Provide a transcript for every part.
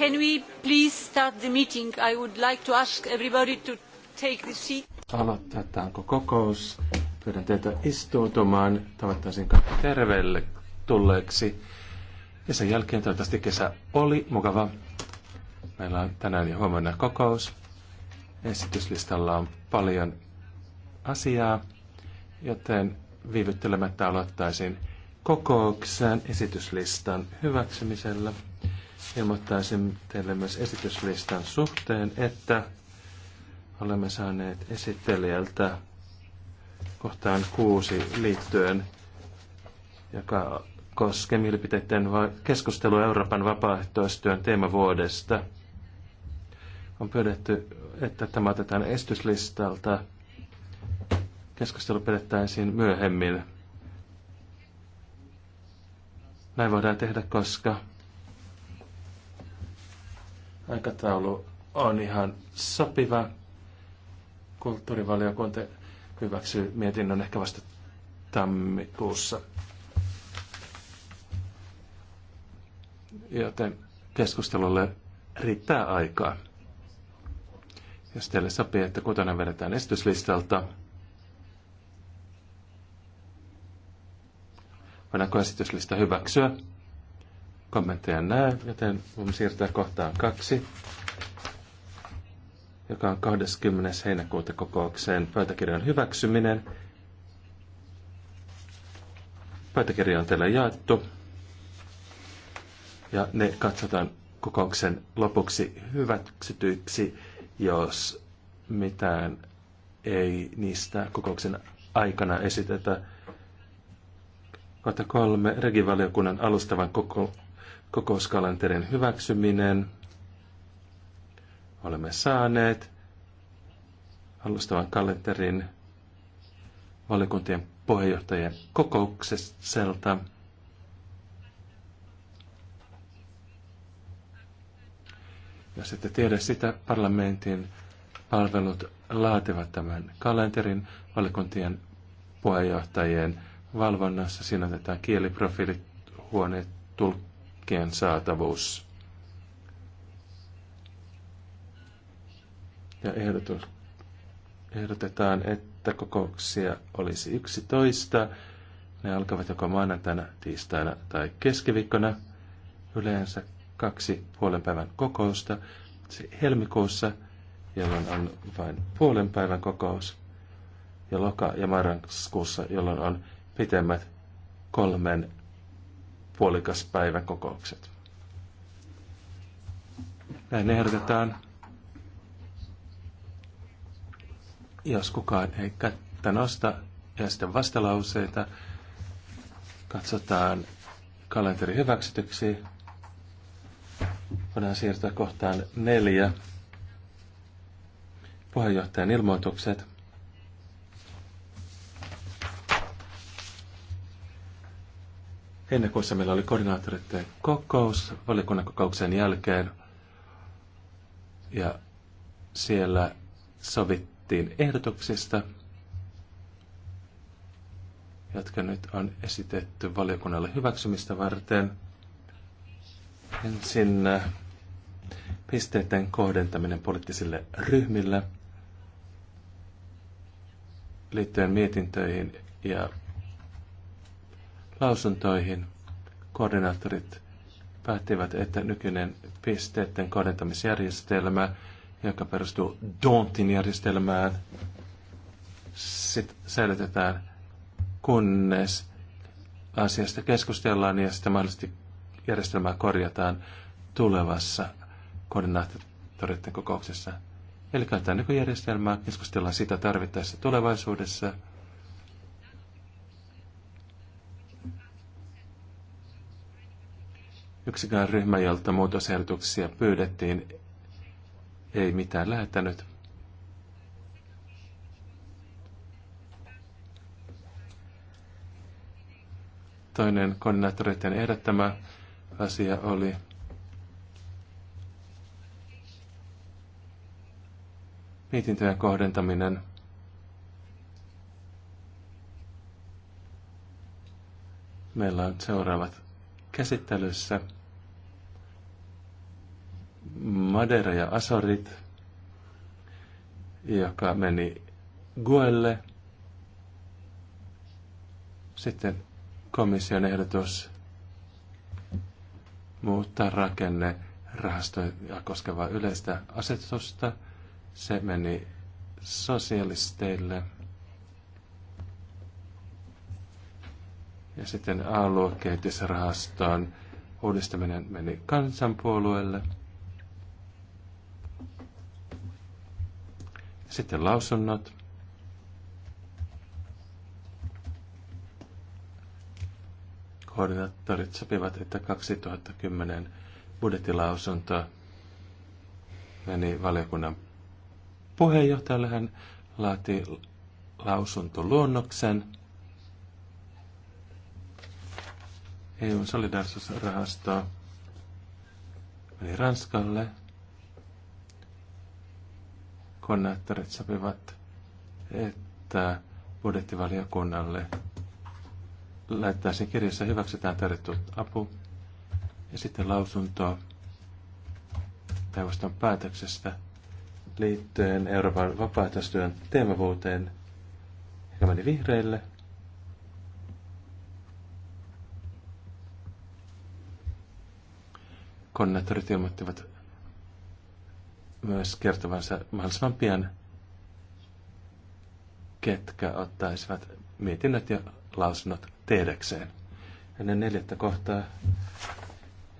Can we please start the meeting? I would like to ask everybody to take the seat. Aloitetaanko kokous? Pyydän teitä istuutumaan. Tavattaisin kaikki terveelle tulleeksi. Ja sen jälkeen toivottavasti kesä oli mukava. Meillä on tänään ja huomenna kokous. Esityslistalla on paljon asiaa, joten viivyttelemättä aloittaisin kokouksen esityslistan hyväksymisellä. Ilmoittaisin teille myös esityslistan suhteen, että olemme saaneet esittelijältä kohtaan kuusi liittyen, joka koskee mielipiteiden keskustelua Euroopan vapaaehtoistyön teemavuodesta. On pyydetty, että tämä otetaan esityslistalta. Keskustelu pidettäisiin myöhemmin. Näin voidaan tehdä, koska Aikataulu on ihan sopiva. Kulttuurivaliokunta hyväksyy mietinnön ehkä vasta tammikuussa. Joten keskustelulle riittää aikaa. Jos teille sopii, että kutonen vedetään esityslistalta, voidaanko esityslista hyväksyä? kommentteja näe, joten voimme siirtää kohtaan kaksi, joka on 20. heinäkuuta kokoukseen pöytäkirjan hyväksyminen. Pöytäkirja on teille jaettu ja ne katsotaan kokouksen lopuksi hyväksytyiksi, jos mitään ei niistä kokouksen aikana esitetä. Kohta kolme regivaliokunnan alustavan koko, kokouskalenterin hyväksyminen. Olemme saaneet alustavan kalenterin valiokuntien puheenjohtajien kokoukselta. Ja sitten tiedä sitä, parlamentin palvelut laativat tämän kalenterin valiokuntien puheenjohtajien valvonnassa. Siinä otetaan kieliprofiilit, huoneet, tulkkaukset lääkkeen saatavuus. Ja ehdotus, ehdotetaan, että kokouksia olisi 11. Ne alkavat joko maanantaina, tiistaina tai keskiviikkona. Yleensä kaksi puolen päivän kokousta. Helmikuussa, jolloin on vain puolen päivän kokous. Ja loka- ja marraskuussa, jolloin on pitemmät kolmen puolikas päiväkokoukset. Näin ehdotetaan. Jos kukaan ei kättä nosta ja sitten vastalauseita, katsotaan kalenteri hyväksytyksi. Voidaan siirtyä kohtaan neljä. Puheenjohtajan ilmoitukset. Heinäkuussa meillä oli koordinaattoreiden kokous valiokunnan kokouksen jälkeen. Ja siellä sovittiin ehdotuksista, jotka nyt on esitetty valiokunnalle hyväksymistä varten. Ensin äh, pisteiden kohdentaminen poliittisille ryhmille liittyen mietintöihin ja lausuntoihin koordinaattorit päättivät, että nykyinen pisteiden kohdentamisjärjestelmä, joka perustuu Dontin järjestelmään, sit säilytetään, kunnes asiasta keskustellaan ja sitä mahdollisesti järjestelmää korjataan tulevassa koordinaattoreiden kokouksessa. Eli käytetään nykyjärjestelmää, keskustellaan sitä tarvittaessa tulevaisuudessa – Yksikään ryhmä, jolta muutosehdotuksia pyydettiin, ei mitään lähettänyt. Toinen koordinaattoreiden ehdottama asia oli mietintöjen kohdentaminen Meillä on seuraavat käsittelyssä Madeira ja Asorit, joka meni Guelle. Sitten komission ehdotus muuttaa rakenne rahastoja koskevaa yleistä asetusta. Se meni sosialisteille. Ja sitten aluekehitysrahaston uudistaminen meni kansanpuolueelle. Sitten lausunnot. Koordinaattorit sopivat, että 2010 budjettilausunto meni valiokunnan puheenjohtajalle. Hän laati lausuntoluonnoksen. EUn solidaarisuusrahasto eli Ranskalle. Konnaattorit sopivat, että budjettivaliokunnalle laittaa sen kirjassa hyväksytään tarjottu apu ja sitten lausuntoa neuvoston päätöksestä liittyen Euroopan vapaaehtoistyön teemavuoteen, joka meni vihreille – koordinaattorit ilmoittivat myös kertovansa mahdollisimman pian, ketkä ottaisivat mietinnöt ja lausunnot tehdäkseen. Ennen neljättä kohtaa,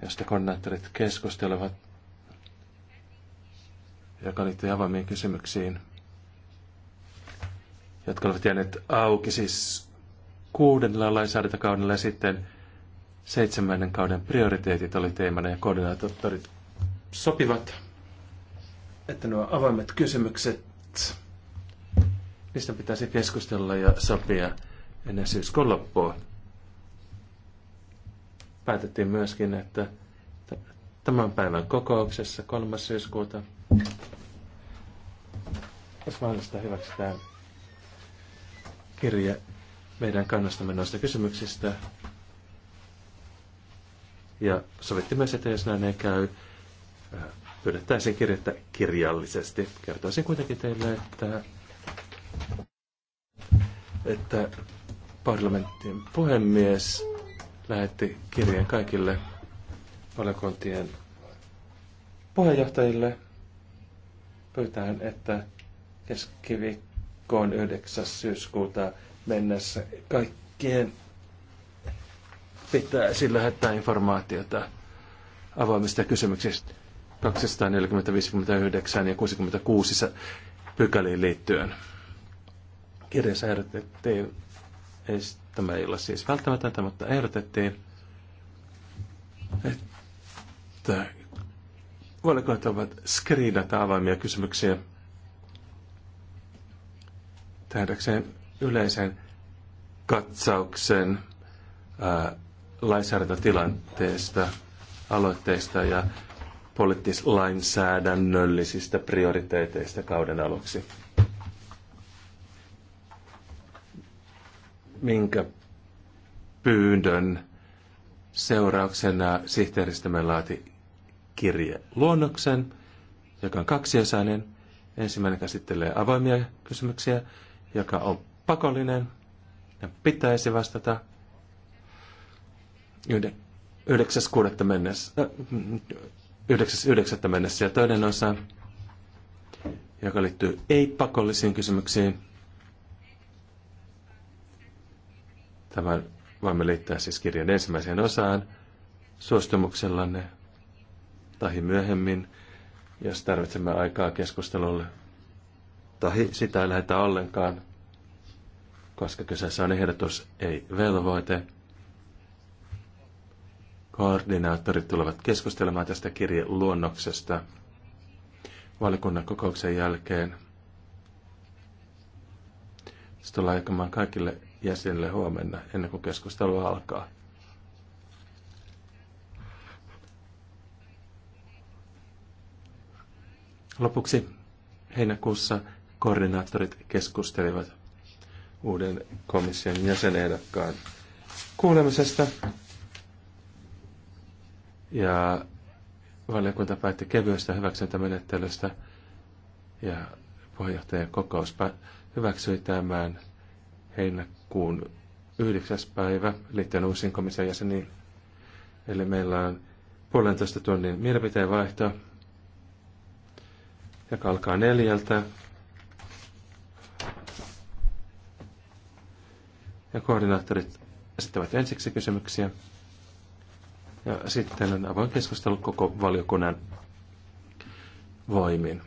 josta koordinaattorit keskustelevat, joka liittyy avoimiin kysymyksiin, jotka olivat jääneet auki siis kuudennella lainsäädäntökaudella ja sitten Seitsemännen kauden prioriteetit oli teemana ja koordinaattorit sopivat, että nuo avaimet kysymykset, mistä pitäisi keskustella ja sopia ennen syyskuun loppua. Päätettiin myöskin, että tämän päivän kokouksessa 3. syyskuuta, jos mahdollista hyväksytään kirje meidän kannastamme noista kysymyksistä, ja sovitti myös, että jos näin ei käy, äh, pyydettäisiin kirjettä kirjallisesti. Kertoisin kuitenkin teille, että, että parlamentin puhemies lähetti kirjeen kaikille valiokuntien puheenjohtajille. Pyytään, että keskiviikkoon 9. syyskuuta mennessä kaikkien pitää pitäisi lähettää informaatiota avoimista kysymyksistä 240, 59 ja 66 pykäliin liittyen. Kirjassa ehdotettiin, tämä ei ole siis välttämätöntä, mutta ehdotettiin, että valikoit ovat skriinata avaimia kysymyksiä tehdäkseen yleisen katsauksen ää, lainsäädäntötilanteesta, aloitteista ja poliittislainsäädännöllisistä prioriteeteista kauden aluksi. Minkä pyyndön seurauksena sihteeristämme laati kirje luonnoksen, joka on kaksiosainen. Ensimmäinen käsittelee avoimia kysymyksiä, joka on pakollinen ja pitäisi vastata. 9.6. mennessä, 9.9. Äh, mennessä ja toinen osa, joka liittyy ei-pakollisiin kysymyksiin. Tämän voimme liittää siis kirjan ensimmäiseen osaan suostumuksellanne tahi myöhemmin, jos tarvitsemme aikaa keskustelulle. Tahi sitä ei lähetä ollenkaan, koska kyseessä on ehdotus, ei velvoite. Koordinaattorit tulevat keskustelemaan tästä kirjeluonnoksesta valikunnan kokouksen jälkeen. Se tulee aikamaan kaikille jäsenille huomenna ennen kuin keskustelu alkaa. Lopuksi heinäkuussa koordinaattorit keskustelivat uuden komission jäsenehdokkaan kuulemisesta. Ja valiokunta päätti kevyestä hyväksyntämenettelystä ja puheenjohtajan kokous hyväksyi tämän heinäkuun 9. päivä liittyen uusiin komission jäseniin. Eli meillä on puolentoista tunnin mielipiteen vaihto, joka alkaa neljältä. Ja koordinaattorit esittävät ensiksi kysymyksiä. Ja sitten on avoin keskustelu koko valiokunnan voimin.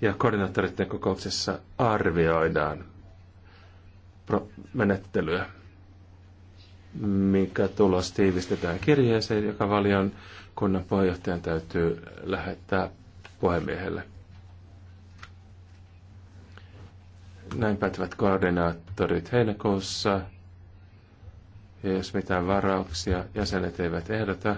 Ja koordinaattoreiden kokouksessa arvioidaan menettelyä, mikä tulos tiivistetään kirjeeseen, joka valion kunnan puheenjohtajan täytyy lähettää puhemiehelle. Näin päättävät koordinaattorit heinäkuussa ja jos mitään varauksia jäsenet eivät ehdota,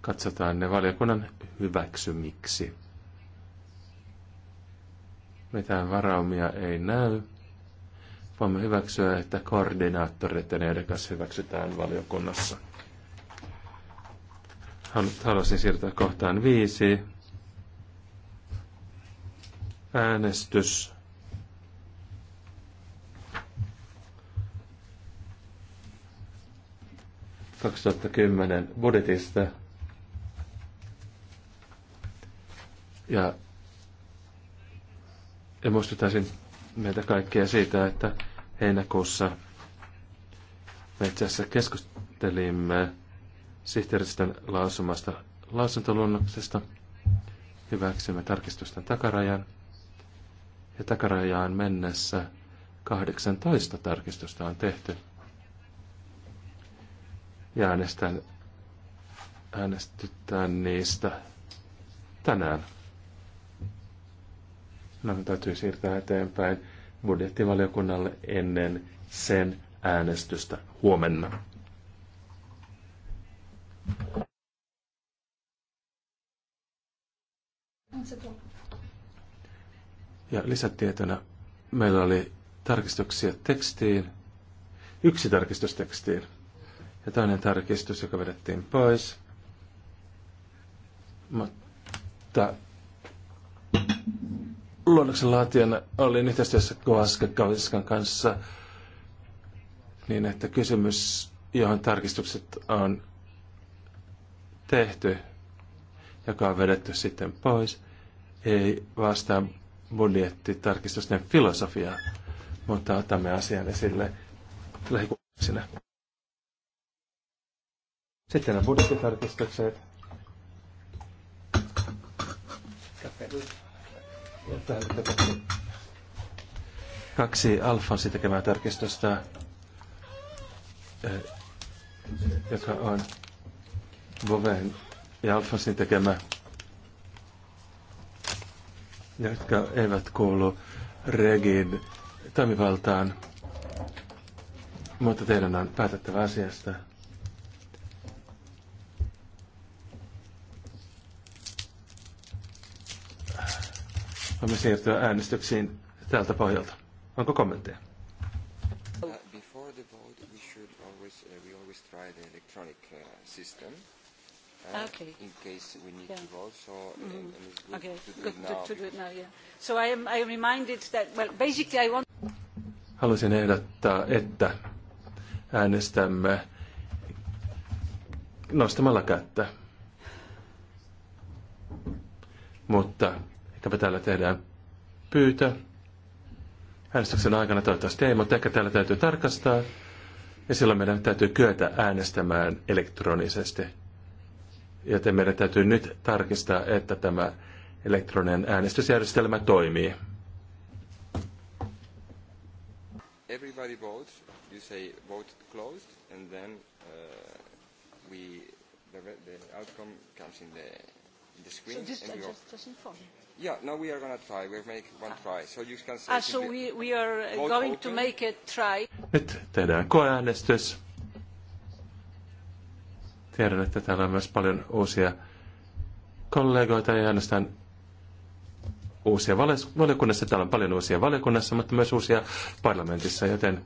katsotaan ne valiokunnan hyväksymiksi. Mitään varaumia ei näy. Voimme hyväksyä, että koordinaattoreiden ehdokas hyväksytään valiokunnassa. Haluaisin siirtyä kohtaan viisi äänestys. kymmenen budjetista ja, ja muistuttaisin meitä kaikkia siitä, että heinäkuussa me itse asiassa keskustelimme sihteeristön lausumasta lausuntoluonnoksesta. Hyväksymme tarkistusten takarajan ja takarajaan mennessä 18 tarkistusta on tehty. Ja äänestän, äänestytään niistä tänään. No, täytyy siirtää eteenpäin budjettivaliokunnalle ennen sen äänestystä huomenna. se ja lisätietona meillä oli tarkistuksia tekstiin, yksi tarkistus tekstiin ja toinen tarkistus, joka vedettiin pois. Mutta luonnoksen laatijana olin yhteistyössä Koaska Kaviskan kanssa niin, että kysymys, johon tarkistukset on tehty, joka on vedetty sitten pois, ei vastaa budjettitarkistusten filosofiaa, mutta otamme asian esille lähikuvaisina. Sitten on budjettitarkistukset. Kaksi Alfonsi tekemää tarkistusta, eh, joka on Boven ja Alfonsin tekemä jotka eivät kuulu Regin toimivaltaan, mutta teidän on päätettävä asiasta. Voimme siirtyä äänestyksiin tältä pohjalta. Onko kommentteja? Before the vote, we should always, uh, we always try the electronic uh, system. Uh, okay. in case we need yeah. to vote. So mm. and, it's good okay. to do good, it now. To, to do it now yeah. So I am, I am reminded that, well, basically I want... Haluaisin ehdottaa, että äänestämme nostamalla kättä. Mutta ehkäpä täällä tehdään pyytö. Äänestyksen aikana toivottavasti ei, mutta ehkä täällä täytyy tarkastaa. Ja silloin meidän täytyy kyetä äänestämään elektronisesti joten meidän täytyy nyt tarkistaa, että tämä elektroninen äänestysjärjestelmä toimii. Everybody votes. You say vote closed, and then uh, we the, the outcome comes in the in the screen. So just, and we just, just inform. Yeah, now we are gonna try. We make one ah. try. So you can say. Ah, so we, we are going open. to make a try. Nyt tehdään koeäänestys. Tiedän, että täällä on myös paljon uusia kollegoita ja ainoastaan uusia valiokunnassa. Täällä on paljon uusia valiokunnassa, mutta myös uusia parlamentissa, joten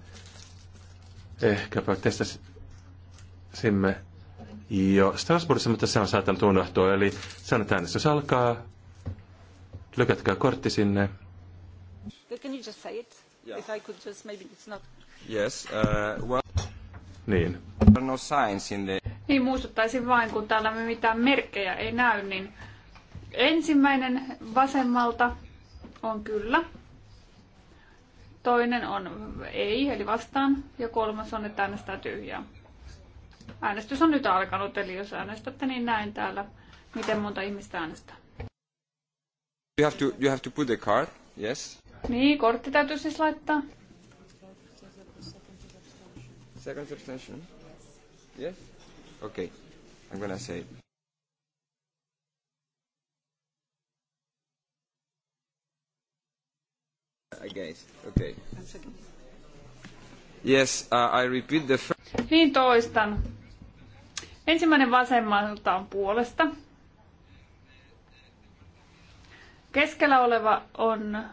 ehkäpä testasimme jo Strasbourgissa, mutta se on saattanut unohtua. Eli että äänestys alkaa. Lykätkää kortti sinne. Can you just say it? Yeah. If I could just, maybe it's not. Yes, uh, well... Niin. There are no signs in the... Niin muistuttaisin vain, kun täällä me mitään merkkejä ei näy, niin ensimmäinen vasemmalta on kyllä. Toinen on ei, eli vastaan. Ja kolmas on, että äänestää tyhjää. Äänestys on nyt alkanut, eli jos äänestätte, niin näin täällä, miten monta ihmistä äänestää. You have to, you have to put the card, yes. Niin, kortti täytyy siis laittaa. Second substantion. Yes. Okay, I'm gonna say. I guess. Okay. Yes, uh, I repeat the first. Niin toistan. Ensimmäinen vasemmalta on puolesta. Keskellä oleva on,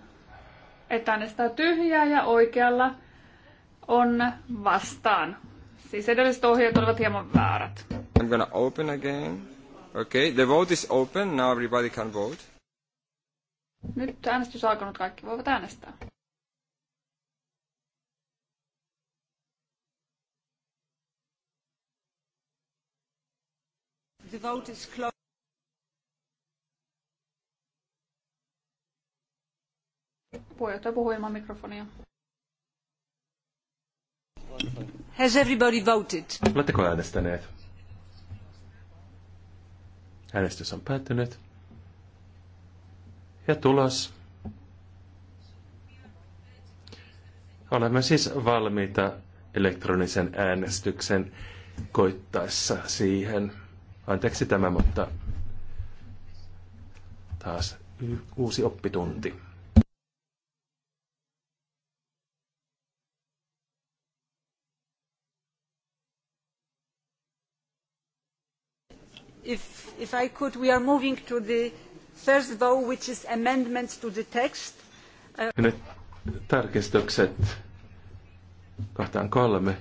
etänestä tyhjää ja oikealla on vastaan. Siis edelliset ohjeet olivat hieman väärät. I'm gonna open again. Okay, the vote is open. Now everybody can vote. Nyt äänestys alkanut. Kaikki voivat äänestää. The vote is closed. Puheenjohtaja puhuu ilman mikrofonia. Has everybody voted? Oletteko äänestäneet? Äänestys on päättynyt. Ja tulos. Olemme siis valmiita elektronisen äänestyksen koittaessa siihen. Anteeksi tämä, mutta taas uusi oppitunti. if I could, we are moving to the first vote, which is amendments to the text. Uh, tarkistukset kohtaan kolme.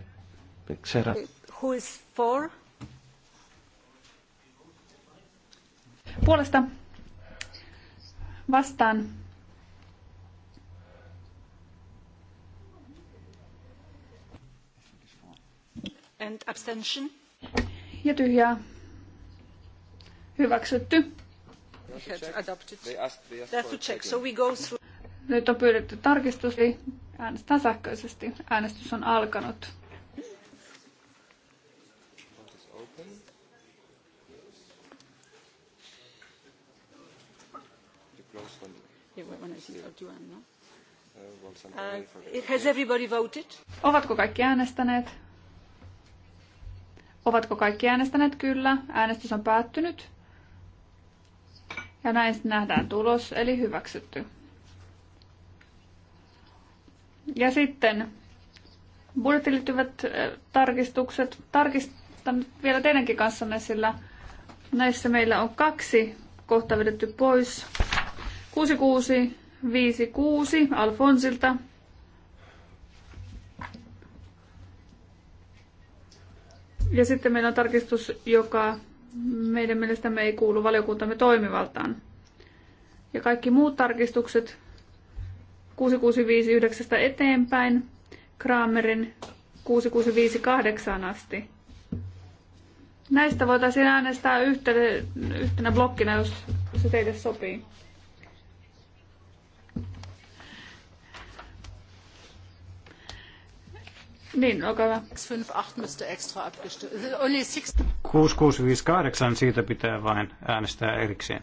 Miksera? Who is for? Puolesta vastaan and abstention. Ja tyhjää. Hyväksytty. Nyt on pyydetty tarkistus, äänestää sähköisesti. Äänestys on alkanut. Uh, Ovatko kaikki äänestäneet? Ovatko kaikki äänestäneet? Kyllä. Äänestys on päättynyt. Ja näistä nähdään tulos, eli hyväksytty. Ja sitten budjettiin liittyvät tarkistukset. Tarkistan vielä teidänkin kanssanne, sillä näissä meillä on kaksi kohta vedetty pois. 6656 Alfonsilta. Ja sitten meillä on tarkistus, joka meidän mielestämme ei kuulu valiokuntamme toimivaltaan. Ja kaikki muut tarkistukset 6659 eteenpäin Kramerin 6658 asti. Näistä voitaisiin äänestää yhtenä, yhtenä blokkina, jos se teille sopii. Niin, olkaa hyvä. 6658, siitä pitää vain äänestää erikseen.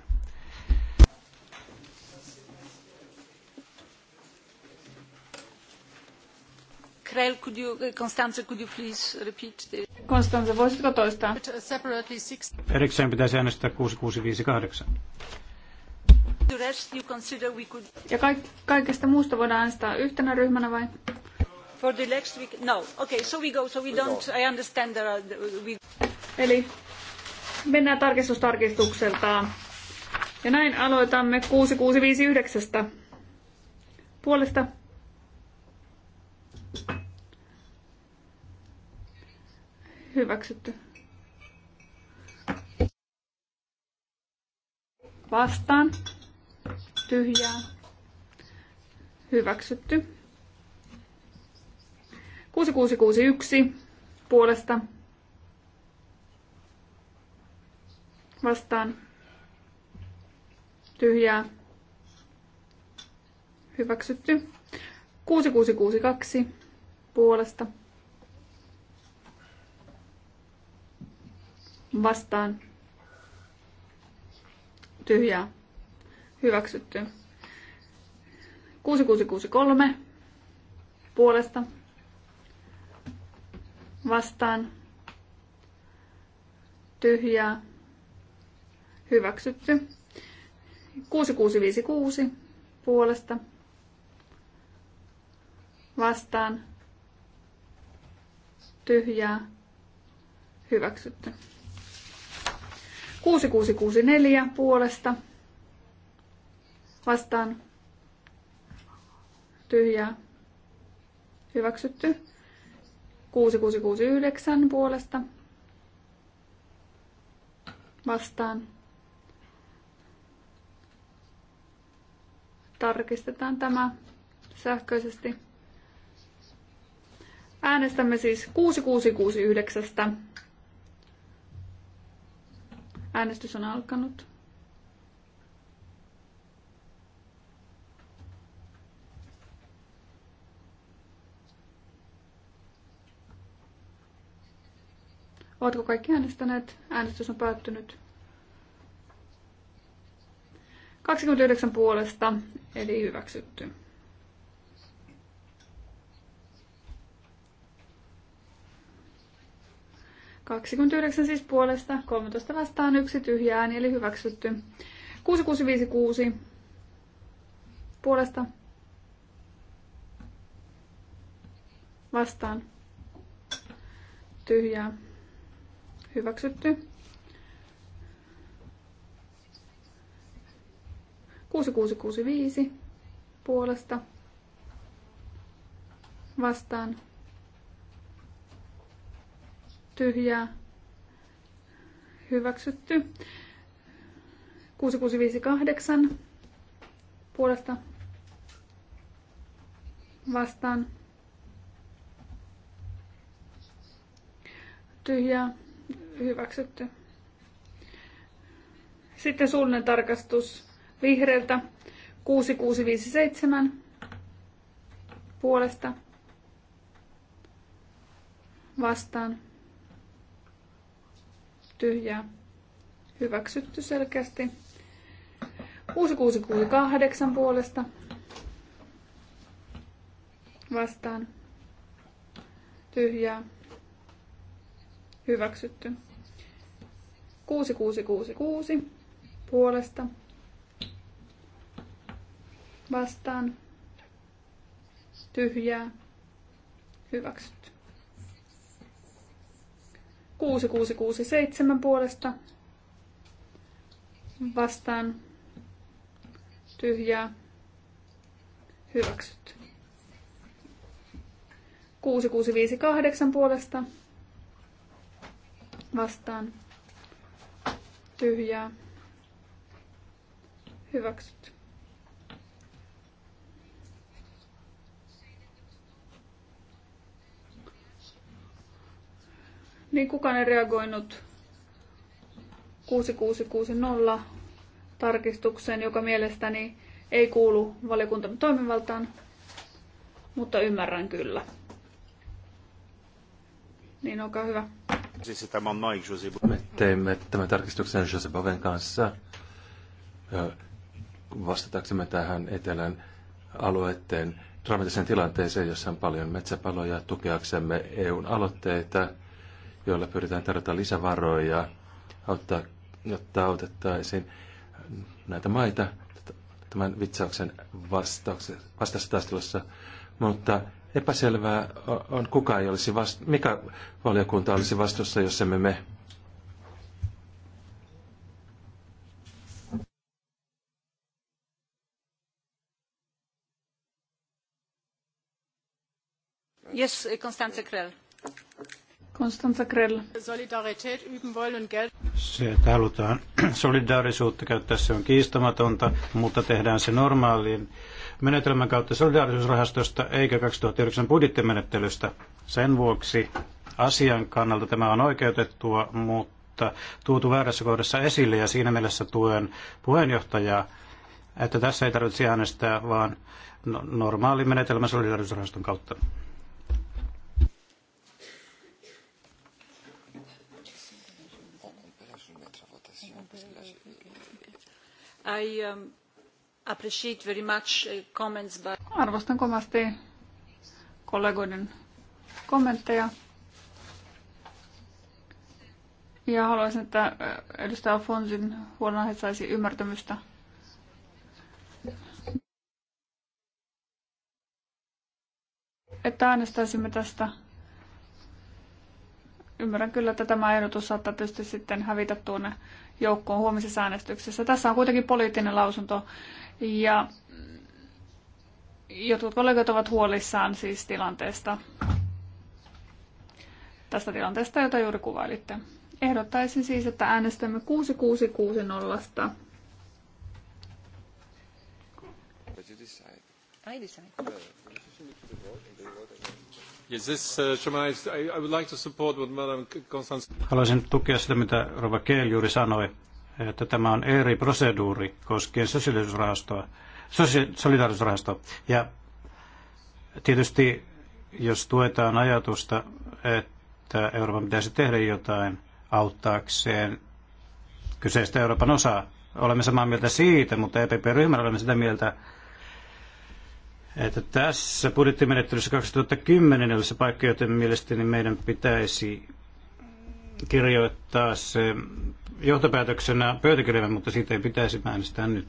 Krell, could you, eh, Constanze, could you please repeat the... Constanze, voisitko toistaa? Uh, separately six... Erikseen pitäisi äänestää 6658. Ja kaik- kaikesta muusta voidaan äänestää yhtenä ryhmänä vai? for the next week? No. Okay, so we go. So we don't. I understand there are. We... Eli mennään tarkistustarkistukseltaan. Ja näin aloitamme 6659 puolesta. Hyväksytty. Vastaan. Tyhjää. Hyväksytty. 6661 puolesta vastaan tyhjää hyväksytty. 6662 puolesta vastaan tyhjää hyväksytty. 6663 puolesta vastaan tyhjää hyväksytty. 6656 puolesta vastaan tyhjää hyväksytty. 6664 puolesta vastaan tyhjää hyväksytty. 6669 puolesta vastaan. Tarkistetaan tämä sähköisesti. Äänestämme siis 6669. Äänestys on alkanut. Ovatko kaikki äänestäneet? Äänestys on päättynyt. 29 puolesta, eli hyväksytty. Kaksikymmentäyhdeksän siis puolesta, 13 vastaan, yksi tyhjää, eli hyväksytty. 6656 puolesta vastaan tyhjää Hyväksytty. 6665 puolesta vastaan tyhjää hyväksytty 6658 puolesta vastaan tyhjää hyväksytty. Sitten suullinen tarkastus vihreiltä 6657 puolesta vastaan tyhjää hyväksytty selkeästi. 6668 puolesta vastaan tyhjää hyväksytty. 6666 puolesta vastaan tyhjää hyväksytty. 6667 puolesta vastaan tyhjää hyväksytty. 6658 puolesta vastaan tyhjää, hyväksytty. Niin kukaan ei reagoinut 6660 tarkistukseen, joka mielestäni ei kuulu valiokuntamme toimivaltaan, mutta ymmärrän kyllä. Niin olkaa hyvä. Me teimme tämän tarkistuksen Jose Boven kanssa vastataksemme tähän etelän alueiden dramatiseen tilanteeseen, jossa on paljon metsäpaloja, tukeaksemme EUn aloitteita, joilla pyritään tarjota lisävaroja, auttaa, jotta autettaisiin näitä maita tämän vitsauksen vastauksessa, vastaistaistelussa. Mutta Epäselvää on, kuka ei olisi vast- mikä valiokunta olisi vastuussa, jos emme me. Yes, Konstanze Krell. Konstanza Krell. Se, että halutaan solidaarisuutta käyttää, se on kiistamatonta, mutta tehdään se normaaliin menetelmän kautta solidaarisuusrahastosta eikä 2009 budjettimenettelystä. Sen vuoksi asian kannalta tämä on oikeutettua, mutta tuotu väärässä kohdassa esille ja siinä mielessä tuen puheenjohtajaa, että tässä ei tarvitse äänestää, vaan no, normaali menetelmä solidaarisuusrahaston kautta. I, um appreciate very much uh, comments by... Arvostan kovasti kollegoiden kommentteja. Ja haluaisin, että äh, edustaja Fonsin huolenaihe saisi ymmärtämystä. Että äänestäisimme tästä. Ymmärrän kyllä, että tämä ehdotus saattaa tietysti sitten hävitä tuonne joukkoon huomisessa äänestyksessä. Tässä on kuitenkin poliittinen lausunto ja jotkut kollegat ovat huolissaan siis tilanteesta, tästä tilanteesta, jota juuri kuvailitte. Ehdottaisin siis, että äänestämme 6660. Uh, Haluaisin tukea sitä, mitä Rova Keel juuri sanoi että tämä on eri proseduuri koskien sosiaalisuusrahastoa, solidaarisuusrahastoa. Ja tietysti jos tuetaan ajatusta, että Euroopan pitäisi tehdä jotain auttaakseen kyseistä Euroopan osaa, olemme samaa mieltä siitä, mutta EPP-ryhmällä olemme sitä mieltä, että tässä budjettimenettelyssä 2010 olisi paikka, joten mielestäni meidän pitäisi kirjoittaa se johtopäätöksenä pöytäkirjalle, mutta siitä ei pitäisi äänestää nyt.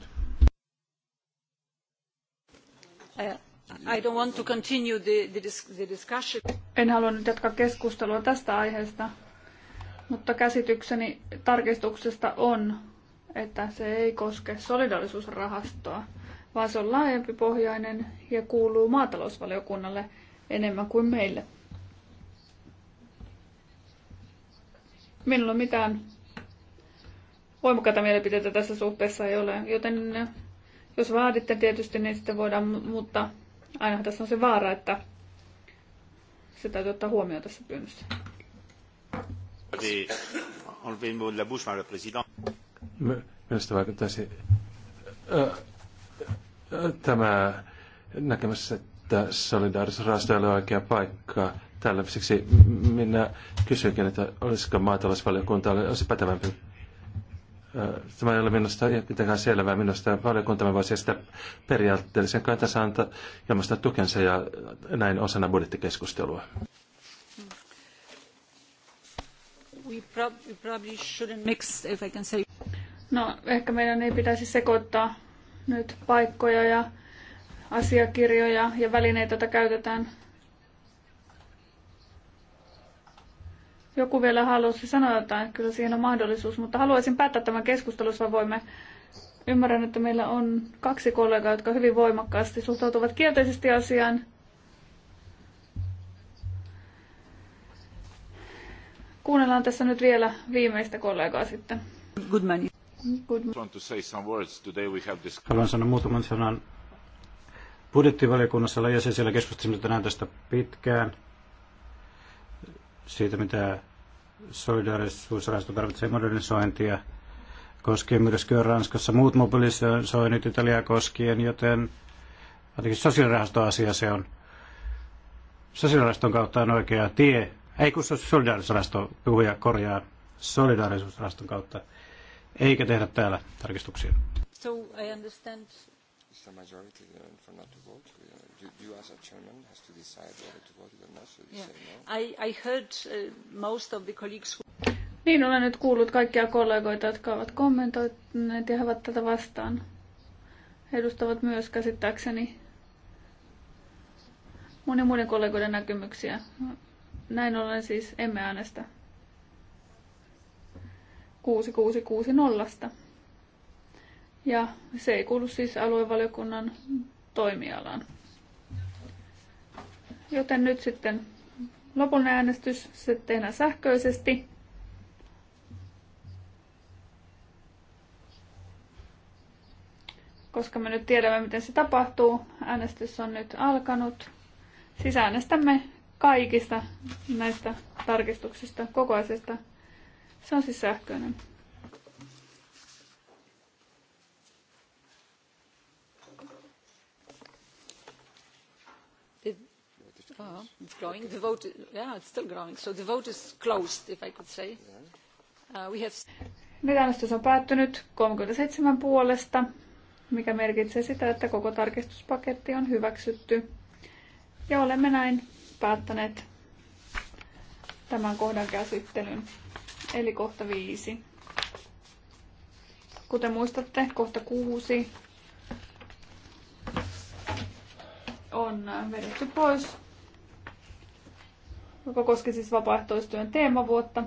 I don't want to continue the, the discussion. En halua nyt jatkaa keskustelua tästä aiheesta, mutta käsitykseni tarkistuksesta on, että se ei koske solidaarisuusrahastoa, vaan se on laajempi pohjainen ja kuuluu maatalousvaliokunnalle enemmän kuin meille. Minulla on mitään voimakkaita mielipiteitä tässä suhteessa ei ole, joten eh, jos vaaditte tietysti, niin sitten voidaan, mutta aina tässä on se vaara, että se täytyy ottaa huomioon tässä pyynnössä. Minusta vaikuttaisi eh, eh, tämä näkemässä, että solidaarisuusrahasto ei ole oikea paikka Tällä minä kysyinkin, että olisiko maatalousvaliokunta olisi pätevämpi. Tämä ei ole minusta mitenkään selvää. Minusta valiokuntamme voisi esittää periaatteellisen kantansa antaa ilmaista tukensa ja näin osana budjettikeskustelua. No, ehkä meidän ei pitäisi sekoittaa nyt paikkoja ja asiakirjoja ja välineitä, joita käytetään joku vielä halusi sanoa jotain, kyllä siihen on mahdollisuus, mutta haluaisin päättää tämän vaan voimme Ymmärrän, että meillä on kaksi kollegaa, jotka hyvin voimakkaasti suhtautuvat kielteisesti asiaan. Kuunnellaan tässä nyt vielä viimeistä kollegaa sitten. Goodman. Goodman. Haluan sanoa muutaman sanan budjettivaliokunnassa ja siellä keskustelimme tänään tästä pitkään siitä, mitä solidaarisuusrahasto tarvitsee modernisointia. Koskien myrskyä Ranskassa muut mobilisoinnit Italiaa koskien, joten ainakin sosiaalirahastoasia se on. Sosiaalirahaston kautta on oikea tie. Ei kun solidaarisuusrahasto puhuja korjaa solidaarisuusrahaston kautta, eikä tehdä täällä tarkistuksia. So I understand it's a majority then uh, for not to vote? Uh, do, do you as a chairman has to decide whether to vote it or not? So you yeah. say no? I, I heard uh, most of the colleagues who... Niin, olen nyt kuullut kaikkia kollegoita, jotka ovat kommentoineet ja he ovat tätä vastaan. He edustavat myös käsittääkseni monen muiden kollegoiden näkemyksiä. Näin ollen siis emme äänestä 6660. Ja se ei kuulu siis aluevaliokunnan toimialaan. Joten nyt sitten lopun äänestys se tehdään sähköisesti. Koska me nyt tiedämme, miten se tapahtuu, äänestys on nyt alkanut. Sisäänestämme kaikista näistä tarkistuksista, kokoisesta. Se on siis sähköinen. it's growing. The vote, yeah, it's still growing. So the vote is closed, if I could say. Uh, we have... Nyt äänestys on päättynyt 37 puolesta, mikä merkitsee sitä, että koko tarkistuspaketti on hyväksytty. Ja olemme näin päättäneet tämän kohdan käsittelyn, eli kohta viisi. Kuten muistatte, kohta kuusi on vedetty pois joka koski siis vapaaehtoistyön teemavuotta.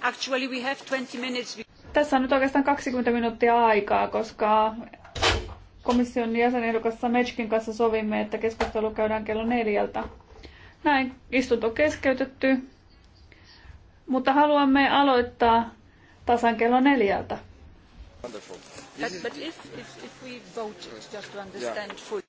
Actually we have 20 minutes. Tässä on nyt oikeastaan 20 minuuttia aikaa, koska komission jäsenehdokassa Samechkin kanssa sovimme, että keskustelu käydään kello neljältä. Näin, istunto on keskeytetty, mutta haluamme aloittaa tasan kello neljältä. Wonderful. But, but if, if, if we vote, just to understand yeah. fully.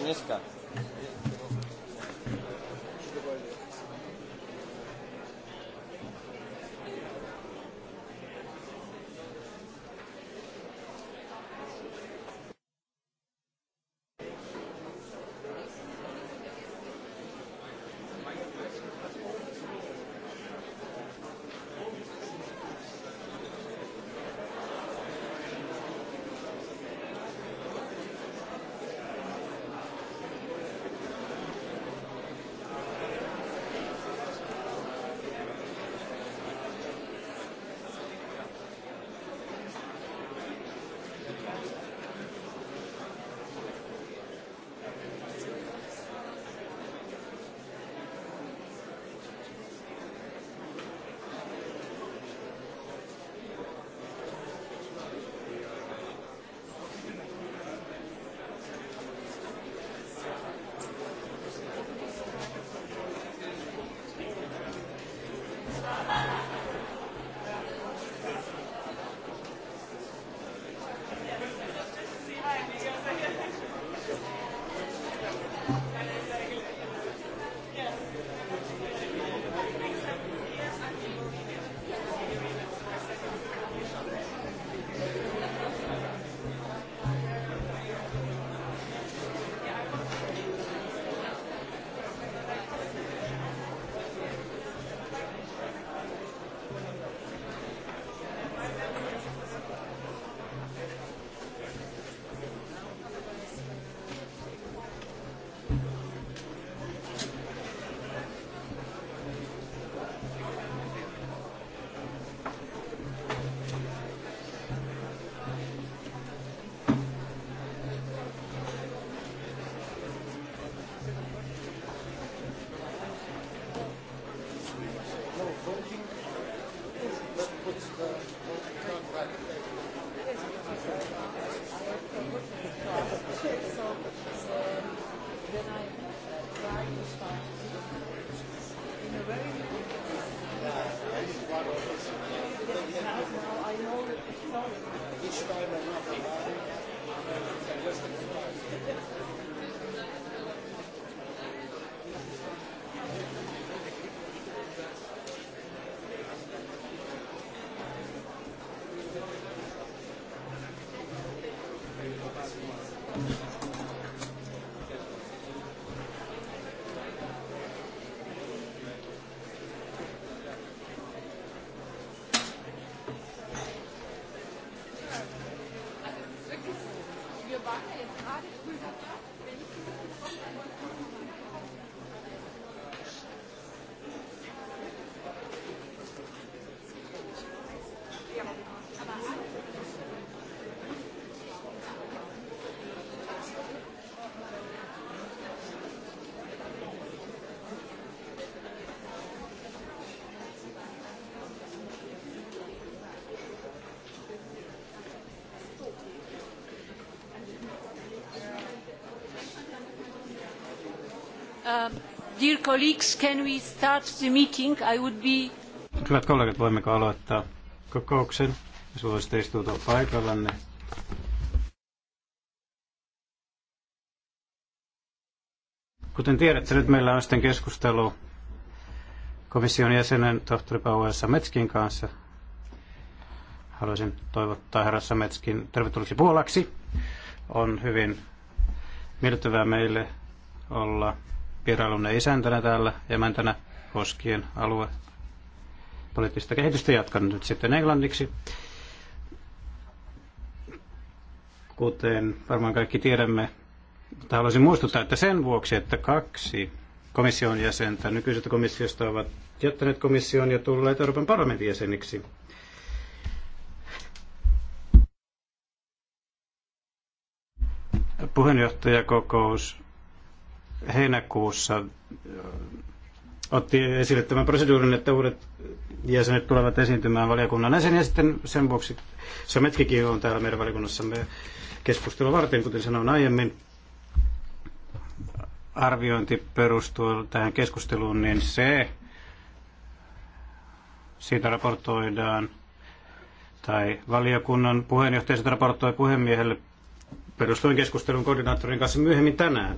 Agnieszka. Um, dear colleagues, can we start the meeting? I would be... Hyvät kollegat, voimmeko aloittaa kokouksen? Jos voisitte istua paikallanne. Kuten tiedätte, nyt meillä on sitten keskustelu komission jäsenen tohtori Paula Sametskin kanssa. Haluaisin toivottaa herra Sametskin tervetulleeksi Puolaksi. On hyvin miellyttävää meille olla vierailunne isäntänä täällä emäntänä koskien alue poliittista kehitystä. Jatkan nyt sitten englanniksi. Kuten varmaan kaikki tiedämme, mutta haluaisin muistuttaa, että sen vuoksi, että kaksi komission jäsentä nykyisestä komissiosta ovat jättäneet komission ja tulleet Euroopan parlamentin jäseniksi. Puheenjohtajakokous heinäkuussa otti esille tämän proseduurin, että uudet jäsenet tulevat esiintymään valiokunnan jäsen, ja sitten sen vuoksi Sametkikin on täällä meidän valiokunnassamme keskustelua varten, kuten sanoin aiemmin. Arviointi perustuu tähän keskusteluun, niin se, siitä raportoidaan, tai valiokunnan puheenjohtajasta raportoi puhemiehelle perustuen keskustelun koordinaattorin kanssa myöhemmin tänään.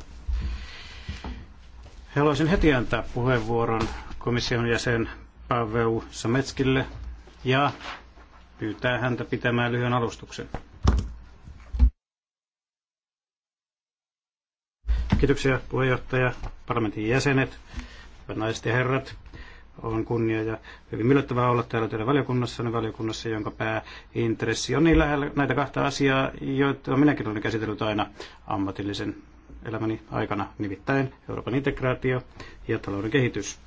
Haluaisin heti antaa puheenvuoron komission jäsen Paveu Sametskille ja pyytää häntä pitämään lyhyen alustuksen. Kiitoksia puheenjohtaja, parlamentin jäsenet, naiset ja herrat. On kunnia ja hyvin miellyttävää olla täällä teidän valiokunnassanne, valiokunnassa, jonka pääintressi on niin lähellä näitä kahta asiaa, joita minäkin olen käsitellyt aina ammatillisen elämäni aikana, nimittäin Euroopan integraatio ja talouden kehitys.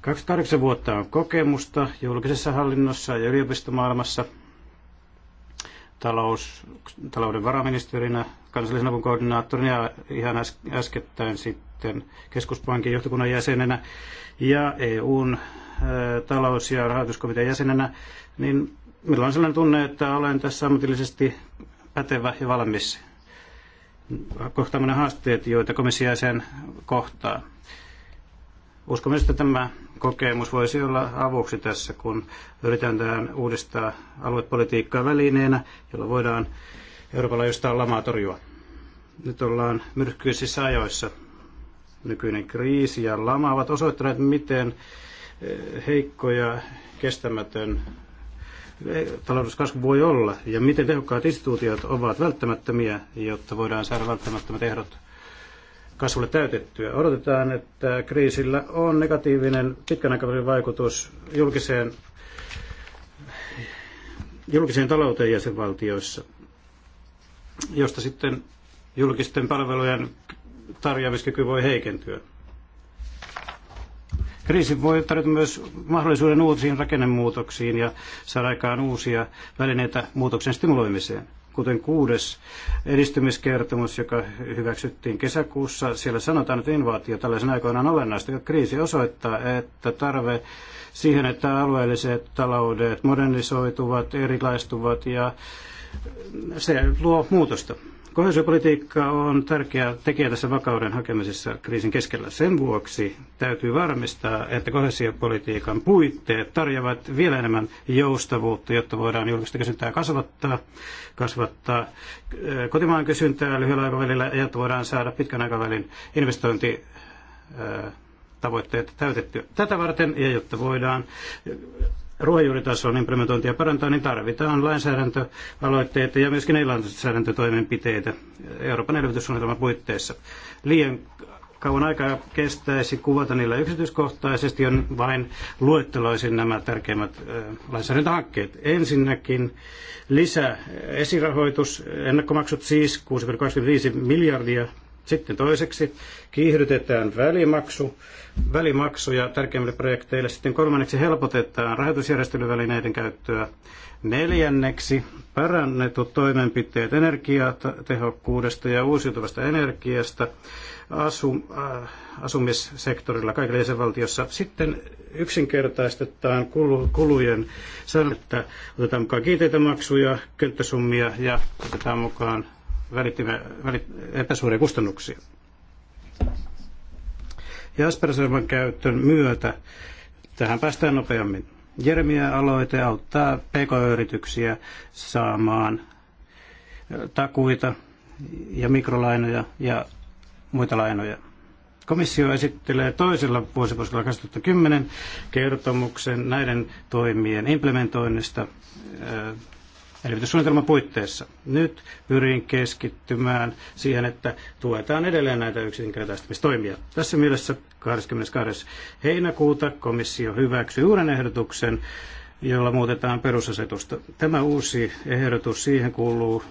28 vuotta on kokemusta julkisessa hallinnossa ja yliopistomaailmassa, talous, talouden varaministerinä, kansallisen avun koordinaattorina ja ihan äskettäin sitten keskuspankin johtokunnan jäsenenä ja EUn talous- ja rahoituskomitean jäsenenä, niin milloin on sellainen tunne, että olen tässä ammatillisesti pätevä ja valmis kohtaamana haasteet, joita komissio sen kohtaa. Uskon että tämä kokemus voisi olla avuksi tässä, kun yritetään uudistaa aluepolitiikkaa välineenä, jolla voidaan Euroopan laajuista lamaa torjua. Nyt ollaan myrkkyisissä ajoissa. Nykyinen kriisi ja lama ovat osoittaneet, miten eh, heikko ja kestämätön talouskasvu voi olla ja miten tehokkaat instituutiot ovat välttämättömiä, jotta voidaan saada välttämättömät ehdot kasvulle täytettyä. Odotetaan, että kriisillä on negatiivinen pitkän aikavälin vaikutus julkiseen, julkiseen talouteen jäsenvaltioissa, josta sitten julkisten palvelujen tarjoamiskyky voi heikentyä. Kriisi voi tarjota myös mahdollisuuden uusiin rakennemuutoksiin ja saada aikaan uusia välineitä muutoksen stimuloimiseen. Kuten kuudes edistymiskertomus, joka hyväksyttiin kesäkuussa, siellä sanotaan, että invaatio tällaisena aikoina on olennaista. Kriisi osoittaa, että tarve siihen, että alueelliset taloudet modernisoituvat, erilaistuvat ja se luo muutosta. Kohesiopolitiikka on tärkeä tekijä tässä vakauden hakemisessa kriisin keskellä. Sen vuoksi täytyy varmistaa, että kohesiopolitiikan puitteet tarjoavat vielä enemmän joustavuutta, jotta voidaan julkista kysyntää kasvattaa, kasvattaa äh, kotimaan kysyntää lyhyellä aikavälillä ja jotta voidaan saada pitkän aikavälin investointi äh, tavoitteet täytettyä. Tätä varten ja jotta voidaan ruohonjuuritason implementointia parantaa, niin tarvitaan lainsäädäntöaloitteita ja myöskin ei-lainsäädäntötoimenpiteitä Euroopan elvytyssuunnitelman puitteissa. Liian kauan aikaa kestäisi kuvata niillä yksityiskohtaisesti, on vain luetteloisin nämä tärkeimmät lainsäädäntöhankkeet. Ensinnäkin lisää esirahoitus, ennakkomaksut siis 6,25 miljardia sitten toiseksi kiihdytetään välimaksu, välimaksuja tärkeimmille projekteille. Sitten kolmanneksi helpotetaan rahoitusjärjestelyvälineiden käyttöä. Neljänneksi parannetut toimenpiteet energiatehokkuudesta ja uusiutuvasta energiasta asu, äh, asumissektorilla kaikilla jäsenvaltiossa. Sitten yksinkertaistetaan kulu, kulujen sanon, että otetaan mukaan kiinteitä maksuja, könttäsummia ja otetaan mukaan välittivä, välit, epäsuoria kustannuksia. Ja aspersoiman käytön myötä tähän päästään nopeammin. Jeremia-aloite auttaa pk-yrityksiä saamaan takuita ja mikrolainoja ja muita lainoja. Komissio esittelee toisella vuosipuolella 2010 kertomuksen näiden toimien implementoinnista elvytyssuunnitelman puitteissa. Nyt pyrin keskittymään siihen, että tuetaan edelleen näitä yksinkertaistamistoimia. Tässä mielessä 22. heinäkuuta komissio hyväksyi uuden ehdotuksen jolla muutetaan perusasetusta. Tämä uusi ehdotus, siihen kuuluu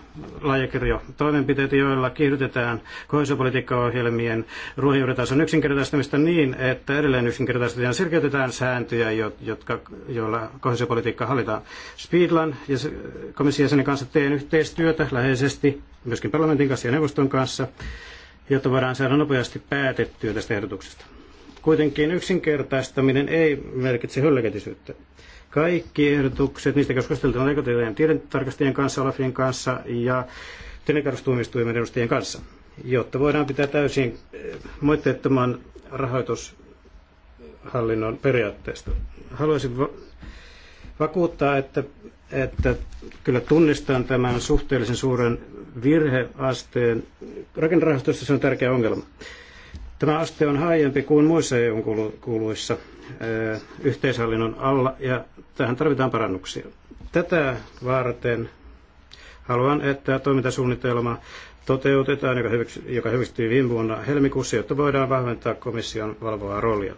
laajakirjo toimenpiteitä, joilla kiihdytetään kohesiopolitiikkaohjelmien ruohonjuuritason yksinkertaistamista niin, että edelleen yksinkertaistetaan ja selkeytetään sääntöjä, jotka, joilla kohesiopolitiikka hallitaan. Speedlan ja komission kanssa teen yhteistyötä läheisesti, myöskin parlamentin kanssa ja neuvoston kanssa, jotta voidaan saada nopeasti päätettyä tästä ehdotuksesta. Kuitenkin yksinkertaistaminen ei merkitse hölläkätisyyttä kaikki ehdotukset, niistä keskusteltiin oikeutettujen tiedentarkastajien kanssa, Olafin kanssa ja tilintarkastustuomioistuimen edustajien kanssa, jotta voidaan pitää täysin eh, moitteettoman rahoitushallinnon periaatteesta. Haluaisin vakuuttaa, että, että kyllä tunnistan tämän suhteellisen suuren virheasteen. Rakennerahastossa se on tärkeä ongelma. Tämä aste on aiempi kuin muissa EUn kuuluissa äh, yhteishallinnon alla ja tähän tarvitaan parannuksia. Tätä varten haluan, että toimintasuunnitelma toteutetaan, joka, joka hyväksyttiin viime vuonna helmikuussa, jotta voidaan vahventaa komission valvovaa roolia.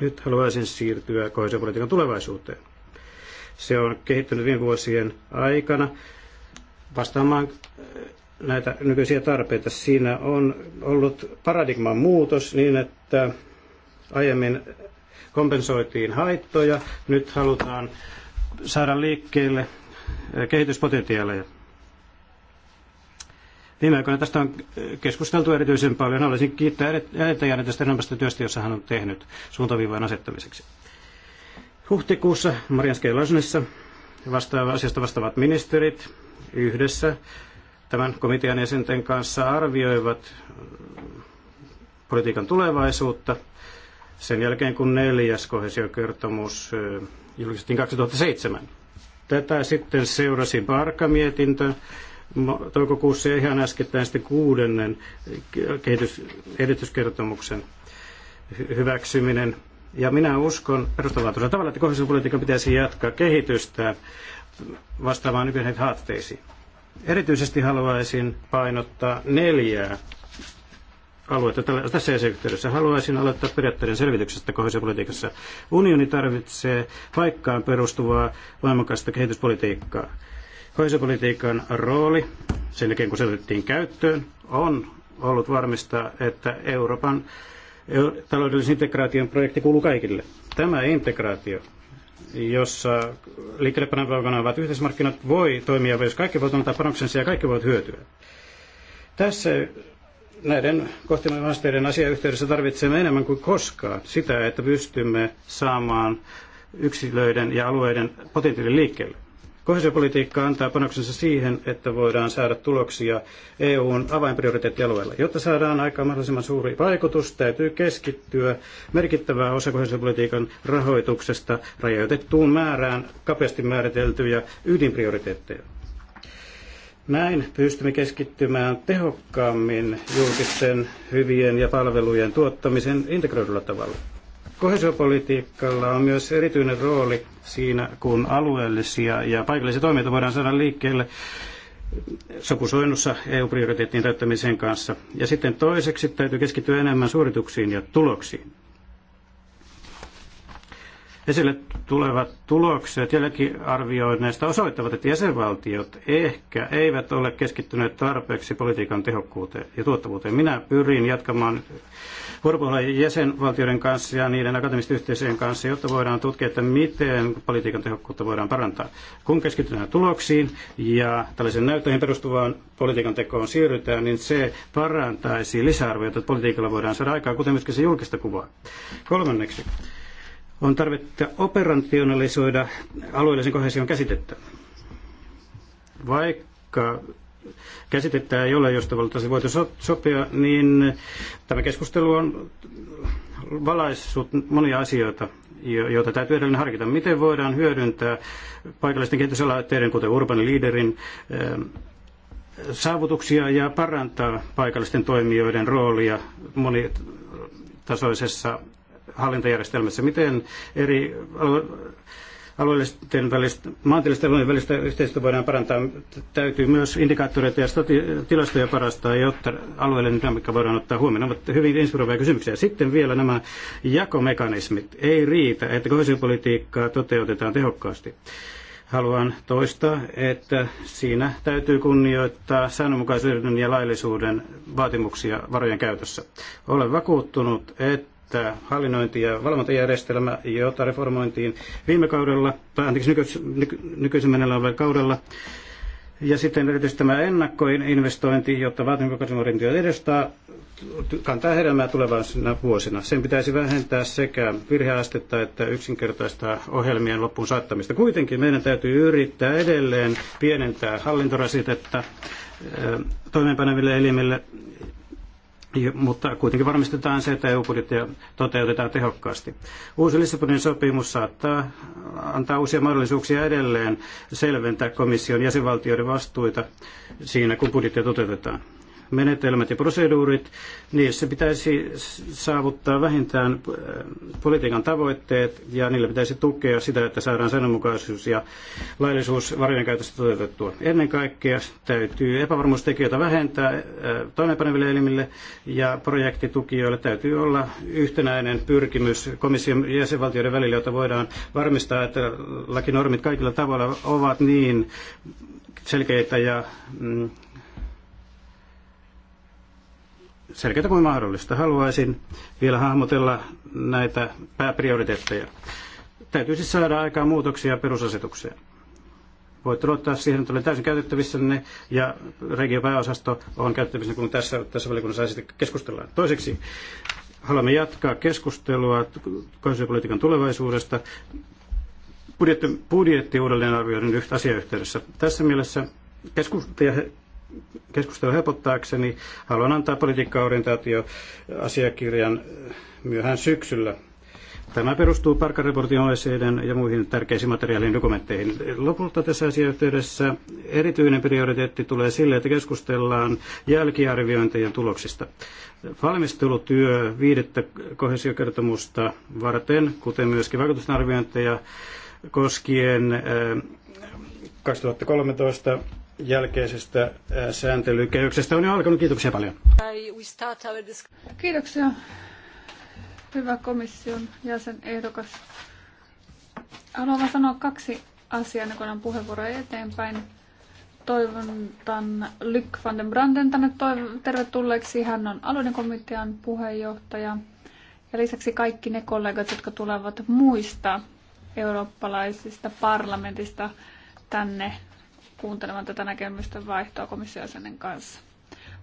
Nyt haluaisin siirtyä kohesiopolitiikan tulevaisuuteen. Se on kehittynyt viime vuosien aikana vastaamaan näitä nykyisiä tarpeita. Siinä on ollut paradigman muutos niin, että aiemmin kompensoitiin haittoja, nyt halutaan saada liikkeelle kehityspotentiaaleja. Viime aikoina tästä on keskusteltu erityisen paljon. Haluaisin kiittää edeltäjänne tästä enemmästä työstä, jossa hän on tehnyt suuntaviivojen asettamiseksi. Huhtikuussa Marianske Lasnissa vastaava, asiasta vastaavat ministerit yhdessä tämän komitean jäsenten kanssa arvioivat äh, politiikan tulevaisuutta sen jälkeen, kun neljäs kohesiokertomus äh, julkistettiin 2007. Tätä sitten seurasi Barka-mietintö toukokuussa ja ihan äskettäin sitten kuudennen kehityskertomuksen hyväksyminen. Ja minä uskon perustavaa tavalla, että kohdallisuuspolitiikan pitäisi jatkaa kehitystä vastaamaan nykyisiin haasteisiin. Erityisesti haluaisin painottaa neljää aluetta tässä esityksessä. Haluaisin aloittaa periaatteiden selvityksestä politiikassa. Unioni tarvitsee paikkaan perustuvaa voimakasta kehityspolitiikkaa. Kohdallisuuspolitiikan rooli, sen jälkeen kun se otettiin käyttöön, on ollut varmistaa, että Euroopan taloudellisen integraation projekti kuuluu kaikille. Tämä integraatio jossa liikkeellepanovalvonnan ovat yhteismarkkinat, voi toimia, jos kaikki voivat antaa panoksensa ja kaikki voivat hyötyä. Tässä näiden kohtimaiden haasteiden asiayhteydessä tarvitsemme enemmän kuin koskaan sitä, että pystymme saamaan yksilöiden ja alueiden potentiaalin liikkeelle. Kohesiopolitiikka antaa panoksensa siihen, että voidaan saada tuloksia EUn avainprioriteettialueilla. Jotta saadaan aikaan mahdollisimman suuri vaikutus, täytyy keskittyä merkittävää osa kohesiopolitiikan rahoituksesta rajoitettuun määrään kapeasti määriteltyjä ydinprioriteetteja. Näin pystymme keskittymään tehokkaammin julkisten hyvien ja palvelujen tuottamisen integroidulla tavalla. Kohesiopolitiikalla on myös erityinen rooli siinä, kun alueellisia ja paikallisia toimijoita voidaan saada liikkeelle sopusoinnussa EU-prioriteettien täyttämisen kanssa. Ja sitten toiseksi täytyy keskittyä enemmän suorituksiin ja tuloksiin. Esille tulevat tulokset jälkiarvioinneista osoittavat, että jäsenvaltiot ehkä eivät ole keskittyneet tarpeeksi politiikan tehokkuuteen ja tuottavuuteen. Minä pyrin jatkamaan vuoropuhelun jäsenvaltioiden kanssa ja niiden akateemisten yhteisöjen kanssa, jotta voidaan tutkia, että miten politiikan tehokkuutta voidaan parantaa. Kun keskitytään tuloksiin ja tällaisen näyttöihin perustuvaan politiikan tekoon siirrytään, niin se parantaisi lisäarvoja, että politiikalla voidaan saada aikaa, kuten myöskin se julkista kuvaa. Kolmanneksi on tarvetta operationalisoida alueellisen kohesion käsitettä. Vaikka käsitettä ei ole, josta valtaisi voitu so- sopia, niin tämä keskustelu on valaissut monia asioita, joita täytyy edelleen harkita. Miten voidaan hyödyntää paikallisten kehitysalaitteiden, kuten Urban Leaderin, ähm, saavutuksia ja parantaa paikallisten toimijoiden roolia monitasoisessa hallintajärjestelmässä. Miten eri alueellisten välistä, maantieteellisten alueiden välistä yhteistyötä voidaan parantaa, täytyy myös indikaattoreita ja tilastoja parastaa, jotta alueellinen dynamiikka voidaan ottaa huomioon. Ne ovat hyvin inspiroivia kysymyksiä. Sitten vielä nämä jakomekanismit. Ei riitä, että kohesiopolitiikkaa toteutetaan tehokkaasti. Haluan toistaa, että siinä täytyy kunnioittaa säännönmukaisuuden ja laillisuuden vaatimuksia varojen käytössä. Olen vakuuttunut, että kehittää hallinnointi- ja valvontajärjestelmä, jota reformointiin viime kaudella, tai anteeksi nykyis- nyky- nykyisen kaudella. Ja sitten erityisesti tämä ennakkoinvestointi, jotta vaatimukokasvuorintoja edestää, kantaa hedelmää tulevaisina vuosina. Sen pitäisi vähentää sekä virheastetta että yksinkertaistaa ohjelmien loppuun saattamista. Kuitenkin meidän täytyy yrittää edelleen pienentää hallintorasitetta toimeenpaneville elimille mutta kuitenkin varmistetaan se, että EU-budjettia toteutetaan tehokkaasti. Uusi Lissabonin sopimus saattaa antaa uusia mahdollisuuksia edelleen selventää komission jäsenvaltioiden vastuita siinä, kun budjettia toteutetaan menetelmät ja proseduurit, niissä pitäisi saavuttaa vähintään äh, politiikan tavoitteet ja niillä pitäisi tukea sitä, että saadaan säännönmukaisuus ja laillisuus varojen käytöstä toteutettua. Ennen kaikkea täytyy epävarmuustekijöitä vähentää äh, toimeenpaneville elimille ja projektitukijoille täytyy olla yhtenäinen pyrkimys komission ja jäsenvaltioiden välillä, jotta voidaan varmistaa, että lakinormit kaikilla tavoilla ovat niin selkeitä ja mm, selkeitä kuin mahdollista. Haluaisin vielä hahmotella näitä pääprioriteetteja. Täytyy siis saada aikaan muutoksia perusasetukseen. Voit luottaa siihen, että olen täysin ne, ja regiopääosasto on käytettävissä, kun tässä, tässä valikunnassa sitten keskustellaan. Toiseksi haluamme jatkaa keskustelua kansallisuuspolitiikan tulevaisuudesta budjetti, budjetti yhtä asiayhteydessä. Tässä mielessä keskustelu keskustelua helpottaakseni haluan antaa politiikkaorientaatioasiakirjan eh, myöhään syksyllä. Tämä perustuu Parkka-raportin OECDn ja muihin tärkeisiin materiaaliin dokumentteihin. Lopulta tässä asiayhteydessä erityinen prioriteetti tulee sille, että keskustellaan jälkiarviointien tuloksista. Valmistelutyö viidettä kohesiokertomusta varten, kuten myöskin vaikutusarviointeja koskien 2013 eh, jälkeisestä sääntelykehyksestä on jo alkanut. Kiitoksia paljon. Kiitoksia, hyvä komission jäsenehdokas. Haluan vain sanoa kaksi asiaa, kun on puheenvuoroja eteenpäin. Toivon tämän Lyk van den Branden tänne tervetulleeksi. Hän on alueiden komitean puheenjohtaja. Ja lisäksi kaikki ne kollegat, jotka tulevat muista eurooppalaisista parlamentista tänne kuuntelemaan tätä näkemysten vaihtoa komissiojäsenen kanssa.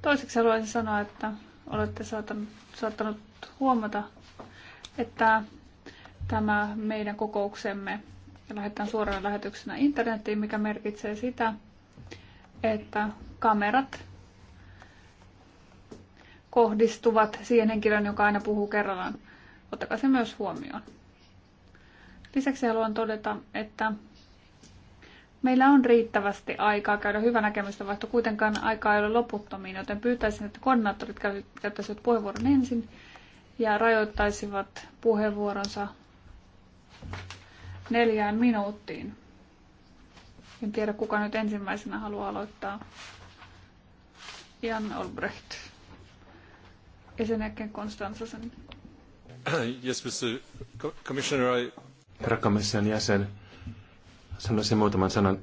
Toiseksi haluaisin sanoa, että olette saattanut huomata, että tämä meidän kokouksemme lähetetään suoraan lähetyksenä internettiin, mikä merkitsee sitä, että kamerat kohdistuvat siihen henkilöön, joka aina puhuu kerrallaan. Ottakaa se myös huomioon. Lisäksi haluan todeta, että Meillä on riittävästi aikaa käydä hyvä näkemystä, vaikka kuitenkaan aikaa ei ole loputtomiin, joten pyytäisin, että koordinaattorit käyttäisivät puheenvuoron ensin ja rajoittaisivat puheenvuoronsa neljään minuuttiin. En tiedä, kuka nyt ensimmäisenä haluaa aloittaa. Jan Olbrecht. Ja sen jälkeen Konstantsasen. Yes, Mr. Commissioner, I... Herra komission jäsen, sanoisin muutaman sanan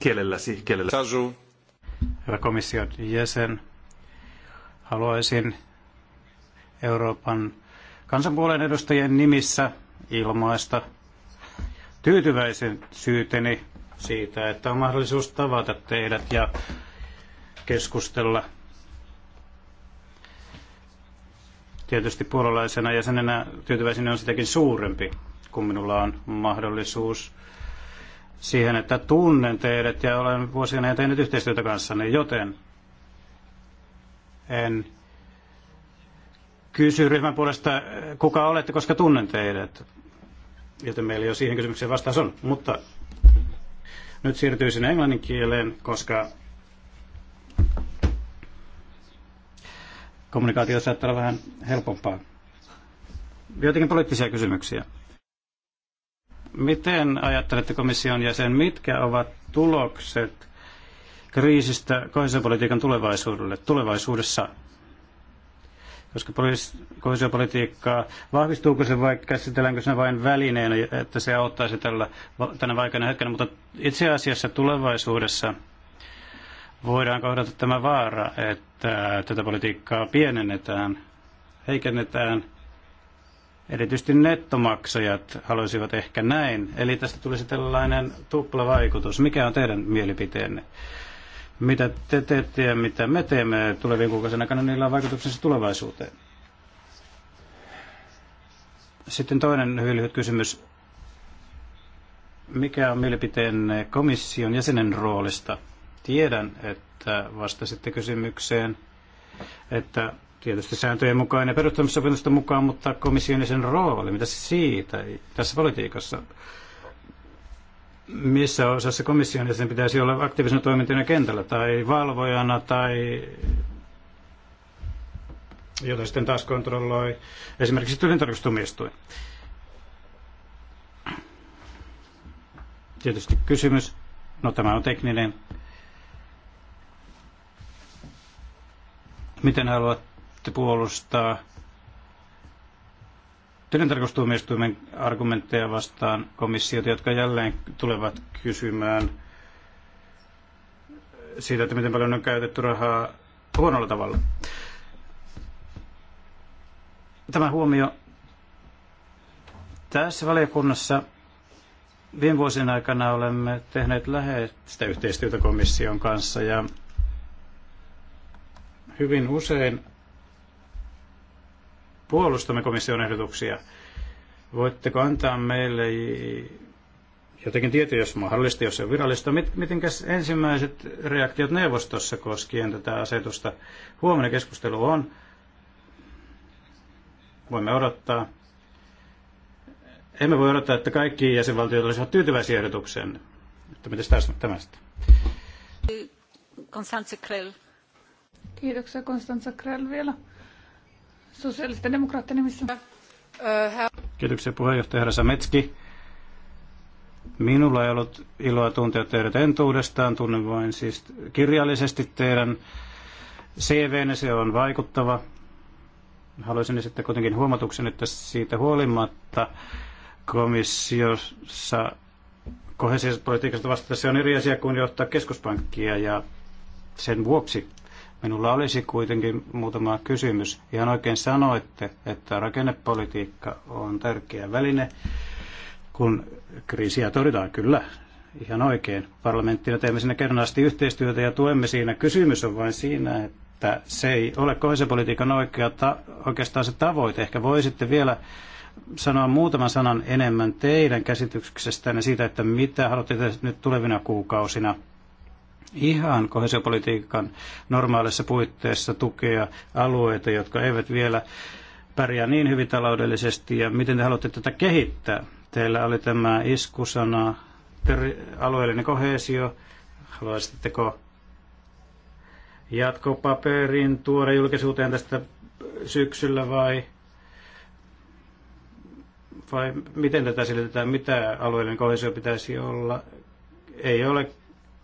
kielelläsi. Kielellä. Sasu. Hyvä komission jäsen, haluaisin Euroopan kansanpuolen edustajien nimissä ilmaista tyytyväisen syyteni siitä, että on mahdollisuus tavata teidät ja keskustella tietysti puolalaisena jäsenenä tyytyväisenä on sitäkin suurempi, kun minulla on mahdollisuus siihen, että tunnen teidät ja olen vuosien ajan tehnyt yhteistyötä kanssanne, joten en kysy ryhmän puolesta, kuka olette, koska tunnen teidät. Joten meillä jo siihen kysymykseen vastaus on. Mutta nyt siirtyisin englannin kieleen, koska kommunikaatio saattaa olla vähän helpompaa. Joitakin poliittisia kysymyksiä. Miten ajattelette komission jäsen, mitkä ovat tulokset kriisistä kohesiopolitiikan tulevaisuudelle, tulevaisuudessa? Koska kohesiopolitiikkaa, vahvistuuko se vai käsitelläänkö se vain välineenä, että se auttaisi tällä, tänä vaikeana hetkenä, mutta itse asiassa tulevaisuudessa voidaan kohdata tämä vaara, että tätä politiikkaa pienennetään, heikennetään – Erityisesti nettomaksajat haluaisivat ehkä näin. Eli tästä tulisi tällainen vaikutus. Mikä on teidän mielipiteenne? Mitä te teette ja mitä me teemme tulevien kuukausien aikana, niillä on vaikutuksensa siis tulevaisuuteen. Sitten toinen hyvin lyhyt kysymys. Mikä on mielipiteenne komission jäsenen roolista? Tiedän, että vastasitte kysymykseen, että tietysti sääntöjen mukaan ja perustamissopimusten mukaan, mutta komission ja sen rooli, mitä siitä tässä politiikassa? Missä osassa komission sen pitäisi olla aktiivisena toimintana kentällä tai valvojana tai jota sitten taas kontrolloi esimerkiksi tilintarkastumistuin. Tietysti kysymys, no tämä on tekninen, miten haluat yritti puolustaa tilintarkastustuomioistuimen argumentteja vastaan komissiota, jotka jälleen tulevat kysymään siitä, että miten paljon on käytetty rahaa huonolla tavalla. Tämä huomio tässä valiokunnassa viime vuosien aikana olemme tehneet läheistä yhteistyötä komission kanssa ja hyvin usein puolustamme komission ehdotuksia. Voitteko antaa meille jotenkin tietoja, jos mahdollista, jos se on virallista. Miten ensimmäiset reaktiot neuvostossa koskien tätä asetusta? Huomenna keskustelu on. Voimme odottaa. Emme voi odottaa, että kaikki jäsenvaltiot olisivat tyytyväisiä ehdotukseen. Että miten tämästä? Konstantse Krell. Kiitoksia Konstantse Krell vielä. Sosiaalisten demokraattien nimissä. Kiitoksia puheenjohtaja herra Sametski. Minulla ei ollut iloa tuntea teidät entuudestaan, tunnen vain siis kirjallisesti teidän cv se on vaikuttava. Haluaisin sitten kuitenkin huomautuksen, että siitä huolimatta komissiossa kohesiivisesta politiikasta vastata se on eri asia kuin johtaa keskuspankkia ja sen vuoksi Minulla olisi kuitenkin muutama kysymys. Ihan oikein sanoitte, että rakennepolitiikka on tärkeä väline, kun kriisiä torjutaan kyllä. Ihan oikein. Parlamenttina teemme siinä asti yhteistyötä ja tuemme siinä. Kysymys on vain siinä, että se ei ole kohesiopolitiikan oikea ta- oikeastaan se tavoite. Ehkä voisitte vielä sanoa muutaman sanan enemmän teidän käsityksestänne siitä, että mitä haluatte nyt tulevina kuukausina – ihan kohesiopolitiikan normaalissa puitteissa tukea alueita, jotka eivät vielä pärjää niin hyvin taloudellisesti ja miten te haluatte tätä kehittää? Teillä oli tämä iskusana ter- alueellinen kohesio. Haluaisitteko jatkopaperin tuoda julkisuuteen tästä syksyllä vai, vai miten tätä selitetään? Mitä alueellinen kohesio pitäisi olla? Ei ole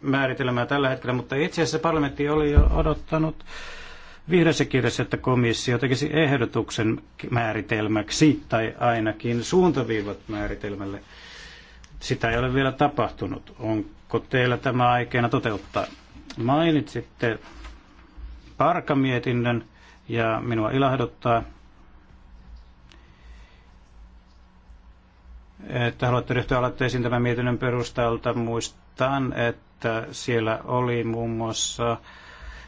määritelmää tällä hetkellä, mutta itse asiassa parlamentti oli jo odottanut vihreässä kirjassa, että komissio tekisi ehdotuksen määritelmäksi tai ainakin suuntaviivat määritelmälle. Sitä ei ole vielä tapahtunut. Onko teillä tämä aikeena toteuttaa? Mainitsitte parkamietinnön ja minua ilahduttaa, että haluatte ryhtyä aloitteisiin tämän mietinnön perustalta muist- muistan, että siellä oli muun muassa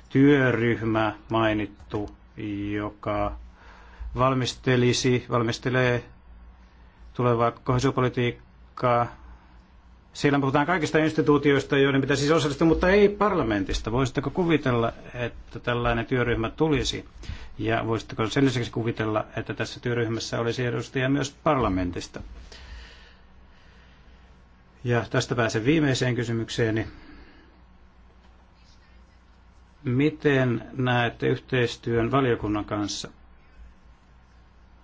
työryhmä mainittu, joka valmistelisi, valmistelee tulevaa kohesiopolitiikkaa. Siellä puhutaan kaikista instituutioista, joiden pitäisi siis osallistua, mutta ei parlamentista. Voisitteko kuvitella, että tällainen työryhmä tulisi? Ja voisitteko sen lisäksi kuvitella, että tässä työryhmässä olisi edustajia myös parlamentista? Ja tästä pääsen viimeiseen kysymykseeni. Miten näette yhteistyön valiokunnan kanssa?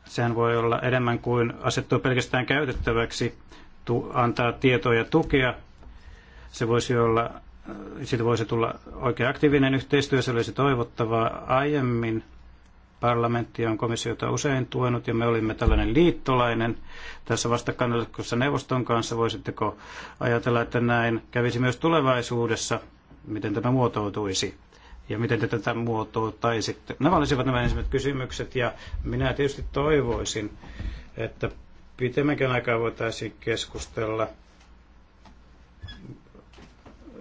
Sehän voi olla enemmän kuin asettua pelkästään käytettäväksi, antaa tietoa ja tukea. Se voisi olla, siitä voisi tulla oikein aktiivinen yhteistyö, se olisi toivottavaa aiemmin Parlamentti on komissiota usein tuenut ja me olimme tällainen liittolainen tässä vastakkainasettelussa neuvoston kanssa. Voisitteko ajatella, että näin kävisi myös tulevaisuudessa? Miten tämä muotoutuisi? Ja miten te tätä muotouttaisitte? Nämä olisivat nämä ensimmäiset kysymykset ja minä tietysti toivoisin, että pitemmänkin aikaa voitaisiin keskustella –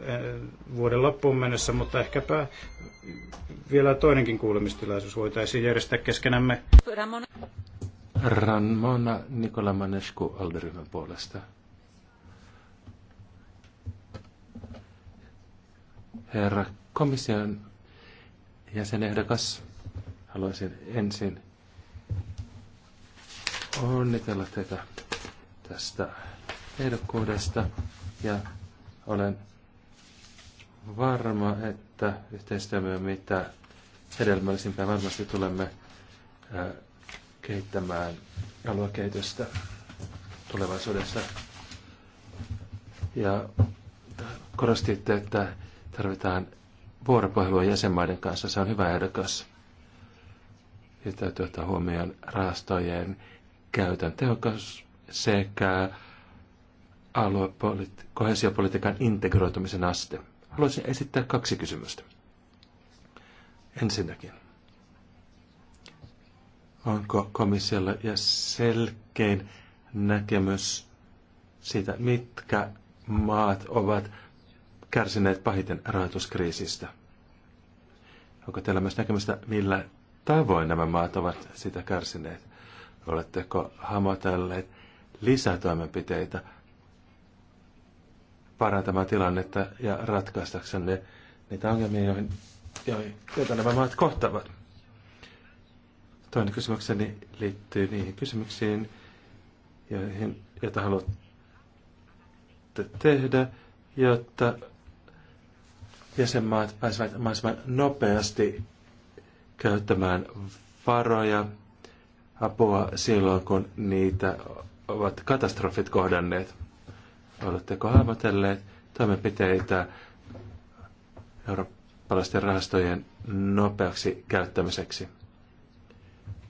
Eh, vuoden loppuun mennessä, mutta ehkäpä vielä toinenkin kuulemistilaisuus voitaisiin järjestää keskenämme. Ramona, Ramona Nikola Manesku, Alderyhmän puolesta. Herra komission jäsenehdokas, haluaisin ensin onnitella teitä tästä ehdokkuudesta ja olen varma, että yhteistyömme on mitä hedelmällisimpää. Varmasti tulemme kehittämään aluekehitystä tulevaisuudessa. Ja korostitte, että tarvitaan vuoropuhelua jäsenmaiden kanssa. Se on hyvä ehdokas. Ja täytyy ottaa huomioon rahastojen käytön tehokas sekä aluepoliti- kohesiopolitiikan integroitumisen aste. Haluaisin esittää kaksi kysymystä. Ensinnäkin, onko komissiolla ja selkein näkemys siitä, mitkä maat ovat kärsineet pahiten rahoituskriisistä? Onko teillä myös näkemystä, millä tavoin nämä maat ovat sitä kärsineet? Oletteko hamotelleet lisätoimenpiteitä parantamaan tilannetta ja ratkaistaksenne niitä ongelmia, joihin, joihin, joita nämä maat kohtavat? Toinen kysymykseni liittyy niihin kysymyksiin, joihin, joita haluatte tehdä, jotta jäsenmaat pääsevät mahdollisimman nopeasti käyttämään varoja, apua silloin, kun niitä ovat katastrofit kohdanneet. Oletteko hahmotelleet toimenpiteitä eurooppalaisten rahastojen nopeaksi käyttämiseksi?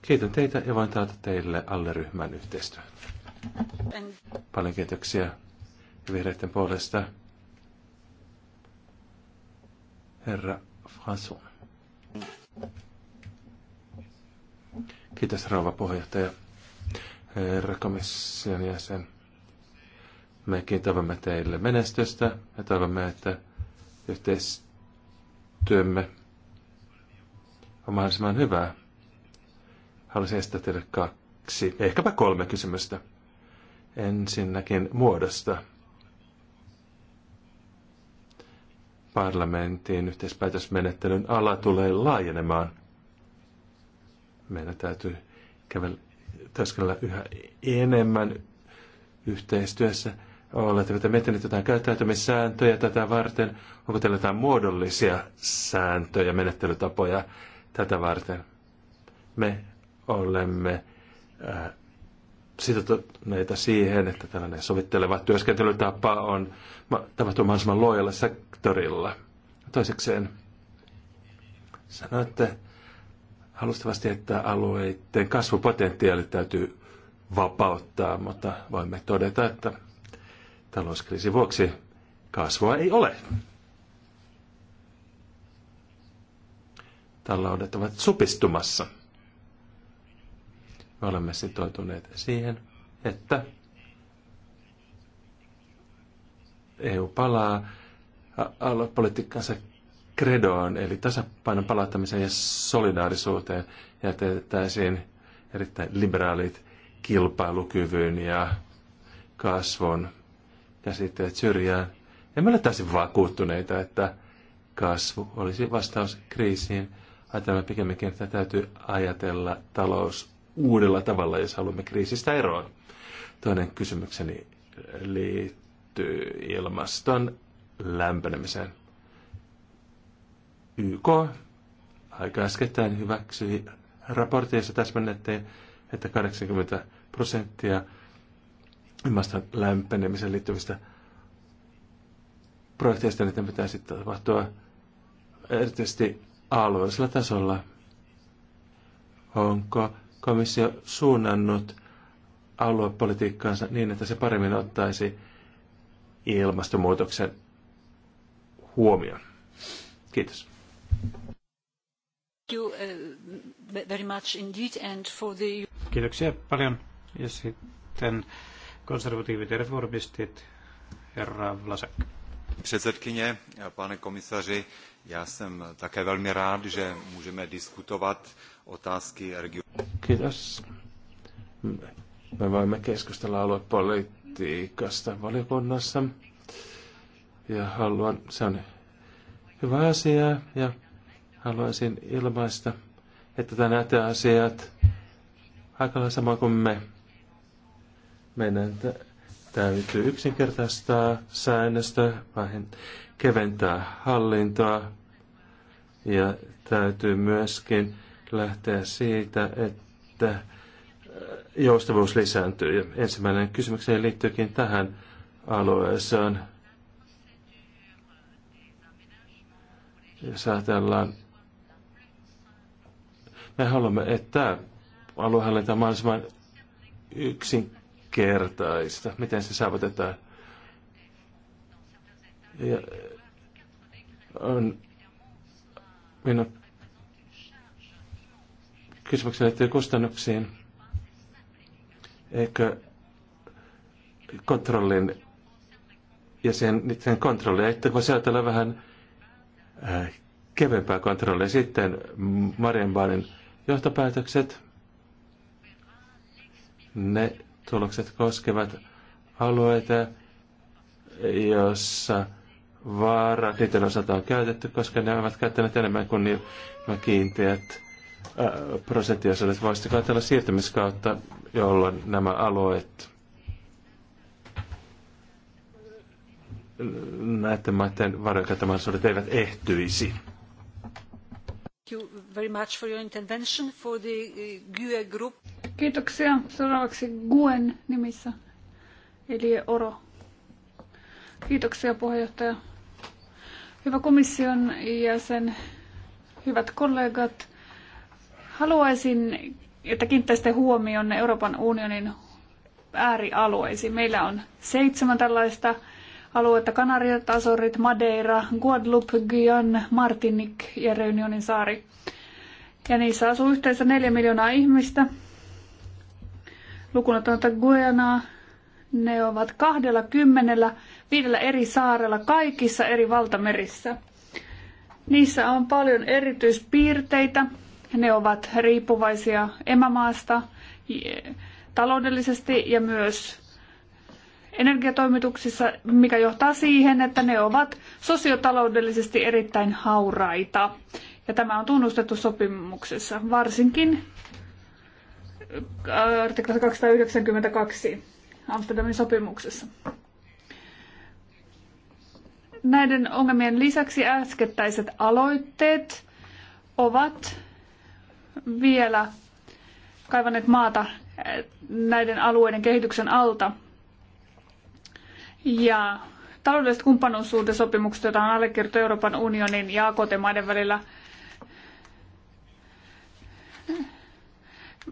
Kiitän teitä ja voin taata teille alleryhmän yhteistyön. Paljon kiitoksia vihreiden puolesta. Herra François. Kiitos rouva puheenjohtaja. Herra komission jäsen. Mekin toivomme teille menestystä ja toivomme, että yhteistyömme on mahdollisimman hyvää. Haluaisin estää teille kaksi, ehkäpä kolme kysymystä. Ensinnäkin muodosta. Parlamentin yhteispäätösmenettelyn ala tulee laajenemaan. Meidän täytyy kävellä, yhä enemmän yhteistyössä Oletteko te miettineet jotain käyttäytymissääntöjä tätä varten? Onko teillä jotain muodollisia sääntöjä, menettelytapoja tätä varten? Me olemme äh, sitoutuneita siihen, että tällainen sovitteleva työskentelytapa on tapahtuu mahdollisimman loojalla sektorilla. Toisekseen sanoitte halustavasti, että alueiden kasvupotentiaali täytyy vapauttaa, mutta voimme todeta, että Talouskriisin vuoksi kasvua ei ole. Taloudet ovat supistumassa. Me olemme sitoutuneet siihen, että EU palaa aluepolitiikkansa kredoon, eli tasapainon palauttamiseen ja solidaarisuuteen, ja teetettäisiin erittäin liberaalit kilpailukyvyn ja kasvun käsitteet syrjään. Emme ole täysin vakuuttuneita, että kasvu olisi vastaus kriisiin. Ajatellaan pikemminkin, että täytyy ajatella talous uudella tavalla, jos haluamme kriisistä eroon. Toinen kysymykseni liittyy ilmaston lämpenemiseen. YK aika äskettäin hyväksyi raportissa täsmennettiin, että 80 prosenttia ilmaston lämpenemiseen liittyvistä projekteista, niiden pitäisi tapahtua erityisesti alueellisella tasolla. Onko komissio suunnannut aluepolitiikkaansa niin, että se paremmin ottaisi ilmastonmuutoksen huomioon? Kiitos. Uh, Kiitoksia paljon. Ja sitten konservatiivit ja reformistit, herra Vlasek. Předsedkyně, pane komisaři, já jsem také velmi rád, že můžeme diskutovat otázky regionu. Kiitos. Me voimme keskustella aluepolitiikasta valiokunnassa. Ja haluan, se on hyvä asia ja haluaisin ilmaista, että te näette asiat aika samoin kuin me. Meidän täytyy yksinkertaistaa säännöstä, vähän keventää hallintoa ja täytyy myöskin lähteä siitä, että äh, joustavuus lisääntyy. Ja ensimmäinen kysymykseni liittyykin tähän alueeseen. Jos ajatellaan, me haluamme, että aluehallinta on mahdollisimman yksin kaksinkertaista. Miten se saavutetaan? Ja on minun kysymykseni liittyy kustannuksiin. Eikö kontrollin ja sen, sen kontrolli, että voisi ajatella vähän äh, kevyempää kontrollia. Sitten Marienbaanin johtopäätökset, ne tulokset koskevat alueita, joissa vaara niiden osalta on käytetty, koska ne ovat käyttäneet enemmän kuin nämä kiinteät prosenttiosuudet. Voisitte katsella siirtymiskautta, jolloin nämä alueet näiden maiden varojen käyttämäisuudet eivät ehtyisi? Kiitoksia. Seuraavaksi Guen nimissä, eli Oro. Kiitoksia puheenjohtaja. Hyvä komission jäsen, hyvät kollegat. Haluaisin, että kiinnittäisitte huomioon Euroopan unionin äärialueisiin. Meillä on seitsemän tällaista aluetta, Kanariat, Azorit, Madeira, Guadeloupe, Guyane, Martinique ja Reunionin saari. Ja niissä asuu yhteensä 4 miljoonaa ihmistä. Lukunottamatta Guyanaa, ne ovat kahdella kymmenellä viidellä eri saarella kaikissa eri valtamerissä. Niissä on paljon erityispiirteitä. Ne ovat riippuvaisia emämaasta taloudellisesti ja myös energiatoimituksissa, mikä johtaa siihen, että ne ovat sosiotaloudellisesti erittäin hauraita. Ja tämä on tunnustettu sopimuksessa, varsinkin äh, artikla 292 Amsterdamin sopimuksessa. Näiden ongelmien lisäksi äskettäiset aloitteet ovat vielä kaivaneet maata äh, näiden alueiden kehityksen alta ja taloudelliset kumppanuussuhdesopimukset, joita on allekirjoitettu Euroopan unionin ja AKT-maiden välillä,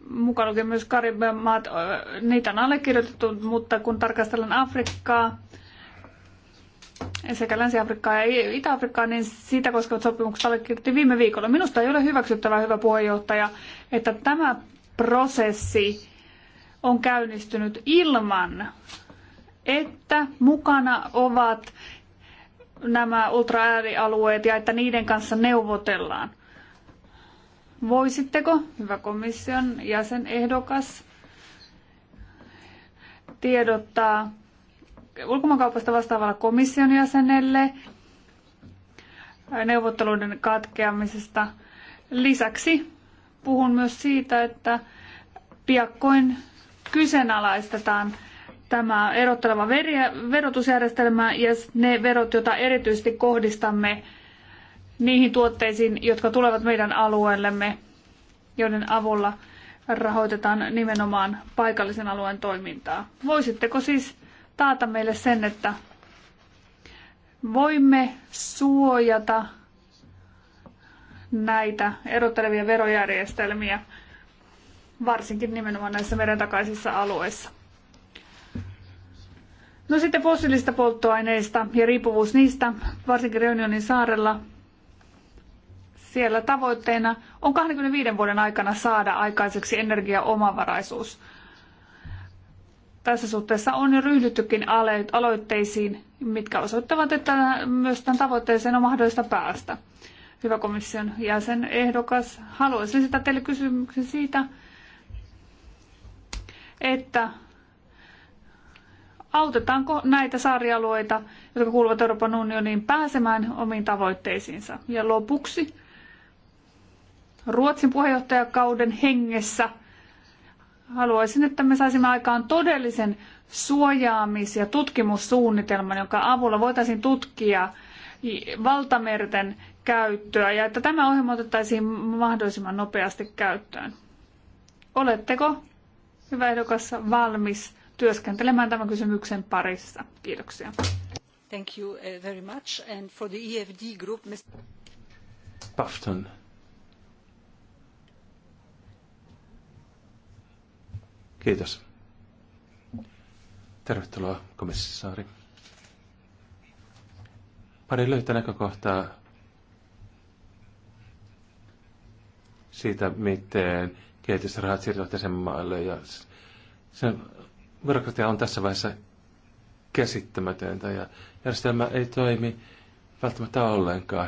mukaan lukien myös Karibian maat, niitä on allekirjoitettu, mutta kun tarkastellaan Afrikkaa, sekä Länsi-Afrikkaa ja Itä-Afrikkaa, niin siitä koskevat sopimukset allekirjoitettiin viime viikolla. Minusta ei ole hyväksyttävää, hyvä puheenjohtaja, että tämä prosessi on käynnistynyt ilman että mukana ovat nämä ultraäärialueet ja että niiden kanssa neuvotellaan. Voisitteko, hyvä komission jäsenehdokas, tiedottaa ulkomaankaupasta vastaavalla komission jäsenelle neuvotteluiden katkeamisesta. Lisäksi puhun myös siitä, että piakkoin kyseenalaistetaan tämä erotteleva verotusjärjestelmä ja ne verot, joita erityisesti kohdistamme niihin tuotteisiin, jotka tulevat meidän alueellemme, joiden avulla rahoitetaan nimenomaan paikallisen alueen toimintaa. Voisitteko siis taata meille sen, että voimme suojata näitä erottelevia verojärjestelmiä, varsinkin nimenomaan näissä takaisissa alueissa? No sitten fossiilisista polttoaineista ja riippuvuus niistä, varsinkin Reunionin saarella. Siellä tavoitteena on 25 vuoden aikana saada aikaiseksi energiaomavaraisuus. Tässä suhteessa on jo ryhdyttykin aloitteisiin, mitkä osoittavat, että myös tämän tavoitteeseen on mahdollista päästä. Hyvä komission jäsen ehdokas, haluaisin sitä teille kysymyksen siitä, että autetaanko näitä saarialueita, jotka kuuluvat Euroopan unioniin, pääsemään omiin tavoitteisiinsa. Ja lopuksi Ruotsin puheenjohtajakauden hengessä haluaisin, että me saisimme aikaan todellisen suojaamis- ja tutkimussuunnitelman, jonka avulla voitaisiin tutkia valtamerten käyttöä ja että tämä ohjelma otettaisiin mahdollisimman nopeasti käyttöön. Oletteko, hyvä ehdokas, valmis työskentelemään tämän kysymyksen parissa. Kiitoksia. Thank you eh, very much. And for the EFD group, Mr. Bafton. Kiitos. Tervetuloa, komissaari. Pari lyhyttä näkökohtaa siitä, miten kehitysrahat siirtyvät jäsenmaalle ja sen byrokratia on tässä vaiheessa käsittämätöntä ja järjestelmä ei toimi välttämättä ollenkaan.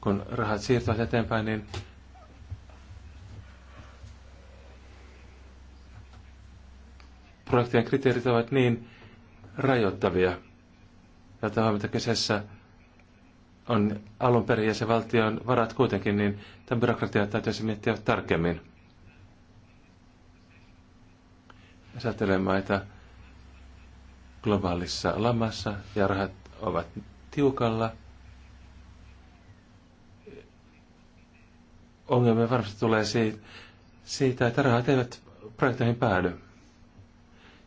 Kun rahat siirtyvät eteenpäin, niin projektien kriteerit ovat niin rajoittavia, että huomenta kyseessä on alun perin ja se valtion varat kuitenkin, niin tämän byrokratian täytyisi miettiä tarkemmin. säätelemaita globaalissa lamassa ja rahat ovat tiukalla. Ongelmia varmasti tulee siitä, että rahat eivät projekteihin päädy.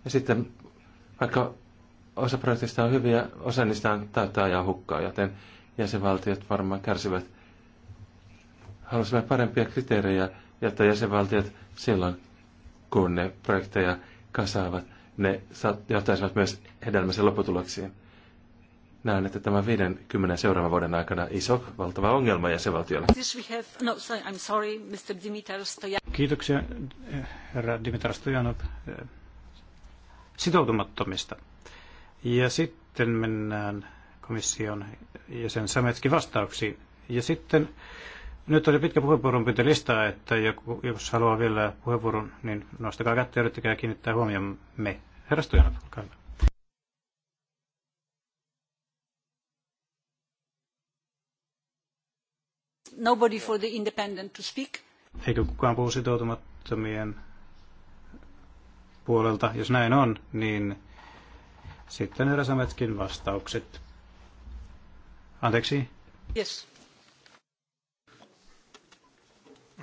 Ja sitten vaikka osa projekteista on hyviä, osa niistä on täyttää ajan hukkaa, joten jäsenvaltiot varmaan kärsivät. Haluaisimme parempia kriteerejä, jotta jäsenvaltiot silloin, kun ne projekteja kasaavat, ne johtaisivat myös hedelmäisen lopputuloksiin. Näen, että tämä 50 seuraavan vuoden aikana iso, valtava ongelma jäsenvaltiolle. No, Kiitoksia, eh, herra Dimitar Stojanov, eh, sitoutumattomista. Ja sitten mennään komission jäsen Sametskin vastauksiin. Ja sitten nyt oli pitkä puheenvuoron lista, että joku, jos haluaa vielä puheenvuoron, niin nostakaa kättä ja yrittäkää kiinnittää huomioon me. Herra Stojanov, olkaa hyvä. Nobody for the independent to speak. Eikö kukaan puhu sitoutumattomien puolelta? Jos näin on, niin sitten herra Sametskin vastaukset. Anteeksi? Yes.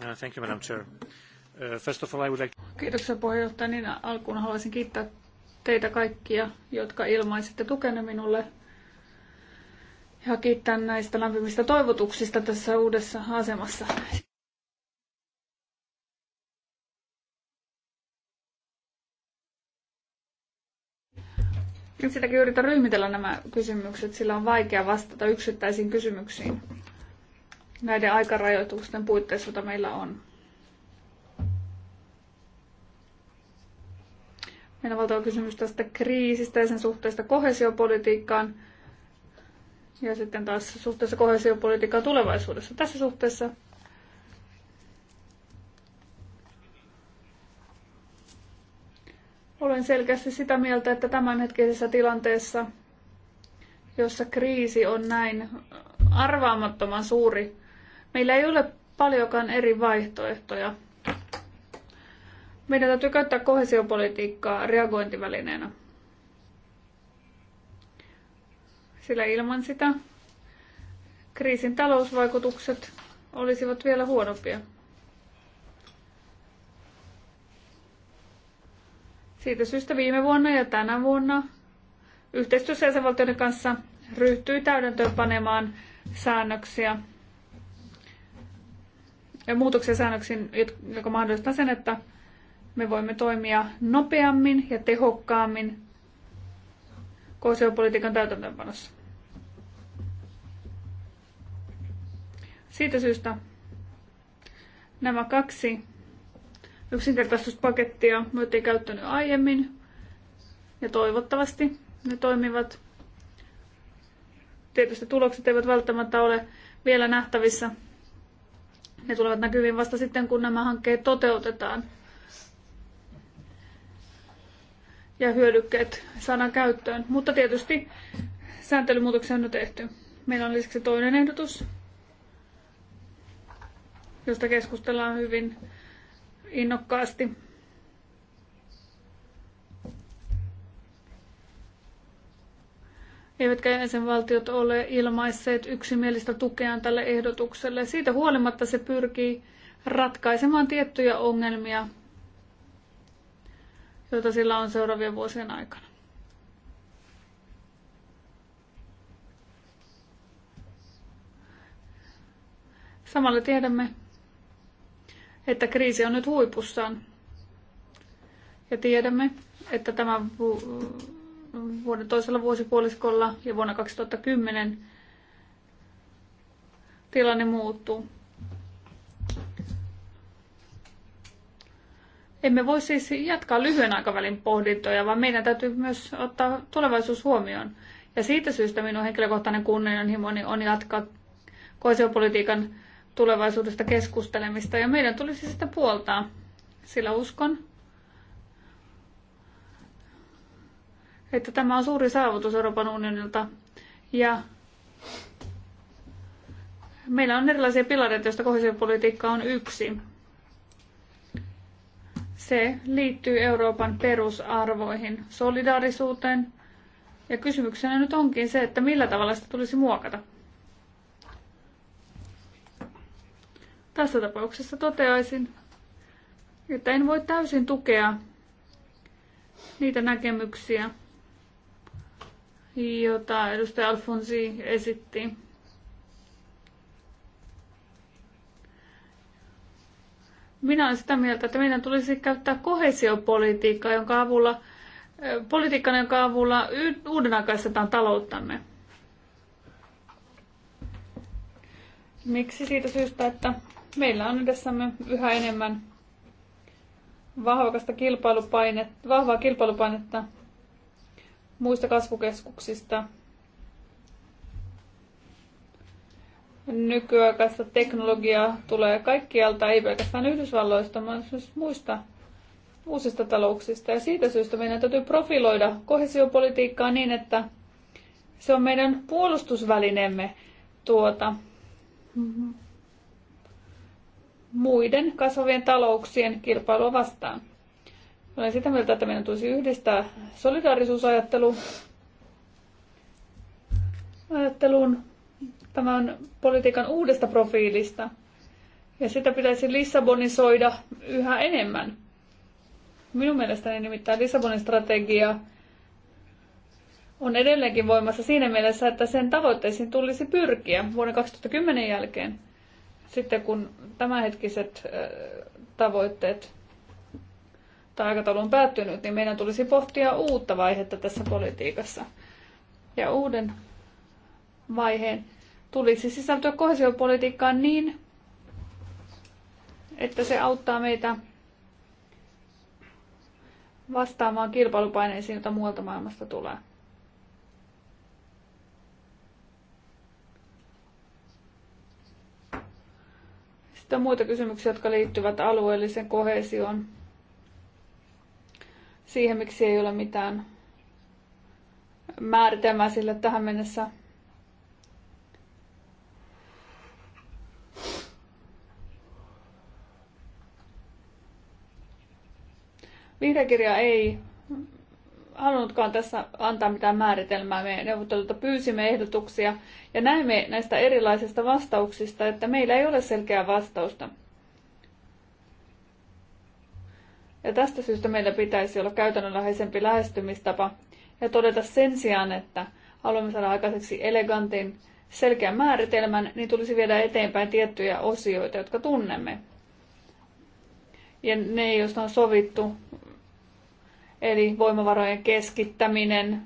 Thank Kiitoksia puheenjohtaja. Niin alkuun haluaisin kiittää teitä kaikkia, jotka ilmaisitte tukenne minulle. Ja kiittää näistä lämpimistä toivotuksista tässä uudessa asemassa. Ensinnäkin yritän ryhmitellä nämä kysymykset, sillä on vaikea vastata yksittäisiin kysymyksiin näiden aikarajoitusten puitteissa, joita meillä on. Meillä valtava kysymys tästä kriisistä ja sen suhteesta kohesiopolitiikkaan ja sitten taas suhteessa kohesiopolitiikkaan tulevaisuudessa. Tässä suhteessa olen selkeästi sitä mieltä, että tämänhetkisessä tilanteessa, jossa kriisi on näin arvaamattoman suuri, Meillä ei ole paljonkaan eri vaihtoehtoja. Meidän täytyy käyttää kohesiopolitiikkaa reagointivälineenä. Sillä ilman sitä kriisin talousvaikutukset olisivat vielä huonompia. Siitä syystä viime vuonna ja tänä vuonna yhteistyössä jäsenvaltioiden kanssa ryhtyy panemaan säännöksiä ja muutoksia säännöksiin, joka mahdollistaa sen, että me voimme toimia nopeammin ja tehokkaammin kohesiopolitiikan täytäntöönpanossa. Siitä syystä nämä kaksi yksinkertaistuspakettia me otettiin käyttänyt aiemmin ja toivottavasti ne toimivat. Tietysti tulokset eivät välttämättä ole vielä nähtävissä, ne tulevat näkyviin vasta sitten, kun nämä hankkeet toteutetaan ja hyödykkeet saadaan käyttöön. Mutta tietysti sääntelymuutoksia on jo tehty. Meillä on lisäksi toinen ehdotus, josta keskustellaan hyvin innokkaasti. eivätkä jäsenvaltiot ole ilmaisseet yksimielistä tukeaan tälle ehdotukselle. Siitä huolimatta se pyrkii ratkaisemaan tiettyjä ongelmia, joita sillä on seuraavien vuosien aikana. Samalla tiedämme, että kriisi on nyt huipussaan. Ja tiedämme, että tämä vu- vuoden toisella vuosipuoliskolla ja vuonna 2010 tilanne muuttuu. Emme voi siis jatkaa lyhyen aikavälin pohdintoja, vaan meidän täytyy myös ottaa tulevaisuus huomioon. Ja siitä syystä minun henkilökohtainen kunnianhimoni on jatkaa koesiopolitiikan tulevaisuudesta keskustelemista, ja meidän tulisi sitä puoltaa, sillä uskon, että tämä on suuri saavutus Euroopan unionilta. Ja meillä on erilaisia pilareita, joista kohesiopolitiikka on yksi. Se liittyy Euroopan perusarvoihin, solidaarisuuteen. Ja kysymyksenä nyt onkin se, että millä tavalla sitä tulisi muokata. Tässä tapauksessa toteaisin, että en voi täysin tukea niitä näkemyksiä, jota edustaja Alfonsi esitti. Minä olen sitä mieltä, että meidän tulisi käyttää kohesiopolitiikkaa, jonka avulla, politiikkaa, jonka avulla uudenaikaistetaan talouttamme. Miksi? Siitä syystä, että meillä on edessämme yhä enemmän vahvaa kilpailupainetta, vahvaa kilpailupainetta muista kasvukeskuksista, nykyaikaista teknologiaa tulee kaikkialta, ei pelkästään Yhdysvalloista, vaan myös muista uusista talouksista. Ja siitä syystä meidän täytyy profiloida kohesiopolitiikkaa niin, että se on meidän puolustusvälineemme tuota muiden kasvavien talouksien kilpailua vastaan. Olen sitä mieltä, että meidän tulisi yhdistää solidaarisuusajattelu ajatteluun tämän politiikan uudesta profiilista. Ja sitä pitäisi Lissabonisoida yhä enemmän. Minun mielestäni nimittäin Lissabonin strategia on edelleenkin voimassa siinä mielessä, että sen tavoitteisiin tulisi pyrkiä vuoden 2010 jälkeen, sitten kun tämänhetkiset tavoitteet tai aikataulu on päättynyt, niin meidän tulisi pohtia uutta vaihetta tässä politiikassa. Ja uuden vaiheen tulisi sisältyä kohesiopolitiikkaan niin, että se auttaa meitä vastaamaan kilpailupaineisiin, joita muualta maailmasta tulee. Sitten on muita kysymyksiä, jotka liittyvät alueelliseen kohesioon siihen, miksi ei ole mitään määritelmää sille tähän mennessä. Vihreäkirja ei halunnutkaan tässä antaa mitään määritelmää. Me neuvottelulta pyysimme ehdotuksia ja näimme näistä erilaisista vastauksista, että meillä ei ole selkeää vastausta. Ja tästä syystä meillä pitäisi olla käytännönläheisempi lähestymistapa ja todeta sen sijaan, että haluamme saada aikaiseksi elegantin, selkeän määritelmän, niin tulisi viedä eteenpäin tiettyjä osioita, jotka tunnemme. Ja ne, joista on sovittu, eli voimavarojen keskittäminen,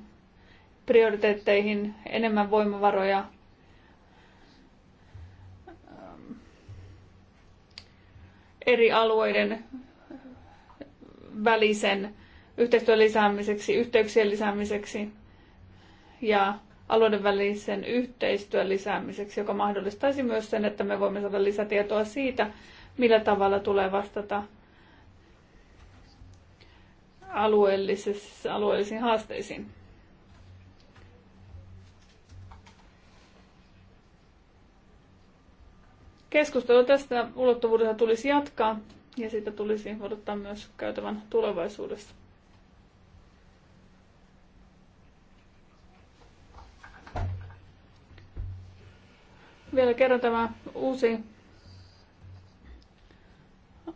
prioriteetteihin enemmän voimavaroja, eri alueiden välisen yhteistyön lisäämiseksi, yhteyksien lisäämiseksi ja alueiden välisen yhteistyön lisäämiseksi, joka mahdollistaisi myös sen, että me voimme saada lisätietoa siitä, millä tavalla tulee vastata alueellisiin haasteisiin. Keskustelu tästä ulottuvuudesta tulisi jatkaa. Ja siitä tulisi odottaa myös käytävän tulevaisuudessa. Vielä kerran tämä uusi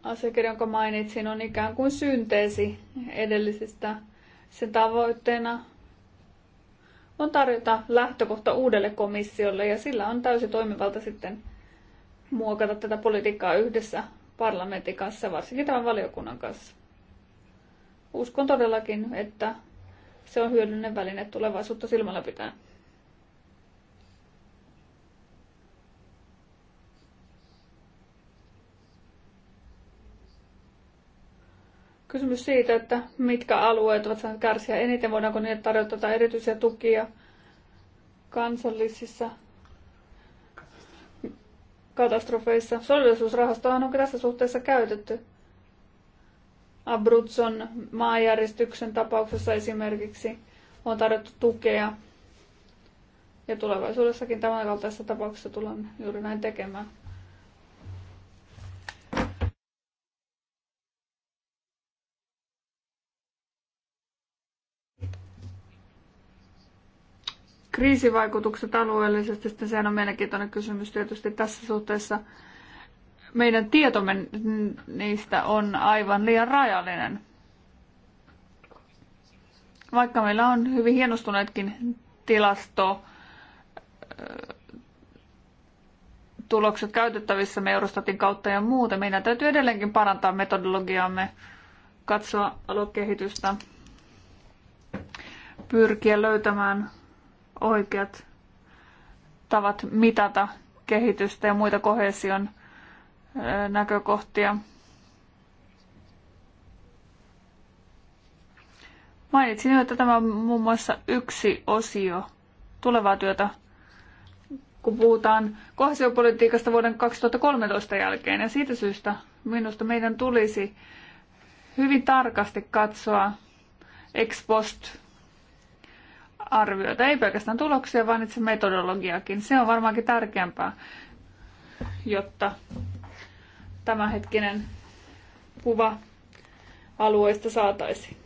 asiakirja, jonka mainitsin, on ikään kuin synteesi edellisistä. Sen tavoitteena on tarjota lähtökohta uudelle komissiolle ja sillä on täysi toimivalta sitten muokata tätä politiikkaa yhdessä parlamentin kanssa, varsinkin tämän valiokunnan kanssa. Uskon todellakin, että se on hyödyllinen väline tulevaisuutta silmällä pitää. kysymys siitä, että mitkä alueet ovat saaneet kärsiä eniten, voidaanko niille tarjota erityisiä tukia kansallisissa katastrofeissa. Solidarisuusrahastohan on tässä suhteessa käytetty. Abruzzon maanjäristyksen tapauksessa esimerkiksi on tarjottu tukea. Ja tulevaisuudessakin tämän kaltaisessa tapauksessa tullaan juuri näin tekemään. kriisivaikutukset alueellisesti, sitten sehän on mielenkiintoinen kysymys tietysti tässä suhteessa. Meidän tietomme niistä on aivan liian rajallinen. Vaikka meillä on hyvin hienostuneetkin tilasto, tulokset käytettävissä me Eurostatin kautta ja muuta. Meidän täytyy edelleenkin parantaa metodologiaamme, katsoa aluekehitystä, pyrkiä löytämään oikeat tavat mitata kehitystä ja muita kohesion näkökohtia. Mainitsin jo, että tämä on muun muassa yksi osio tulevaa työtä, kun puhutaan kohesiopolitiikasta vuoden 2013 jälkeen. Ja siitä syystä minusta meidän tulisi hyvin tarkasti katsoa ex post arvioita, ei pelkästään tuloksia, vaan itse metodologiakin. Se on varmaankin tärkeämpää, jotta tämänhetkinen kuva alueista saataisiin.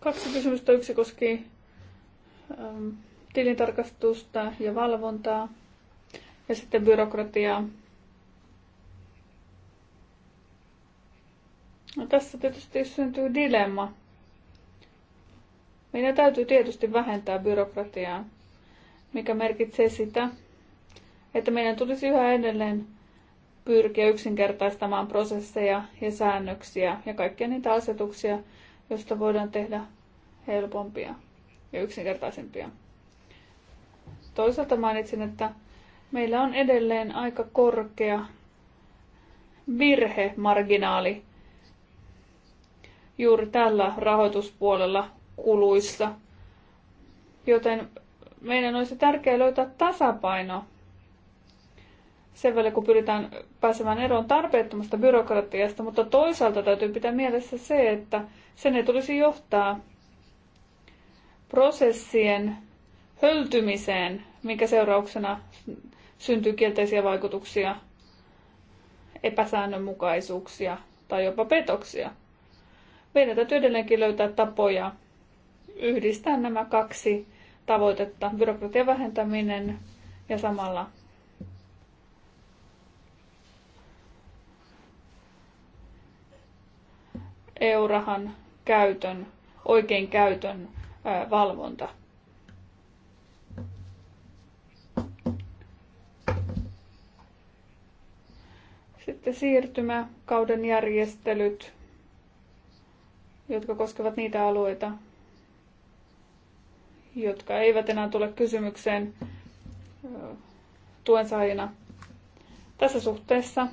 Kaksi kysymystä. Yksi koski ähm, tilintarkastusta ja valvontaa ja sitten byrokratiaa. No tässä tietysti syntyy dilemma. Meidän täytyy tietysti vähentää byrokratiaa, mikä merkitsee sitä, että meidän tulisi yhä edelleen pyrkiä yksinkertaistamaan prosesseja ja säännöksiä ja kaikkia niitä asetuksia, joista voidaan tehdä helpompia ja yksinkertaisempia. Toisaalta mainitsin, että meillä on edelleen aika korkea virhemarginaali juuri tällä rahoituspuolella kuluissa. Joten meidän olisi tärkeää löytää tasapaino sen välillä, kun pyritään pääsemään eroon tarpeettomasta byrokratiasta, mutta toisaalta täytyy pitää mielessä se, että sen ei tulisi johtaa prosessien höltymiseen, minkä seurauksena syntyy kielteisiä vaikutuksia, epäsäännönmukaisuuksia tai jopa petoksia. Meidän täytyy edelleenkin löytää tapoja yhdistää nämä kaksi tavoitetta, byrokratian vähentäminen ja samalla eurahan käytön, oikein käytön valvonta. Sitten siirtymäkauden järjestelyt, jotka koskevat niitä alueita, jotka eivät enää tule kysymykseen tuensaajina. Tässä suhteessa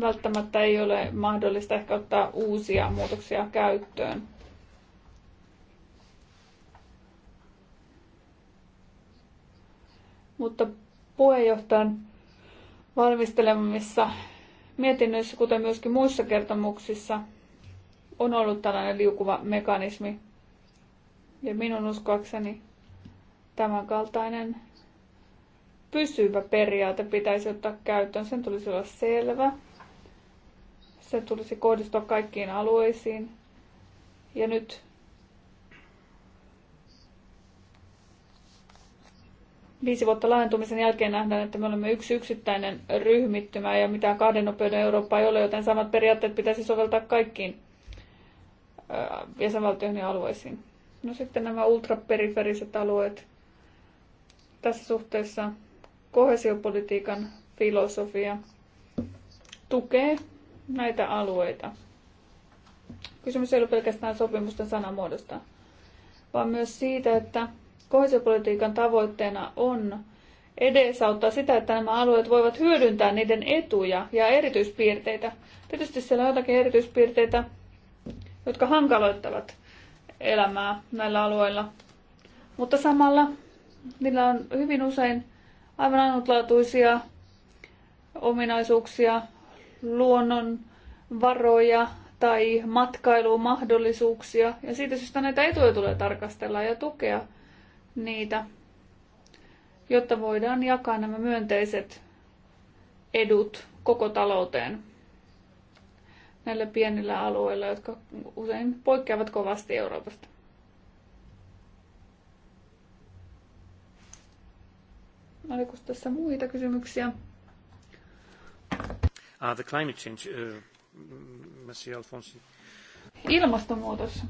välttämättä ei ole mahdollista ehkä ottaa uusia muutoksia käyttöön. Mutta puheenjohtajan valmistelemissa mietinnöissä, kuten myöskin muissa kertomuksissa, on ollut tällainen liukuva mekanismi. Ja minun uskoakseni tämänkaltainen pysyvä periaate pitäisi ottaa käyttöön. Sen tulisi olla selvä. Se tulisi kohdistua kaikkiin alueisiin. Ja nyt viisi vuotta laajentumisen jälkeen nähdään, että me olemme yksi yksittäinen ryhmittymä ja mitään kahden nopeuden Eurooppaa ei ole, joten samat periaatteet pitäisi soveltaa kaikkiin äh, jäsenvaltioihin ja alueisiin. No sitten nämä ultraperiferiset alueet. Tässä suhteessa kohesiopolitiikan filosofia tukee näitä alueita. Kysymys ei ole pelkästään sopimusten sanamuodosta, vaan myös siitä, että Kohesiopolitiikan tavoitteena on edesauttaa sitä, että nämä alueet voivat hyödyntää niiden etuja ja erityispiirteitä. Tietysti siellä on jotakin erityispiirteitä, jotka hankaloittavat elämää näillä alueilla. Mutta samalla niillä on hyvin usein aivan ainutlaatuisia ominaisuuksia, luonnon varoja tai matkailumahdollisuuksia. Ja siitä syystä näitä etuja tulee tarkastella ja tukea – niitä, jotta voidaan jakaa nämä myönteiset edut koko talouteen näillä pienillä alueilla, jotka usein poikkeavat kovasti Euroopasta. Oliko tässä muita kysymyksiä? Uh, the climate change, uh, Alfonsi. Ilmastonmuutos.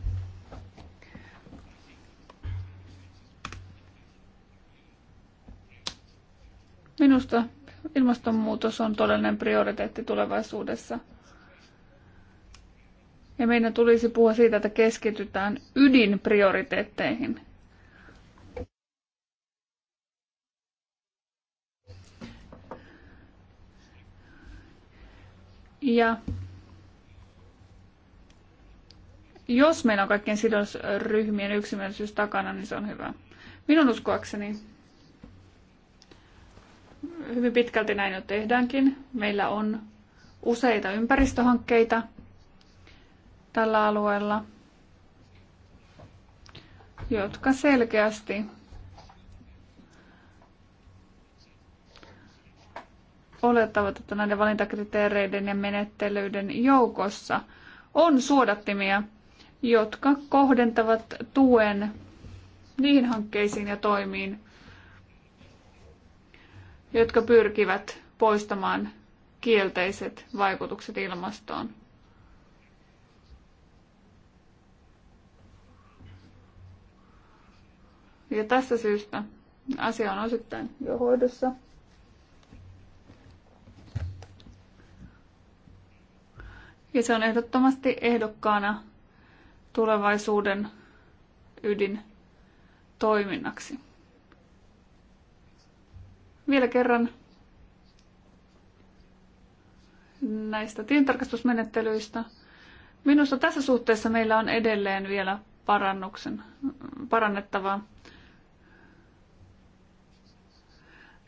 Minusta ilmastonmuutos on todellinen prioriteetti tulevaisuudessa. Ja meidän tulisi puhua siitä, että keskitytään ydinprioriteetteihin. Ja jos meillä on kaikkien sidosryhmien yksimielisyys takana, niin se on hyvä. Minun uskoakseni Hyvin pitkälti näin jo tehdäänkin. Meillä on useita ympäristöhankkeita tällä alueella, jotka selkeästi olettavat, että näiden valintakriteereiden ja menettelyiden joukossa on suodattimia, jotka kohdentavat tuen niihin hankkeisiin ja toimiin, jotka pyrkivät poistamaan kielteiset vaikutukset ilmastoon. Ja tästä syystä asia on osittain jo hoidossa. Ja se on ehdottomasti ehdokkaana tulevaisuuden ydin toiminnaksi vielä kerran näistä tilintarkastusmenettelyistä. Minusta tässä suhteessa meillä on edelleen vielä parannuksen, parannettavaa.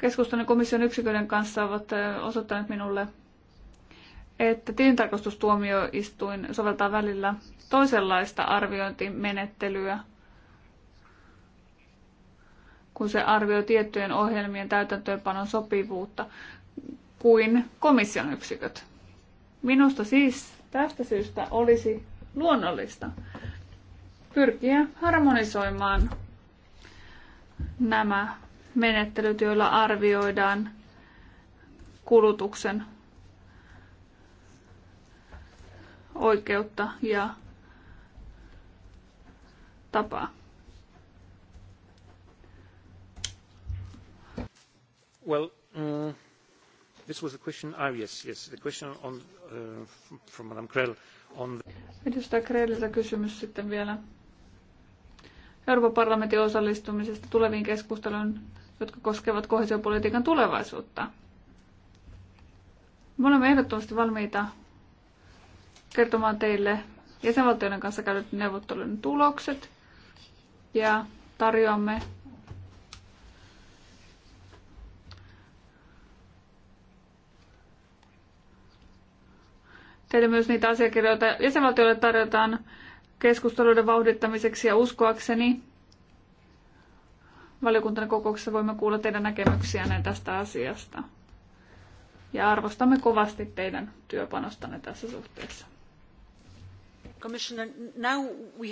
ja komission yksiköiden kanssa ovat osoittaneet minulle, että tilintarkastustuomioistuin soveltaa välillä toisenlaista arviointimenettelyä – kun se arvioi tiettyjen ohjelmien täytäntöönpanon sopivuutta kuin komission yksiköt. Minusta siis tästä syystä olisi luonnollista pyrkiä harmonisoimaan nämä menettelyt, joilla arvioidaan kulutuksen oikeutta ja tapaa. Well, um, this was a question. Ah, yes, yes, the question on, uh, from Madame Krell on... Edustaja Krelliltä kysymys sitten vielä Euroopan parlamentin osallistumisesta tuleviin keskusteluun, jotka koskevat kohesiopolitiikan tulevaisuutta. Me olemme ehdottomasti valmiita kertomaan teille jäsenvaltioiden kanssa käytetyn neuvottelun tulokset ja tarjoamme teille myös niitä asiakirjoita jäsenvaltioille tarjotaan keskusteluiden vauhdittamiseksi ja uskoakseni valiokuntana kokouksessa voimme kuulla teidän näkemyksiänne tästä asiasta. Ja arvostamme kovasti teidän työpanostanne tässä suhteessa. Uh,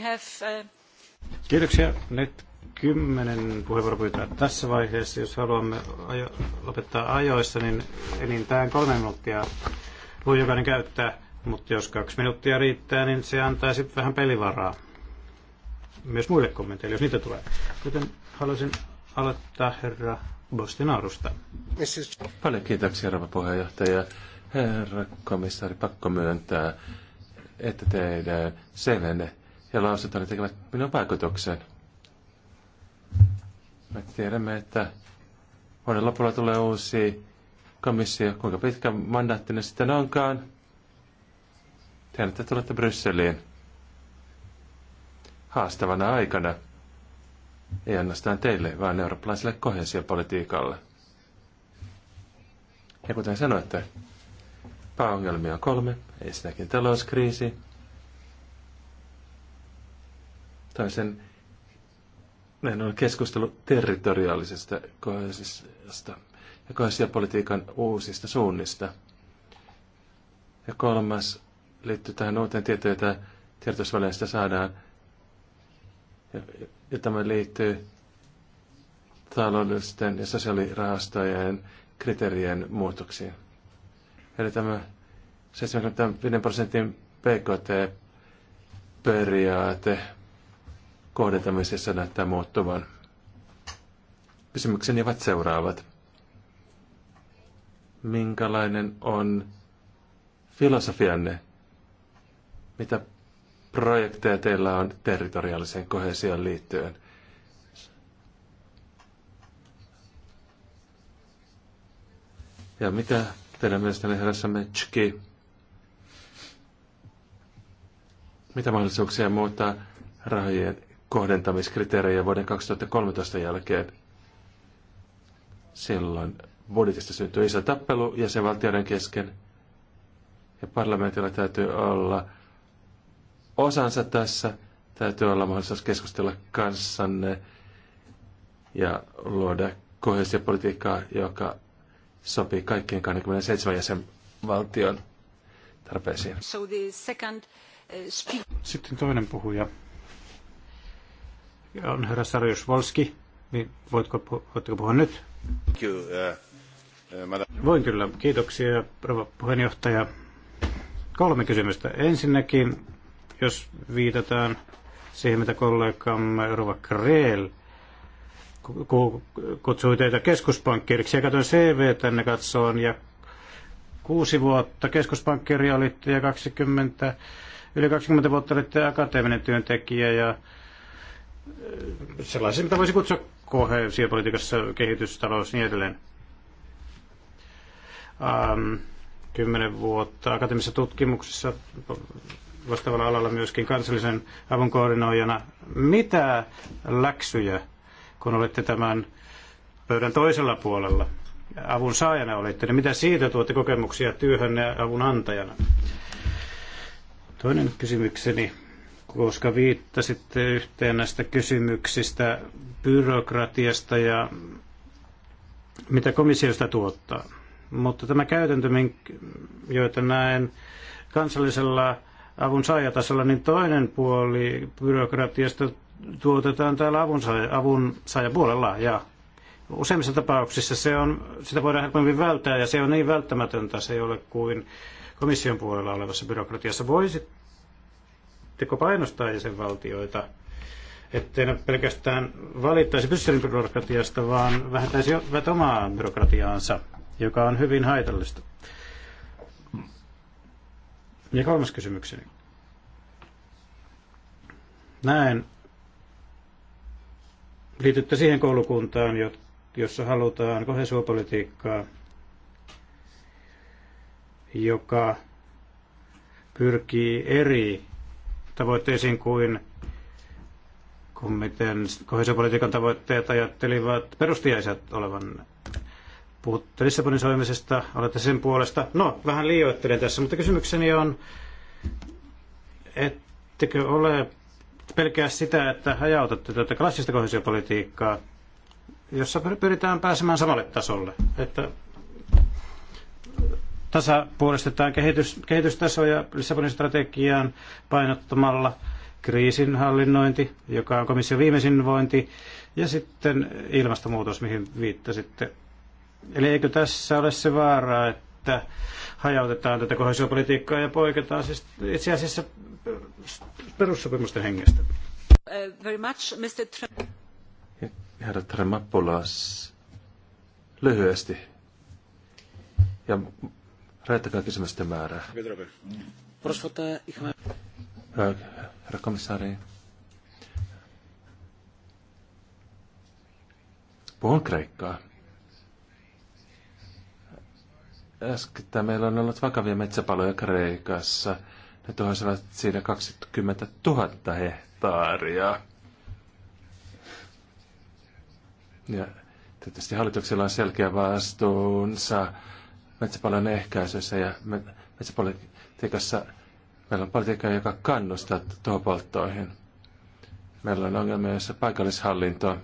Kiitoksia. Nyt kymmenen puheenvuoropyyntöä tässä vaiheessa. Jos haluamme ajo- lopettaa ajoissa, niin enintään kolme minuuttia voi jokainen käyttää. Mutta jos kaksi minuuttia riittää, niin se antaisi vähän pelivaraa myös muille kommenteille, jos niitä tulee. Joten haluaisin aloittaa herra Bostinarusta. Paljon kiitoksia, herra puheenjohtaja. Herra komissaari, pakko myöntää, että teidän selenne ja lausuntonne tekevät minun vaikutuksen. Me tiedämme, että vuoden lopulla tulee uusi komissio. Kuinka pitkä mandaattinen sitten onkaan? Te, te tulette Brysseliin haastavana aikana, ei ainoastaan teille, vaan eurooppalaiselle kohesiopolitiikalle. Ja kuten sanoitte, pääongelmia on kolme. Ensinnäkin talouskriisi, toisen näin on keskustelu territoriaalisesta kohdallisesta ja kohesiopolitiikan uusista suunnista. Ja kolmas liittyy tähän uuteen tietoon, jota tiedotusvälineistä saadaan. Ja, ja tämä liittyy taloudellisten ja sosiaalirahastojen kriteerien muutoksiin. Eli tämä 75 prosentin PKT-periaate kohdentamisessa näyttää muuttuvan. Kysymykseni ovat seuraavat. Minkälainen on filosofianne mitä projekteja teillä on territoriaaliseen kohesioon liittyen? Ja mitä teidän mielestänne herra Sametski, mitä mahdollisuuksia muuttaa rahojen kohdentamiskriteerejä vuoden 2013 jälkeen? Silloin budjetista syntyy iso tappelu jäsenvaltioiden kesken ja parlamentilla täytyy olla osansa tässä. Täytyy olla mahdollisuus keskustella kanssanne ja luoda kohesiopolitiikkaa, joka sopii kaikkien 27 jäsenvaltion tarpeisiin. Uh, Sitten toinen puhuja ja on herra Sarjus Volski. Niin voitko, voitko puhua nyt? Uh, uh, Voin kyllä. Kiitoksia, rouva puheenjohtaja. Kolme kysymystä. Ensinnäkin jos viitataan siihen, mitä kollegamme Rova Kreel kutsui teitä keskuspankkiiriksi. Ja katsoin CV tänne katsoon ja kuusi vuotta keskuspankkiiri olitte ja 20, yli 20 vuotta olitte akateeminen työntekijä ja äh, sellaisia, mitä voisi kutsua kohesiopolitiikassa, kehitystalous ja niin edelleen. Um, kymmenen vuotta akateemisessa tutkimuksessa vastaavalla alalla myöskin kansallisen avun koordinoijana. Mitä läksyjä, kun olette tämän pöydän toisella puolella, avun saajana olitte, niin mitä siitä tuotte kokemuksia ja avun antajana? Toinen kysymykseni, koska viittasitte yhteen näistä kysymyksistä byrokratiasta ja mitä komissiosta tuottaa. Mutta tämä käytäntö, joita näen kansallisella avun saajatasolla, niin toinen puoli byrokratiasta tuotetaan täällä avun, avun saajapuolella ja useimmissa tapauksissa se on, sitä voidaan helpommin välttää ja se on niin välttämätöntä, se ei ole kuin komission puolella olevassa byrokratiassa. Voisitteko painostaa jäsenvaltioita, ettei ne pelkästään valittaisi Brysselin byrokratiasta, vaan vähentäisi omaa byrokratiaansa, joka on hyvin haitallista? Ja kolmas kysymykseni. Näen, liitytte siihen koulukuntaan, jossa halutaan kohesuopolitiikkaa, joka pyrkii eri tavoitteisiin kuin kuin miten kohesuopolitiikan tavoitteet ajattelivat perustiaiset olevan Puhutte Lissabonin soimisesta, olette sen puolesta. No, vähän liioittelen tässä, mutta kysymykseni on, ettekö ole pelkää sitä, että hajautatte tätä klassista kohesiopolitiikkaa, jossa pyritään pääsemään samalle tasolle, että tasapuolistetaan kehitys, kehitystasoja Lissabonin strategiaan painottamalla kriisinhallinnointi, joka on komission viimeisin vointi, ja sitten ilmastonmuutos, mihin viittasitte. Eli eikö tässä ole se vaara, että hajautetaan tätä kohesiopolitiikkaa ja poiketaan siis itse asiassa perussopimusten hengestä? Uh, very much, Mr. Tr- Herra Tremappolas, lyhyesti. Ja rajoittakaa kysymysten määrää. Herra komissaari, puhun kreikkaa. äskettäin meillä on ollut vakavia metsäpaloja Kreikassa. Ne tuhoisivat siinä 20 000 hehtaaria. Ja tietysti hallituksella on selkeä vastuunsa metsäpalojen ehkäisyssä ja metsäpolitiikassa meillä on politiikka, joka kannustaa tuhopolttoihin. Meillä on ongelmia, joissa paikallishallinto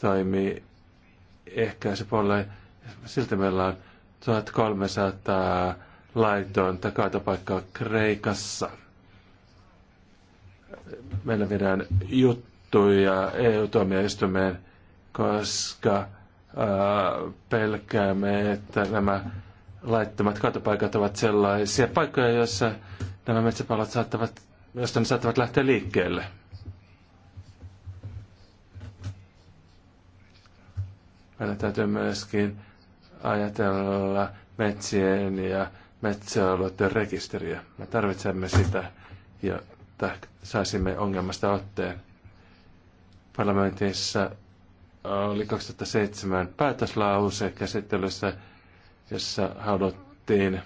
toimii Ehkä se olla. Silti meillä on 1300 laitonta kaatopaikkaa Kreikassa. Meillä viedään juttuja EU-tuomioistuimeen, koska ää, pelkäämme, että nämä laittomat kaatopaikat ovat sellaisia paikkoja, joissa nämä metsäpalot saattavat, josta ne saattavat lähteä liikkeelle. Meillä täytyy myöskin ajatella metsien ja metsäalueiden rekisteriä. Me tarvitsemme sitä, jotta saisimme ongelmasta otteen. Parlamentissa oli 2007 päätöslause käsittelyssä, jossa haluttiin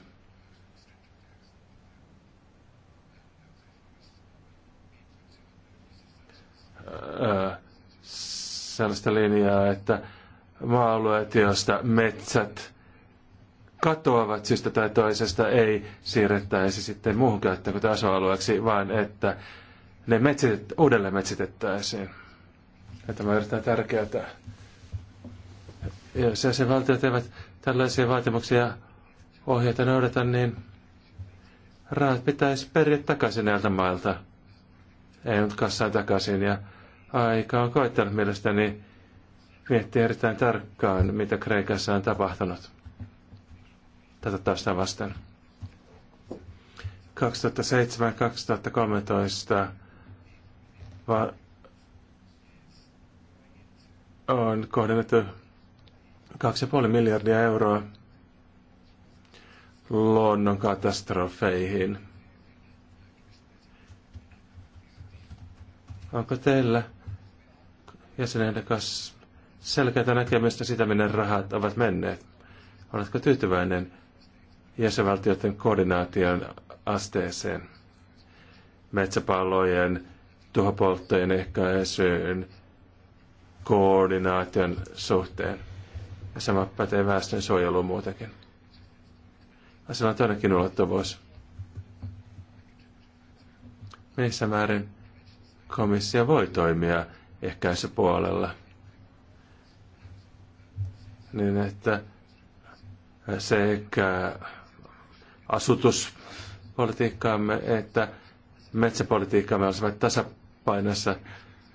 sellaista linjaa, että maa-alueet, joista metsät katoavat syystä tai toisesta, ei siirrettäisi sitten muuhun käyttöön kuin tasoalueeksi, vaan että ne metsitet, uudelleen metsitettäisiin. Ja tämä on erittäin tärkeää. Jos jäsenvaltiot eivät tällaisia vaatimuksia ohjeita noudata, niin rahat pitäisi periä takaisin näiltä mailta. Ei nyt kassaan takaisin. Ja aika on koittanut mielestäni miettii erittäin tarkkaan, mitä Kreikassa on tapahtunut tätä taustaa vastaan. 2007-2013 va- on kohdennettu 2,5 miljardia euroa luonnon katastrofeihin. Onko teillä jäsenehdokas selkeätä näkemystä sitä, minne rahat ovat menneet. Oletko tyytyväinen jäsenvaltioiden koordinaation asteeseen? Metsäpallojen, tuhopolttojen ehkäisyyn, koordinaation suhteen. Ja sama pätee väestön suojeluun muutenkin. Asialla on toinenkin ulottuvuus. Missä määrin komissio voi toimia ehkäisypuolella? puolella? niin että sekä asutuspolitiikkaamme että metsäpolitiikkaamme olisivat tasapainossa,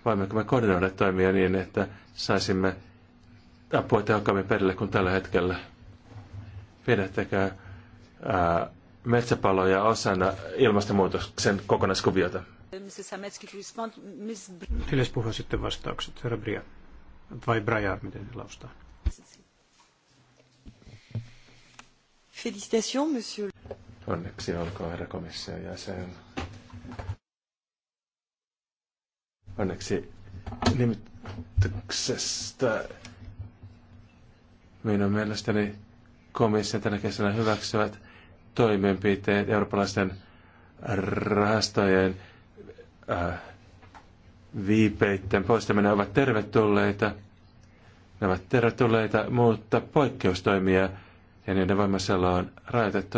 voimmeko me koordinoida toimia niin, että saisimme apua tehokkaammin perille kuin tällä hetkellä. Pidättekö metsäpaloja osana ilmastonmuutoksen kokonaiskuviota? Yleispuhua sitten vastaukset. Herra Bria. Vai Briar, miten se laustaa? Félicitations, monsieur. Onneksi olkoon, herra komission jäsen. Onneksi nimityksestä minun mielestäni komissio tänä kesänä hyväksyvät toimenpiteet eurooppalaisten rahastojen äh, viipeitten poistaminen ovat tervetulleita. Ne ovat tervetulleita, mutta poikkeustoimia ja niiden voimassaolo on rajoitettu.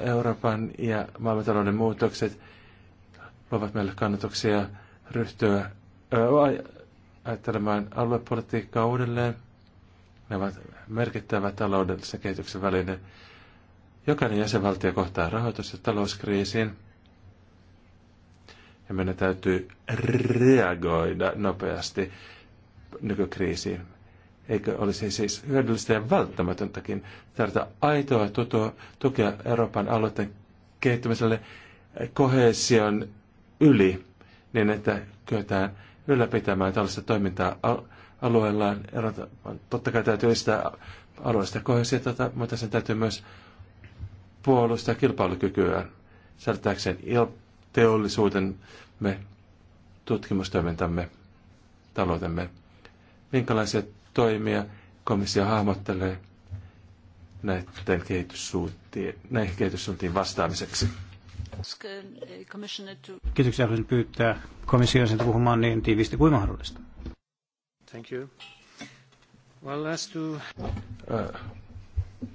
Euroopan ja maailmantalouden muutokset luovat meille kannatuksia ryhtyä ajattelemaan aluepolitiikkaa uudelleen. Ne ovat merkittävä taloudellisen kehityksen väline. Jokainen jäsenvaltio kohtaa rahoitus- ja talouskriisin. Ja meidän täytyy reagoida nopeasti nykykriisiin. Eikö olisi siis hyödyllistä ja välttämätöntäkin tarjota aitoa tutua, tukea Euroopan alueiden kehittymiselle kohesion yli, niin että kyetään ylläpitämään tällaista toimintaa alueellaan. Totta kai täytyy estää alueellista kohesiota, mutta sen täytyy myös puolustaa kilpailukykyään, säilyttääkseen teollisuutemme, tutkimustoimintamme, taloutemme. Minkälaiset toimia komissio hahmottelee näiden kehityssuuntiin, näihin kehityssuuntiin vastaamiseksi. Kiitoksia. Haluaisin pyytää komission sen puhumaan niin tiiviisti kuin mahdollista. Thank you. Well, as to... Äh,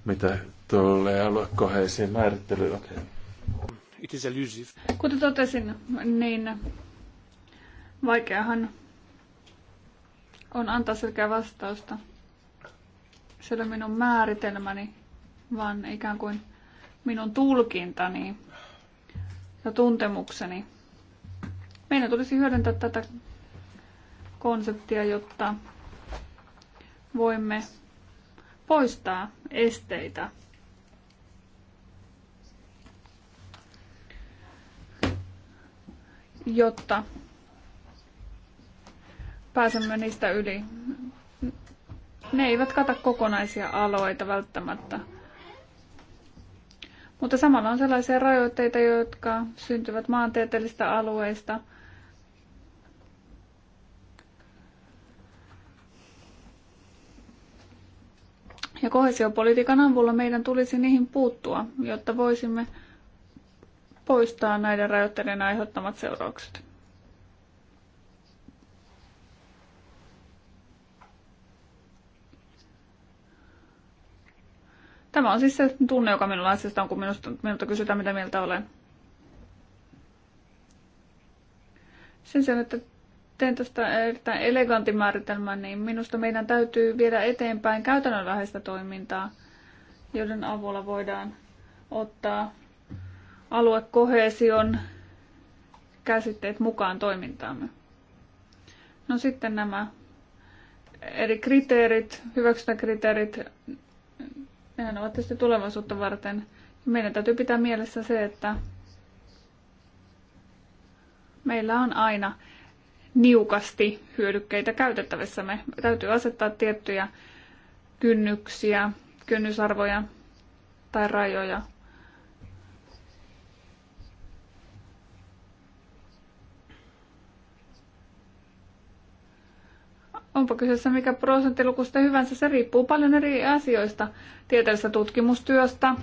mitä tulee aluekoheisiin määrittelyyn? Okay. It is elusive. Kuten totesin, niin vaikeahan on antaa selkeä vastausta. Se on minun määritelmäni, vaan ikään kuin minun tulkintani ja tuntemukseni. Meidän tulisi hyödyntää tätä konseptia, jotta voimme poistaa esteitä. Jotta pääsemme niistä yli. Ne eivät kata kokonaisia aloita välttämättä. Mutta samalla on sellaisia rajoitteita, jotka syntyvät maantieteellisistä alueista. Ja kohesiopolitiikan avulla meidän tulisi niihin puuttua, jotta voisimme poistaa näiden rajoitteiden aiheuttamat seuraukset. Tämä on siis se tunne, joka minulla asiasta on, kun minusta, minulta kysytään, mitä mieltä olen. Sen sijaan, että teen tästä erittäin elegantin määritelmän, niin minusta meidän täytyy viedä eteenpäin käytännönläheistä toimintaa, joiden avulla voidaan ottaa aluekohesion käsitteet mukaan toimintaamme. No sitten nämä eri kriteerit, kriteerit, Nehän ovat tietysti tulevaisuutta varten. Meidän täytyy pitää mielessä se, että meillä on aina niukasti hyödykkeitä käytettävissä. Me täytyy asettaa tiettyjä kynnyksiä, kynnysarvoja tai rajoja Onpa kyseessä mikä prosenttilukusta hyvänsä, se riippuu paljon eri asioista, tieteellisestä tutkimustyöstä.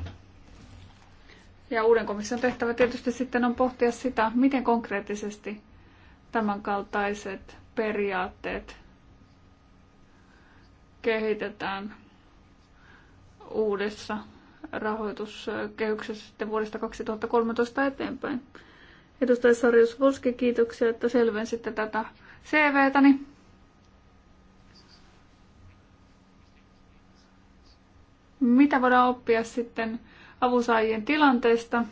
Ja uuden komission tehtävä tietysti sitten on pohtia sitä, miten konkreettisesti tämänkaltaiset periaatteet kehitetään uudessa rahoituskehyksessä sitten vuodesta 2013 eteenpäin. Edustaja Sarjus Volski, kiitoksia, että selvensitte tätä CVtäni. Niin mitä voidaan oppia sitten avusaajien tilanteesta.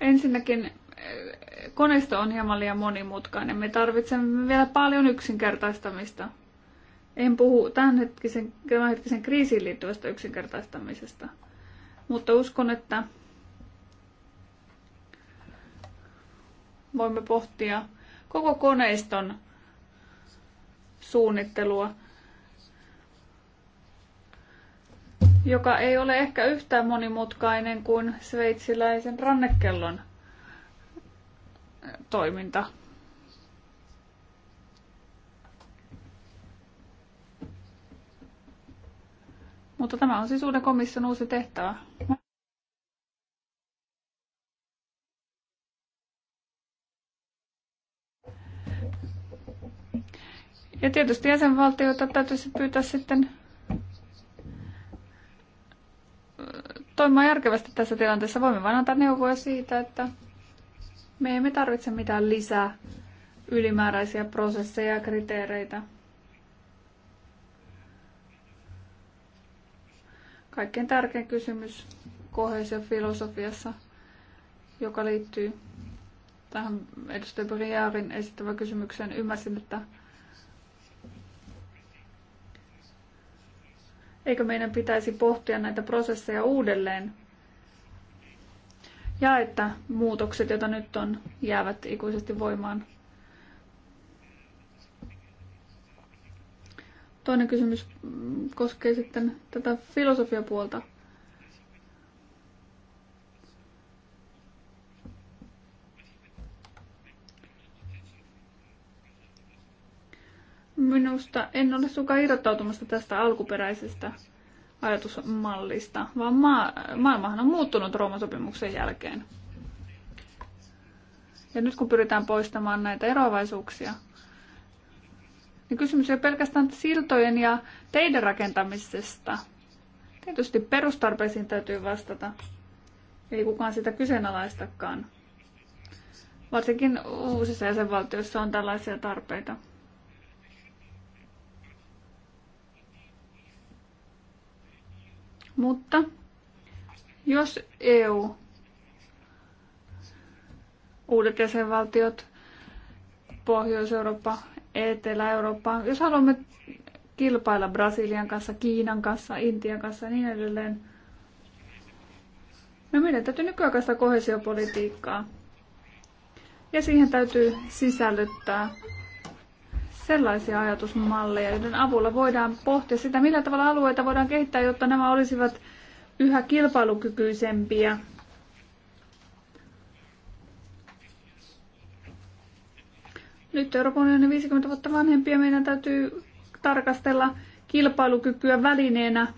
Ensinnäkin eh, koneisto on hieman liian monimutkainen. Me tarvitsemme vielä paljon yksinkertaistamista. En puhu tämänhetkisen, tämänhetkisen kriisiin liittyvästä yksinkertaistamisesta, mutta uskon, että voimme pohtia koko koneiston suunnittelua, joka ei ole ehkä yhtään monimutkainen kuin sveitsiläisen rannekellon eh, toiminta. Mutta tämä on siis uuden komission uusi tehtävä. Ja tietysti jäsenvaltioita täytyisi pyytää sitten äh, toimimaan järkevästi tässä tilanteessa. Voimme vain antaa neuvoja siitä, että me emme tarvitse mitään lisää ylimääräisiä prosesseja ja kriteereitä. Kaikkein tärkein kysymys filosofiassa, joka liittyy tähän edustaja Briarin esittävään kysymykseen, ymmärsin, että Eikö meidän pitäisi pohtia näitä prosesseja uudelleen? Ja että muutokset, joita nyt on, jäävät ikuisesti voimaan. Toinen kysymys koskee sitten tätä filosofiapuolta. puolta minusta en ole sukaan irrottautumassa tästä alkuperäisestä ajatusmallista, vaan maa, maailmahan on muuttunut Rooman sopimuksen jälkeen. Ja nyt kun pyritään poistamaan näitä eroavaisuuksia, niin kysymys ei pelkästään siltojen ja teidän rakentamisesta. Tietysti perustarpeisiin täytyy vastata. Ei kukaan sitä kyseenalaistakaan. Varsinkin uusissa jäsenvaltioissa on tällaisia tarpeita. Mutta jos EU, uudet jäsenvaltiot, Pohjois-Eurooppa, Etelä-Eurooppa, jos haluamme kilpailla Brasilian kanssa, Kiinan kanssa, Intian kanssa ja niin edelleen, no meidän täytyy nykyaikaista kohesiopolitiikkaa. Ja siihen täytyy sisällyttää sellaisia ajatusmalleja, joiden avulla voidaan pohtia sitä, millä tavalla alueita voidaan kehittää, jotta nämä olisivat yhä kilpailukykyisempiä. Nyt Euroopan unioni 50 vuotta vanhempia meidän täytyy tarkastella kilpailukykyä välineenä,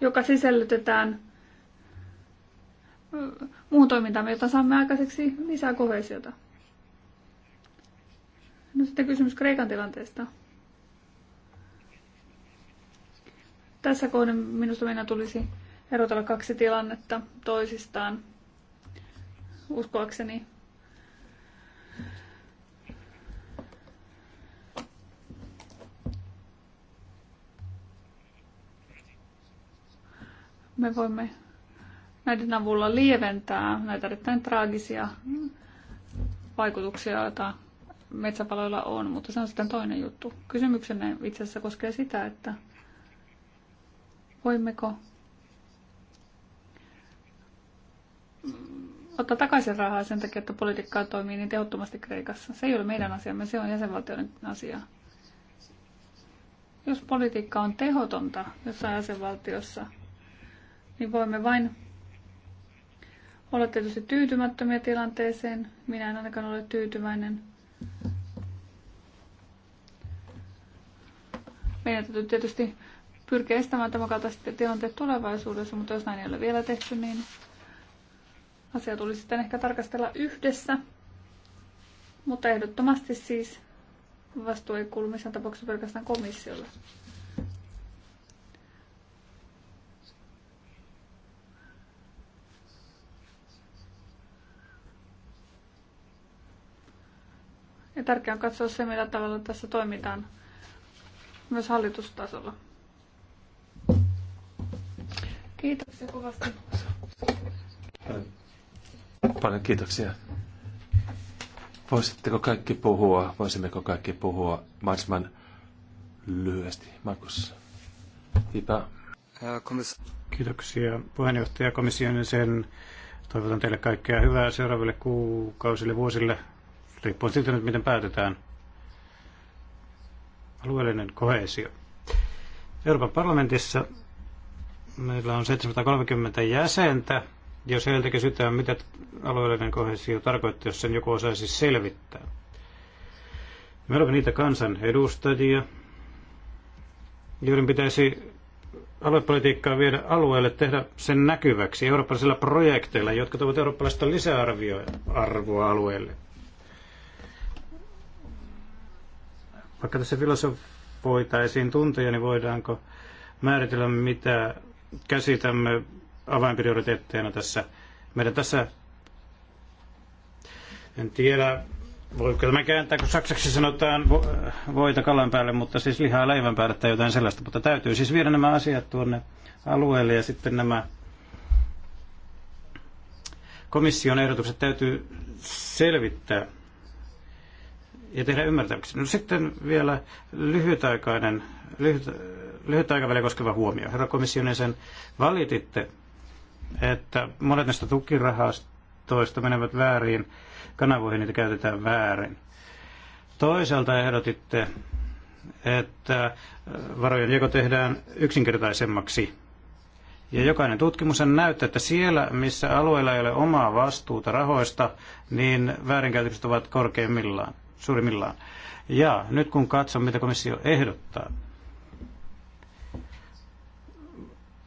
joka sisällytetään muun toimintaan, jota saamme aikaiseksi lisää kohesiota. No sitten kysymys Kreikan tilanteesta. Tässä kohden minusta meidän tulisi erotella kaksi tilannetta toisistaan. Uskoakseni me voimme näiden avulla lieventää näitä erittäin traagisia vaikutuksia, joita metsäpaloilla on, mutta se on sitten toinen juttu. Kysymyksenne itse asiassa koskee sitä, että voimmeko ottaa takaisin rahaa sen takia, että politiikkaa toimii niin tehottomasti Kreikassa. Se ei ole meidän mm. asiamme, se on jäsenvaltioiden asia. Jos politiikka on tehotonta jossain jäsenvaltiossa, niin voimme vain olla tietysti tyytymättömiä tilanteeseen. Minä en ainakaan ole tyytyväinen. Meidän täytyy tietysti pyrkiä estämään tämän kaltaiset tilanteet tulevaisuudessa, mutta jos näin ei ole vielä tehty, niin asia tulisi sitten ehkä tarkastella yhdessä. Mutta ehdottomasti siis vastuu ei kuulu missään tapauksessa pelkästään komissiolle. Ja tärkeää on katsoa se, millä tavalla tässä toimitaan myös hallitustasolla. Kiitoksia kovasti. Paljon kiitoksia. Voisitteko kaikki puhua, voisimmeko kaikki puhua mahdollisimman lyhyesti? Markus, hyvä. Kiitoksia puheenjohtaja komission sen. Toivotan teille kaikkea hyvää seuraaville kuukausille, vuosille riippuu siitä että miten päätetään, alueellinen kohesio. Euroopan parlamentissa meillä on 730 jäsentä. Jos heiltä kysytään, mitä alueellinen kohesio tarkoittaa, jos sen joku osaisi selvittää. Me olemme niitä kansan edustajia, joiden pitäisi aluepolitiikkaa viedä alueelle, tehdä sen näkyväksi eurooppalaisilla projekteilla, jotka tuovat eurooppalaista lisäarvoa alueelle. Vaikka tässä filosofoitaisiin tunteja, niin voidaanko määritellä, mitä käsitämme avainprioriteetteina tässä. Meidän tässä, en tiedä, voiko tämä kääntää, kun saksaksi sanotaan voita kalan päälle, mutta siis lihaa leivän päälle tai jotain sellaista, mutta täytyy siis viedä nämä asiat tuonne alueelle ja sitten nämä komission ehdotukset täytyy selvittää ja tehdä ymmärtäväksi. No sitten vielä lyhytaikainen, lyhyt, lyhyt aikaväliä koskeva huomio. Herra komission sen valititte, että monet näistä tukirahastoista menevät väärin kanavoihin, niitä käytetään väärin. Toisaalta ehdotitte, että varojen jako tehdään yksinkertaisemmaksi. Ja jokainen tutkimus näyttää, että siellä, missä alueilla ei ole omaa vastuuta rahoista, niin väärinkäytökset ovat korkeimmillaan suurimmillaan. Ja nyt kun katson, mitä komissio ehdottaa,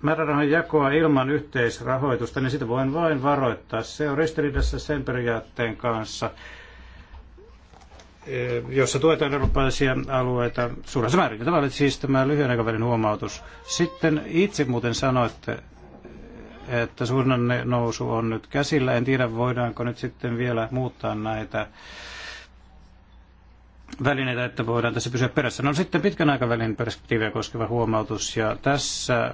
määrärahan jakoa ilman yhteisrahoitusta, niin sitä voin vain varoittaa. Se on ristiriidassa sen periaatteen kanssa, eh, jossa tuetaan eurooppalaisia alueita suuressa määrin. Tämä oli siis tämä lyhyen aikavälin huomautus. Sitten itse muuten sanoitte, että suunnanne nousu on nyt käsillä. En tiedä, voidaanko nyt sitten vielä muuttaa näitä välineitä, että voidaan tässä pysyä perässä. No sitten pitkän aikavälin perspektiiviä koskeva huomautus, ja tässä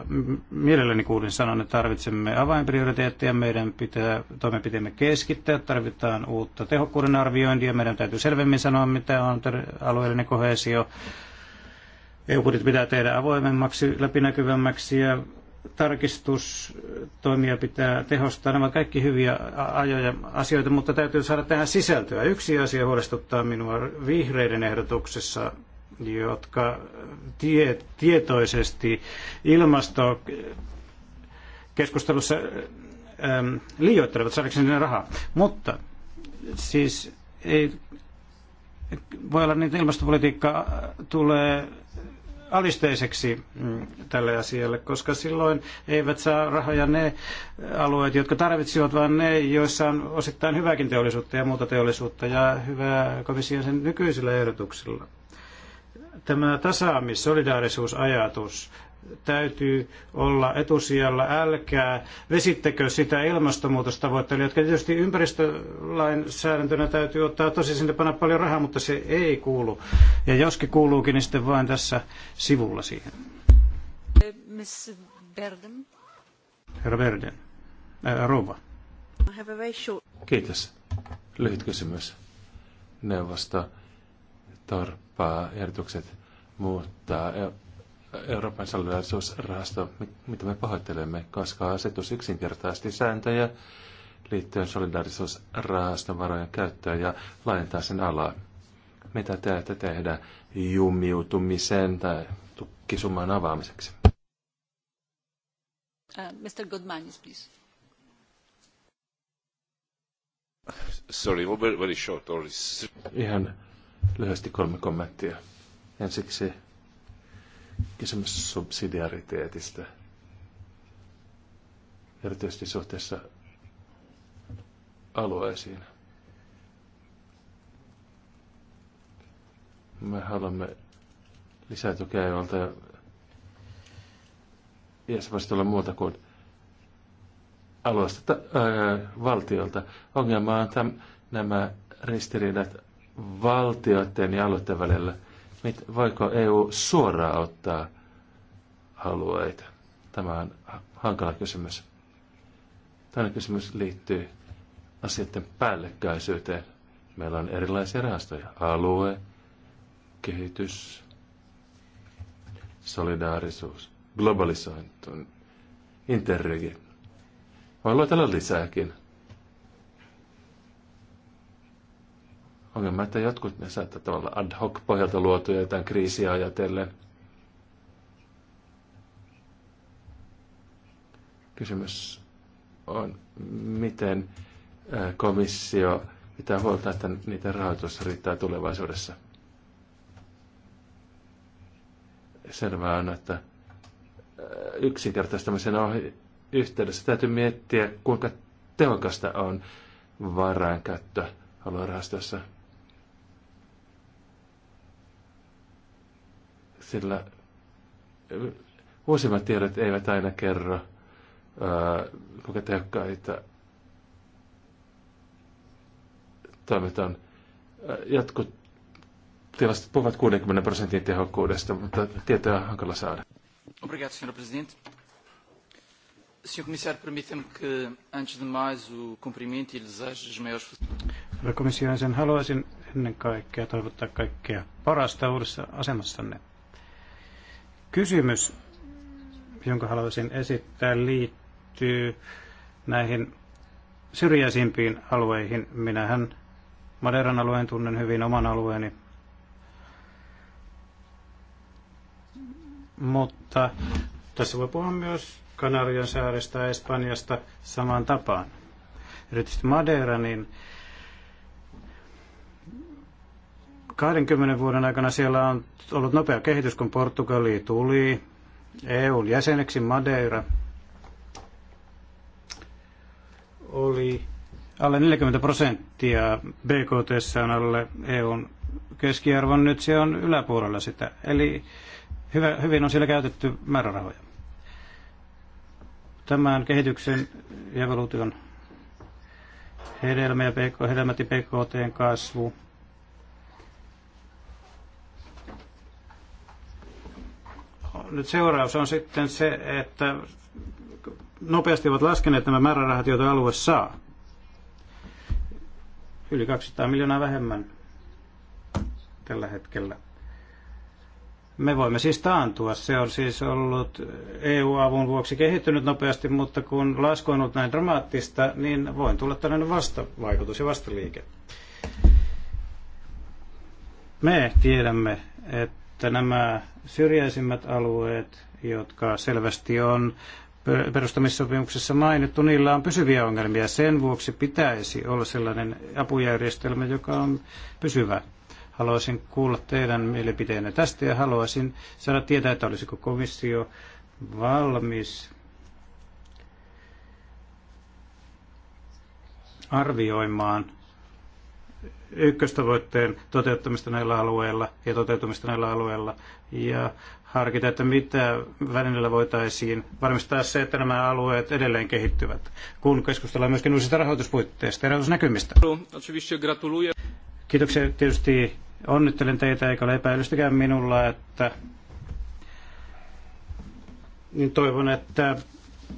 mielelläni kuulin sanon, että tarvitsemme avainprioriteetteja, meidän pitää toimenpiteemme keskittää, tarvitaan uutta tehokkuuden arviointia, meidän täytyy selvemmin sanoa, mitä on alueellinen kohesio, eu pitää tehdä avoimemmaksi, läpinäkyvämmäksi ja tarkistustoimia pitää tehostaa. Nämä kaikki hyviä ajoja, asioita, mutta täytyy saada tähän sisältöä. Yksi asia huolestuttaa minua vihreiden ehdotuksessa, jotka tie, tietoisesti ilmastokeskustelussa keskustelussa ähm, liioittelevat saadakseni sinne rahaa. Mutta siis ei voi olla niin, että ilmastopolitiikka tulee alisteiseksi mm, tälle asialle, koska silloin eivät saa rahoja ne alueet, jotka tarvitsivat, vaan ne, joissa on osittain hyväkin teollisuutta ja muuta teollisuutta ja hyvää komission sen nykyisillä ehdotuksilla. Tämä tasaamis-solidaarisuusajatus täytyy olla etusijalla. Älkää vesittekö sitä ilmastonmuutostavoitteella, jotka tietysti ympäristölainsäädäntönä täytyy ottaa tosi sinne panna paljon rahaa, mutta se ei kuulu. Ja joskin kuuluukin, niin sitten vain tässä sivulla siihen. Miss Berden. Herra Berden. Ää, äh, rouva. Kiitos. Lyhyt kysymys. Neuvosto torppaa ehdotukset muuttaa Euroopan solidaarisuusrahasto, mitä me pahoittelemme, koska asetus yksinkertaisesti sääntöjä liittyen solidaarisuusrahaston varojen käyttöön ja laajentaa sen alaa. Mitä te ette tehdä jumiutumisen tai tukkisumman avaamiseksi? Uh, Mr. Goodmanis, please. Sorry, very short, Ihan lyhyesti kolme kommenttia. Ensiksi kysymys subsidiariteetista. Erityisesti suhteessa alueisiin. Me haluamme lisää tukea jolta ja se voisi tulla muuta kuin alueesta valtiolta. Ongelma on täm, nämä ristiriidat valtioiden ja alueiden välillä – Mit, voiko EU suoraan ottaa alueita? Tämä on hankala kysymys. Toinen kysymys liittyy asioiden päällekkäisyyteen. Meillä on erilaisia rahastoja. Alue, kehitys, solidaarisuus, globalisointi, interregi. Voin luetella lisääkin. ongelma, että jotkut ne saattaa olla ad hoc pohjalta luotuja jotain kriisiä ajatellen. Kysymys on, miten komissio pitää huolta, että niiden rahoitus riittää tulevaisuudessa. Selvää on, että yksinkertaistamisen yhteydessä täytyy miettiä, kuinka tehokasta on varainkäyttö aluerahastossa. rahastossa. sillä uusimmat tiedot eivät aina kerro, kuinka tehokkaita toimet on. Jotkut tilastot puhuvat 60 prosentin tehokkuudesta, mutta tietoja on hankala saada. Obrigado, Sr. Presidente. Senhor Comissário, permita-me que, antes de mais, o cumprimento e desejo as maiores Hyvä komission sen haluaisin ennen kaikkea toivottaa kaikkea parasta uudessa asemassanne. Kysymys, jonka haluaisin esittää, liittyy näihin syrjäisimpiin alueihin. Minähän Maderan alueen tunnen hyvin oman alueeni. Mutta tässä voi puhua myös Kanarian saarista ja Espanjasta samaan tapaan. Erityisesti Madeira, niin 20 vuoden aikana siellä on ollut nopea kehitys, kun Portugali tuli EUn jäseneksi Madeira oli alle 40 prosenttia BKT on alle EUn keskiarvon, nyt se on yläpuolella sitä. Eli hyvä, hyvin on siellä käytetty määrärahoja. Tämän kehityksen ja evoluution hedelmä ja hedelmät ja BKT kasvu nyt seuraus on sitten se, että nopeasti ovat laskeneet nämä määrärahat, joita alue saa. Yli 200 miljoonaa vähemmän tällä hetkellä. Me voimme siis taantua. Se on siis ollut EU-avun vuoksi kehittynyt nopeasti, mutta kun lasku on ollut näin dramaattista, niin voin tulla tällainen vastavaikutus ja vastaliike. Me tiedämme, että että nämä syrjäisimmät alueet, jotka selvästi on perustamissopimuksessa mainittu, niillä on pysyviä ongelmia. Sen vuoksi pitäisi olla sellainen apujärjestelmä, joka on pysyvä. Haluaisin kuulla teidän mielipiteenne tästä ja haluaisin saada tietää, että olisiko komissio valmis arvioimaan ykköstavoitteen toteuttamista näillä alueilla ja toteutumista näillä alueilla ja harkita, että mitä välineillä voitaisiin varmistaa se, että nämä alueet edelleen kehittyvät, kun keskustellaan myöskin uusista rahoituspuitteista ja rahoitusnäkymistä. Kiitoksia tietysti onnittelen teitä, eikä ole epäilystäkään minulla, että niin toivon, että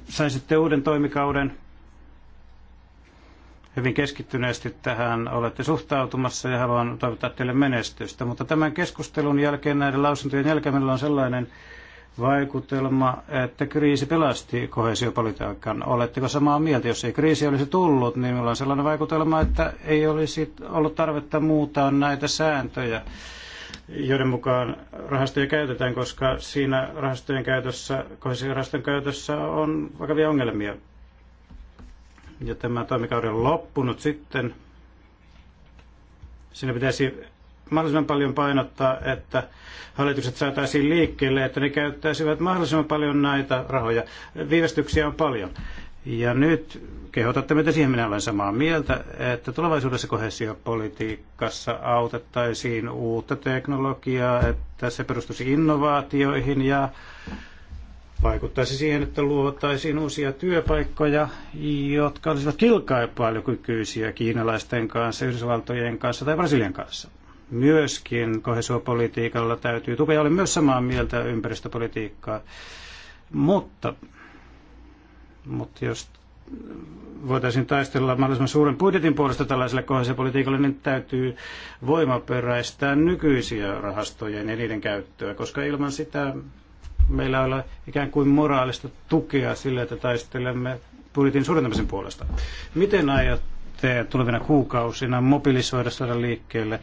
saisitte uuden toimikauden hyvin keskittyneesti tähän olette suhtautumassa ja haluan toivottaa teille menestystä. Mutta tämän keskustelun jälkeen, näiden lausuntojen jälkeen, meillä on sellainen vaikutelma, että kriisi pelasti kohesiopolitiikan. Oletteko samaa mieltä? Jos ei kriisi olisi tullut, niin meillä on sellainen vaikutelma, että ei olisi ollut tarvetta muuttaa näitä sääntöjä joiden mukaan rahastoja käytetään, koska siinä rahastojen käytössä, kohesiorahastojen käytössä on vakavia ongelmia ja tämä toimikauden loppunut sitten, siinä pitäisi mahdollisimman paljon painottaa, että hallitukset saataisiin liikkeelle, että ne käyttäisivät mahdollisimman paljon näitä rahoja. Viivästyksiä on paljon. Ja nyt kehotatte meitä siihen, minä olen samaa mieltä, että tulevaisuudessa kohesiopolitiikassa autettaisiin uutta teknologiaa, että se perustuisi innovaatioihin ja vaikuttaisi siihen, että luotaisiin uusia työpaikkoja, jotka olisivat kilpailukykyisiä kiinalaisten kanssa, Yhdysvaltojen kanssa tai Brasilian kanssa. Myöskin kohesuopolitiikalla täytyy tukea. Olen myös samaa mieltä ympäristöpolitiikkaa. Mutta, mutta jos voitaisiin taistella mahdollisimman suuren budjetin puolesta tällaiselle kohdalliselle niin täytyy voimaperäistää nykyisiä rahastoja ja niiden käyttöä, koska ilman sitä meillä ole ikään kuin moraalista tukea sille, että taistelemme budjetin suurentamisen puolesta. Miten aiotte tulevina kuukausina mobilisoida saada liikkeelle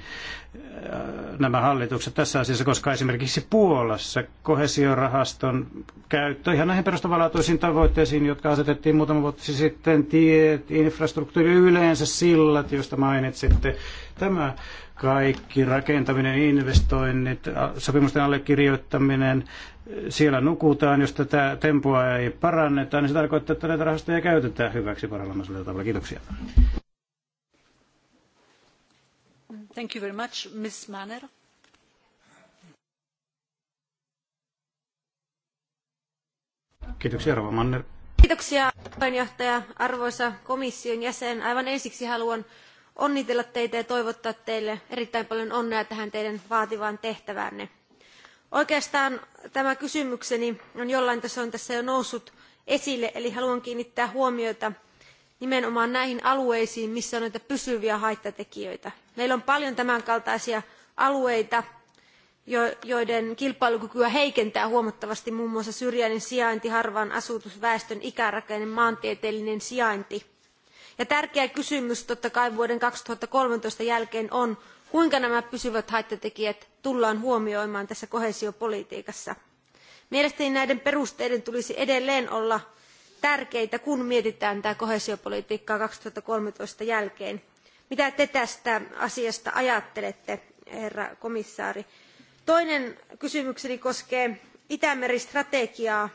äh, nämä hallitukset tässä asiassa, koska esimerkiksi Puolassa kohesiorahaston käyttö ihan näihin perustavanlaatuisiin tavoitteisiin, jotka asetettiin muutama vuotta sitten, tiet, infrastruktuuri, yleensä sillat, joista mainitsitte, Tämä kaikki, rakentaminen, investoinnit, sopimusten allekirjoittaminen, siellä nukutaan, jos tätä tempoa ei paranneta, niin se tarkoittaa, että näitä rahastoja käytetään hyväksi parhaalla tavalla. Kiitoksia. Thank you very much. Ms. Manner. Kiitoksia, Rova Manner. Kiitoksia, puheenjohtaja, arvoisa komission jäsen. Aivan ensiksi haluan onnitella teitä ja toivottaa teille erittäin paljon onnea tähän teidän vaativaan tehtäväänne. Oikeastaan tämä kysymykseni on jollain tasolla tässä jo noussut esille, eli haluan kiinnittää huomiota nimenomaan näihin alueisiin, missä on näitä pysyviä haittatekijöitä. Meillä on paljon tämänkaltaisia alueita, joiden kilpailukykyä heikentää huomattavasti muun muassa syrjäinen sijainti, harvaan asutus, väestön ikärakenne, maantieteellinen sijainti. Ja tärkeä kysymys totta kai vuoden kolmetoista jälkeen on, kuinka nämä pysyvät haittatekijät tullaan huomioimaan tässä koheesiopolitiikassa. Mielestäni näiden perusteiden tulisi edelleen olla tärkeitä, kun mietitään tämä koheesiopolitiikkaa kolmetoista jälkeen. Mitä te tästä asiasta ajattelette, herra komissaari? Toinen kysymykseni koskee Itämeri-strategiaa,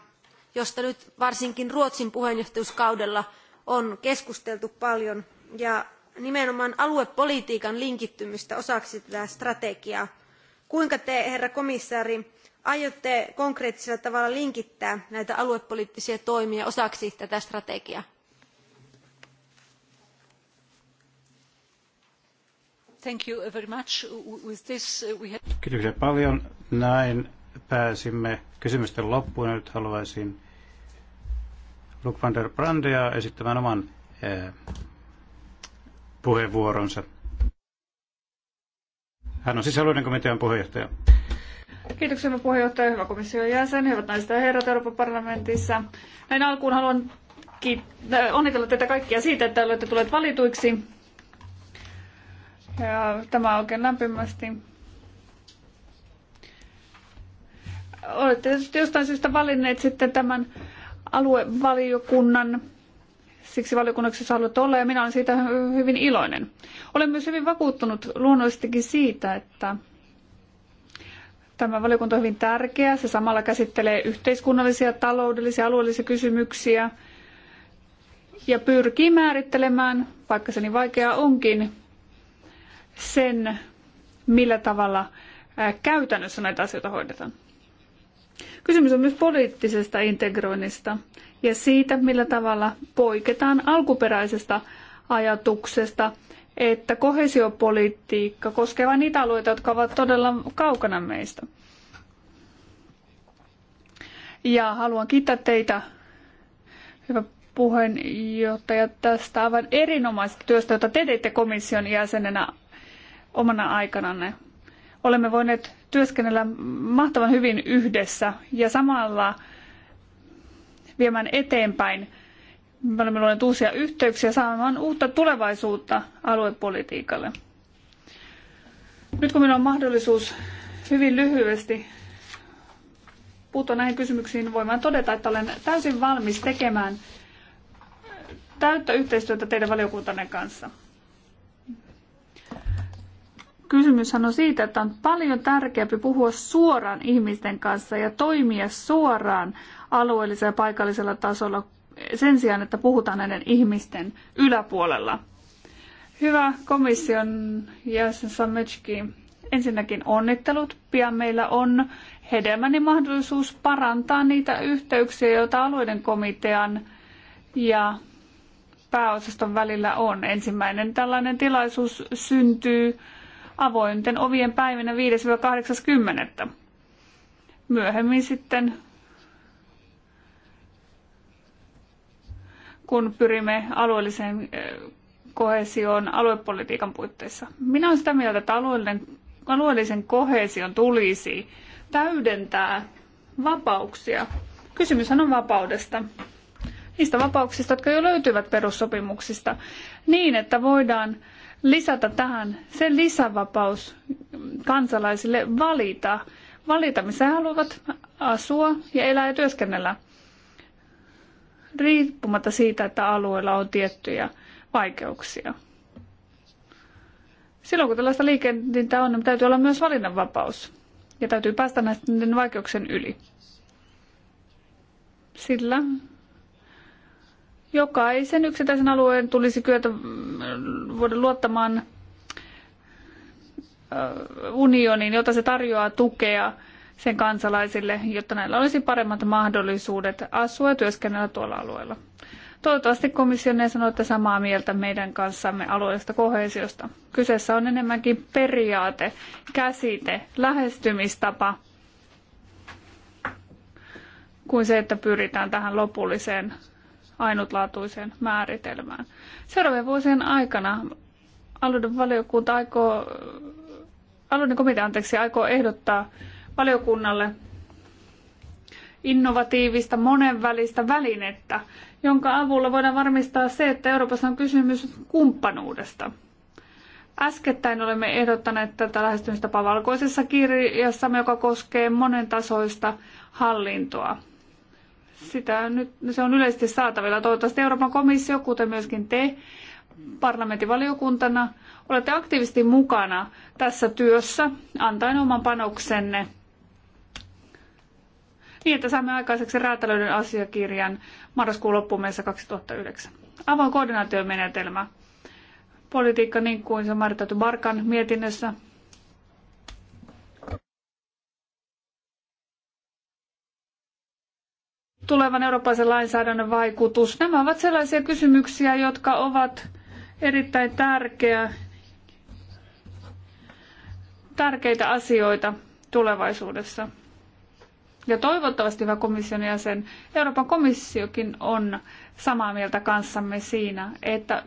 josta nyt varsinkin Ruotsin puheenjohtajuuskaudella on keskusteltu paljon ja nimenomaan aluepolitiikan linkittymistä osaksi tätä strategiaa. Kuinka te, herra komissaari, aiotte konkreettisella tavalla linkittää näitä aluepoliittisia toimia osaksi tätä strategiaa? Thank you very much. With this we have... Kiitoksia paljon. Näin pääsimme kysymysten loppuun. Nyt haluaisin Luke van der Brandea esittämään oman eh, puheenvuoronsa. Hän on sisällöiden komitean puheenjohtaja. Kiitoksia hyvä puheenjohtaja, hyvä komission jäsen, hyvät naiset ja herrat Euroopan parlamentissa. Näin alkuun haluan kiittää, äh, onnitella teitä kaikkia siitä, että olette tulleet valituiksi. Ja tämä oikein lämpimästi. Olette jostain syystä valinneet sitten tämän aluevaliokunnan siksi valiokunnaksi jos haluatte olla, ja minä olen siitä hyvin iloinen. Olen myös hyvin vakuuttunut luonnollisestikin siitä, että tämä valiokunta on hyvin tärkeä. Se samalla käsittelee yhteiskunnallisia, taloudellisia, alueellisia kysymyksiä ja pyrkii määrittelemään, vaikka se niin vaikeaa onkin, sen, millä tavalla käytännössä näitä asioita hoidetaan. Kysymys on myös poliittisesta integroinnista ja siitä, millä tavalla poiketaan alkuperäisestä ajatuksesta, että kohesiopolitiikka koskee vain niitä alueita, jotka ovat todella kaukana meistä. Ja haluan kiittää teitä, hyvä puheenjohtaja, tästä aivan erinomaisesta työstä, jota te teitte komission jäsenenä omana aikananne olemme voineet työskennellä mahtavan hyvin yhdessä ja samalla viemään eteenpäin. Me olemme luoneet uusia yhteyksiä saamaan uutta tulevaisuutta aluepolitiikalle. Nyt kun minulla on mahdollisuus hyvin lyhyesti puuttua näihin kysymyksiin, voin vain todeta, että olen täysin valmis tekemään täyttä yhteistyötä teidän valiokuntanne kanssa. Kysymyshän on siitä, että on paljon tärkeämpi puhua suoraan ihmisten kanssa ja toimia suoraan alueellisella ja paikallisella tasolla sen sijaan, että puhutaan näiden ihmisten yläpuolella. Hyvä komission jäsen Sametski, ensinnäkin onnittelut. Pian meillä on hedelmäni mahdollisuus parantaa niitä yhteyksiä, joita alueiden komitean ja pääosaston välillä on. Ensimmäinen tällainen tilaisuus syntyy avointen ovien päivinä 5-80. Myöhemmin sitten, kun pyrimme alueelliseen eh, kohesioon aluepolitiikan puitteissa. Minä olen sitä mieltä, että alueellinen, alueellisen kohesion tulisi täydentää vapauksia. Kysymyshän on vapaudesta. Niistä vapauksista, jotka jo löytyvät perussopimuksista, niin että voidaan lisätä tähän se lisävapaus kansalaisille valita, valita missä he haluavat asua ja elää ja työskennellä, riippumatta siitä, että alueella on tiettyjä vaikeuksia. Silloin kun tällaista liikennettä on, niin täytyy olla myös valinnanvapaus ja täytyy päästä näiden vaikeuksien yli. Sillä Jokaisen yksittäisen alueen tulisi kyetä mm, voida luottamaan unioniin, jota se tarjoaa tukea sen kansalaisille, jotta näillä olisi paremmat mahdollisuudet asua ja työskennellä tuolla alueella. Toivottavasti komission ei sanoitte samaa mieltä meidän kanssamme alueellisesta kohesiosta. Kyseessä on enemmänkin periaate, käsite, lähestymistapa kuin se, että pyritään tähän lopulliseen ainutlaatuiseen määritelmään. Seuraavien vuosien aikana alueiden valiokunta aikoo, alueiden komitea anteeksi, aikoo ehdottaa valiokunnalle innovatiivista monenvälistä välinettä, jonka avulla voidaan varmistaa se, että Euroopassa on kysymys kumppanuudesta. Äskettäin olemme ehdottaneet tätä lähestymistapaa valkoisessa kirjassa, joka koskee monentasoista hallintoa. Sitä nyt, se on yleisesti saatavilla. Toivottavasti Euroopan komissio, kuten myöskin te, parlamentin valiokuntana, olette aktiivisesti mukana tässä työssä, antaen oman panoksenne niin, että saamme aikaiseksi räätälöidyn asiakirjan marraskuun loppuun mennessä 2009. Avoin koordinaatiomenetelmä. Politiikka niin kuin se on määritelty Barkan mietinnössä tulevan eurooppalaisen lainsäädännön vaikutus. Nämä ovat sellaisia kysymyksiä, jotka ovat erittäin tärkeä, tärkeitä asioita tulevaisuudessa. Ja toivottavasti, hyvä komission jäsen, Euroopan komissiokin on samaa mieltä kanssamme siinä, että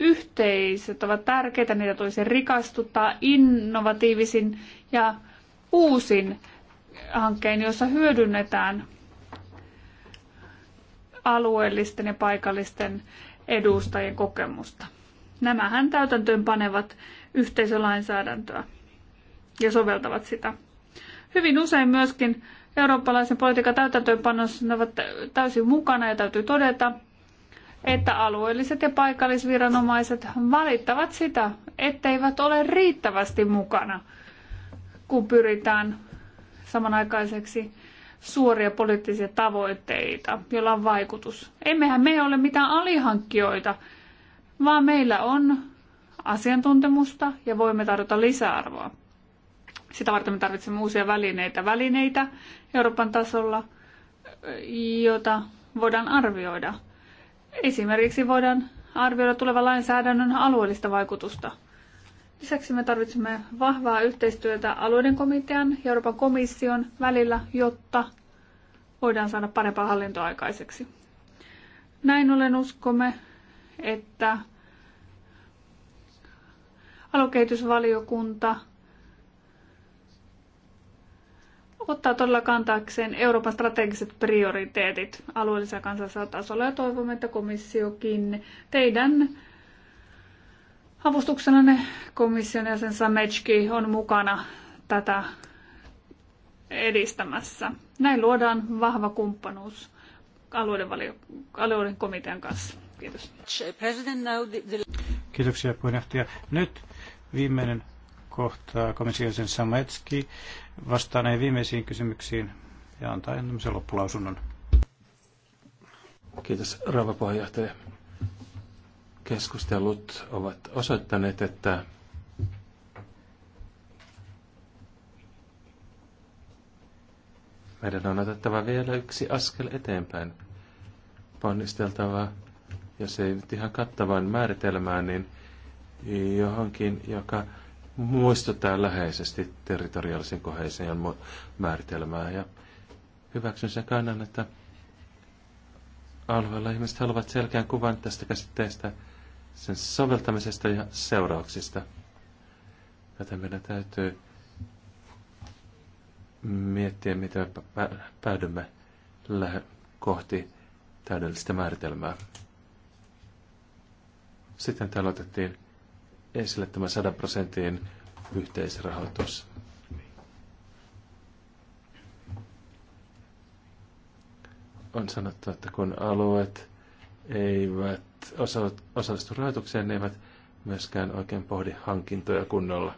yhteisöt ovat tärkeitä, niitä tulisi rikastuttaa innovatiivisin ja uusin hankkein, jossa hyödynnetään alueellisten ja paikallisten edustajien kokemusta. Nämähän täytäntöön panevat yhteisölainsäädäntöä ja soveltavat sitä. Hyvin usein myöskin eurooppalaisen politiikan täytäntöönpanossa ne ovat täysin mukana ja täytyy todeta, että alueelliset ja paikallisviranomaiset valittavat sitä, etteivät ole riittävästi mukana, kun pyritään samanaikaiseksi suoria poliittisia tavoitteita, joilla on vaikutus. Emmehän me ole mitään alihankkijoita, vaan meillä on asiantuntemusta ja voimme tarjota lisäarvoa. Sitä varten me tarvitsemme uusia välineitä, välineitä Euroopan tasolla, jota voidaan arvioida. Esimerkiksi voidaan arvioida tulevan lainsäädännön alueellista vaikutusta Lisäksi me tarvitsemme vahvaa yhteistyötä alueiden komitean ja Euroopan komission välillä, jotta voidaan saada parempaa hallintoa aikaiseksi. Näin ollen uskomme, että alukehitysvaliokunta ottaa todella kantaakseen Euroopan strategiset prioriteetit alueellisella kansallisella tasolla ja toivomme, että komissiokin teidän Avustuksena ne komission jäsen Samechki on mukana tätä edistämässä. Näin luodaan vahva kumppanuus alueiden, valio- alueiden komitean kanssa. Kiitos. Kiitoksia puheenjohtaja. Nyt viimeinen kohta komission jäsen Sametski vastaa näihin viimeisiin kysymyksiin ja antaa tämmöisen loppulausunnon. Kiitos, rouva puheenjohtaja keskustelut ovat osoittaneet, että meidän on otettava vielä yksi askel eteenpäin. Ponnisteltava, jos ei nyt ihan kattavaan määritelmään, niin johonkin, joka muistuttaa läheisesti territoriaalisen koheisen määritelmää. Ja hyväksyn sen kannan, että alueella ihmiset haluavat selkeän kuvan tästä käsitteestä – sen soveltamisesta ja seurauksista. Joten meidän täytyy miettiä, miten me päädymme kohti täydellistä määritelmää. Sitten täällä otettiin esille tämä 100 prosentin yhteisrahoitus. On sanottu, että kun alueet eivät osallistu rahoitukseen, ne eivät myöskään oikein pohdi hankintoja kunnolla.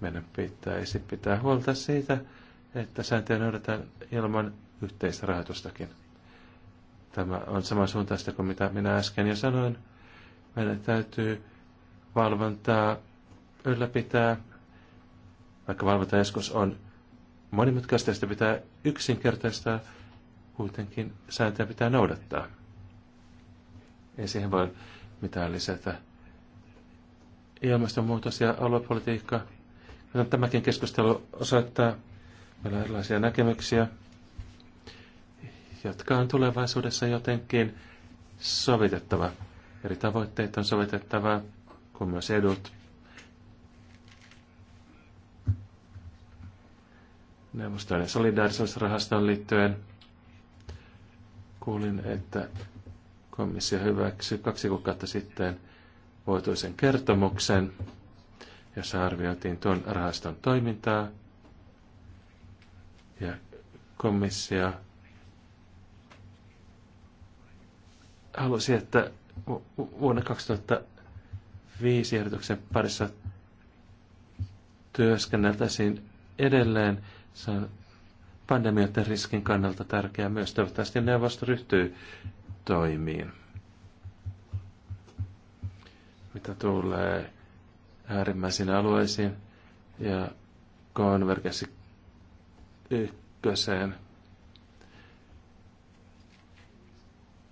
Meidän pitäisi pitää huolta siitä, että sääntöjä noudatetaan ilman yhteistä rahoitustakin. Tämä on sama suuntaista kuin mitä minä äsken jo sanoin. Meidän täytyy valvontaa ylläpitää, vaikka valvonta joskus on monimutkaista, sitä pitää yksinkertaistaa, kuitenkin sääntöjä pitää noudattaa. Ei siihen voi mitään lisätä. Ilmastonmuutos ja aluepolitiikka. tämäkin keskustelu osoittaa, meillä erilaisia näkemyksiä, jotka on tulevaisuudessa jotenkin sovitettava. Eri tavoitteet on sovitettava, kuin myös edut. Neuvostoiden solidaarisuusrahastoon liittyen kuulin, että Komissio hyväksyi kaksi kuukautta sitten vuotuisen kertomuksen, jossa arvioitiin tuon rahaston toimintaa. Ja komissio halusi, että vuonna 2005 ehdotuksen parissa työskenneltäisiin edelleen. Se on pandemioiden riskin kannalta tärkeää myös. Toivottavasti neuvosto ryhtyy toimiin. Mitä tulee äärimmäisiin alueisiin ja konvergenssi ykköseen,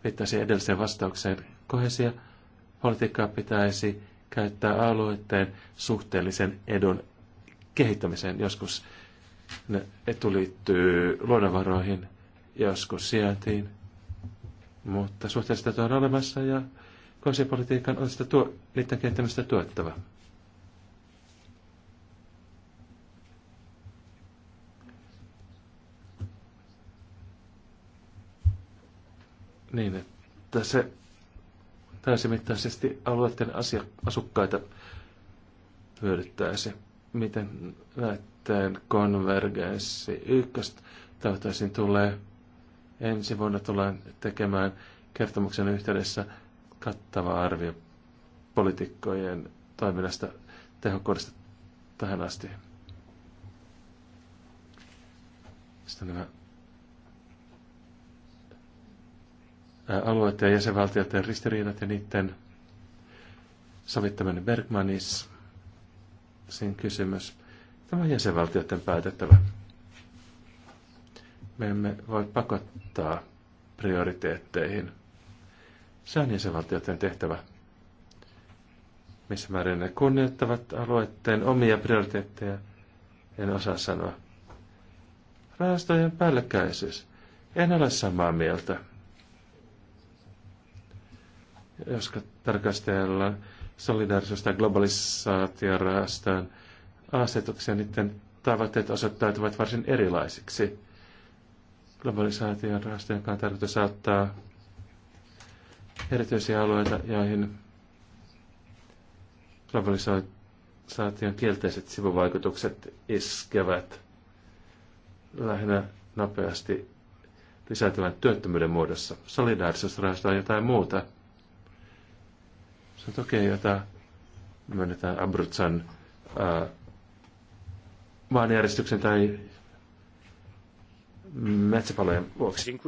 viittasi edelliseen vastaukseen. Kohesia politiikkaa pitäisi käyttää alueiden suhteellisen edun kehittämiseen. Joskus ne etu liittyy luonnonvaroihin, joskus sijaintiin – mutta suhteellista on olemassa ja konsipolitiikan on sitä tuo, niiden kehittämistä tuettava. Niin, että se täysimittaisesti alueiden asia, asukkaita hyödyttäisi. Miten näiden konvergenssi ykköstä? Tautaisin tulee Ensi vuonna tullaan tekemään kertomuksen yhteydessä kattava arvio poliitikkojen toiminnasta tehokkuudesta tähän asti. Sitten nämä alueiden ja jäsenvaltioiden ristiriidat ja niiden sovittaminen Bergmanis, sen kysymys. Tämä on jäsenvaltioiden päätettävä. Me emme voi pakottaa prioriteetteihin. Se on jäsenvaltioiden tehtävä. Missä määrin ne kunnioittavat alueiden omia prioriteetteja, en osaa sanoa. Rahastojen päällekkäisyys. En ole samaa mieltä. Jos tarkastellaan solidaarisuus- tai globalisaatiorahastoon asetuksia, niiden tavoitteet osoittautuvat varsin erilaisiksi globalisaation rahastojen joka on tarkoitus auttaa erityisiä alueita, joihin globalisaation kielteiset sivuvaikutukset iskevät lähinnä nopeasti lisääntyvän työttömyyden muodossa. Solidaarisuusrahasto on jotain muuta. Se on tukea, jota myönnetään Abruzzan maanjäristyksen tai metsäpalojen vuoksi.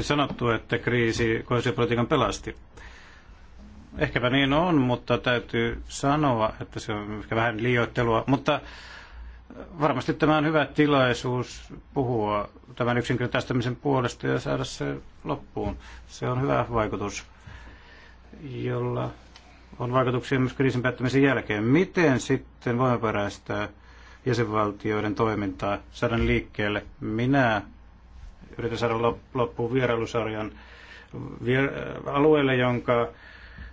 Sanottu, että kriisi koesiopolitiikan pelasti. Ehkäpä niin on, mutta täytyy sanoa, että se on ehkä vähän liioittelua. Mutta varmasti tämä on hyvä tilaisuus puhua tämän yksinkertaistamisen puolesta ja saada se loppuun. Se on hyvä vaikutus, jolla on vaikutuksia myös kriisin päättämisen jälkeen. Miten sitten voimaperäistää jäsenvaltioiden toimintaa, saada liikkeelle. Minä yritän saada loppuun vierailusarjan alueelle, jonka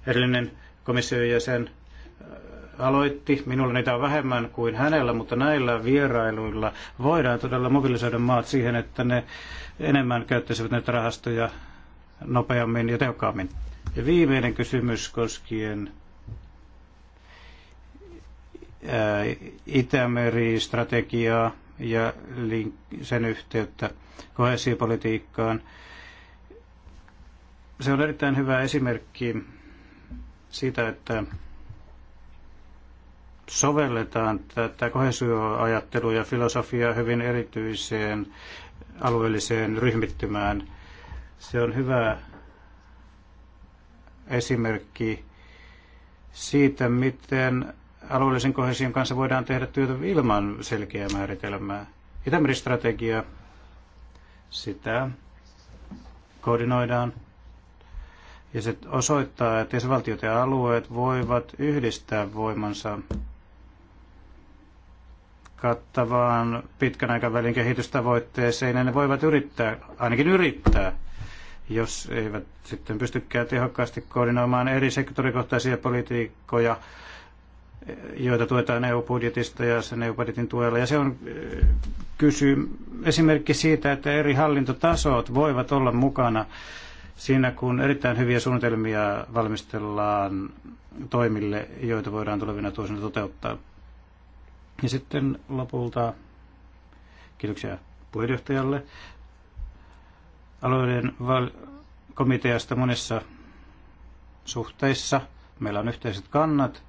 edellinen komission jäsen äh, aloitti. Minulla niitä on vähemmän kuin hänellä, mutta näillä vierailuilla voidaan todella mobilisoida maat siihen, että ne enemmän käyttäisivät näitä rahastoja nopeammin ja tehokkaammin. Ja viimeinen kysymys koskien Itämeri-strategiaa ja sen yhteyttä kohesiopolitiikkaan. Se on erittäin hyvä esimerkki siitä, että sovelletaan tätä kohesioajattelua ja filosofiaa hyvin erityiseen alueelliseen ryhmittymään. Se on hyvä esimerkki siitä, miten alueellisen kohesion kanssa voidaan tehdä työtä ilman selkeää määritelmää. Itämeri-strategia, sitä koordinoidaan. Ja se osoittaa, että jäsenvaltiot ja alueet voivat yhdistää voimansa kattavaan pitkän aikavälin kehitystavoitteeseen, ja ne voivat yrittää, ainakin yrittää, jos eivät sitten pystykään tehokkaasti koordinoimaan eri sektorikohtaisia politiikkoja, joita tuetaan EU-budjetista ja sen EU-budjetin tuella. Ja se on kysy, esimerkki siitä, että eri hallintotasot voivat olla mukana siinä, kun erittäin hyviä suunnitelmia valmistellaan toimille, joita voidaan tulevina tuosina toteuttaa. Ja sitten lopulta kiitoksia puheenjohtajalle. Alueiden val- komiteasta monissa suhteissa. Meillä on yhteiset kannat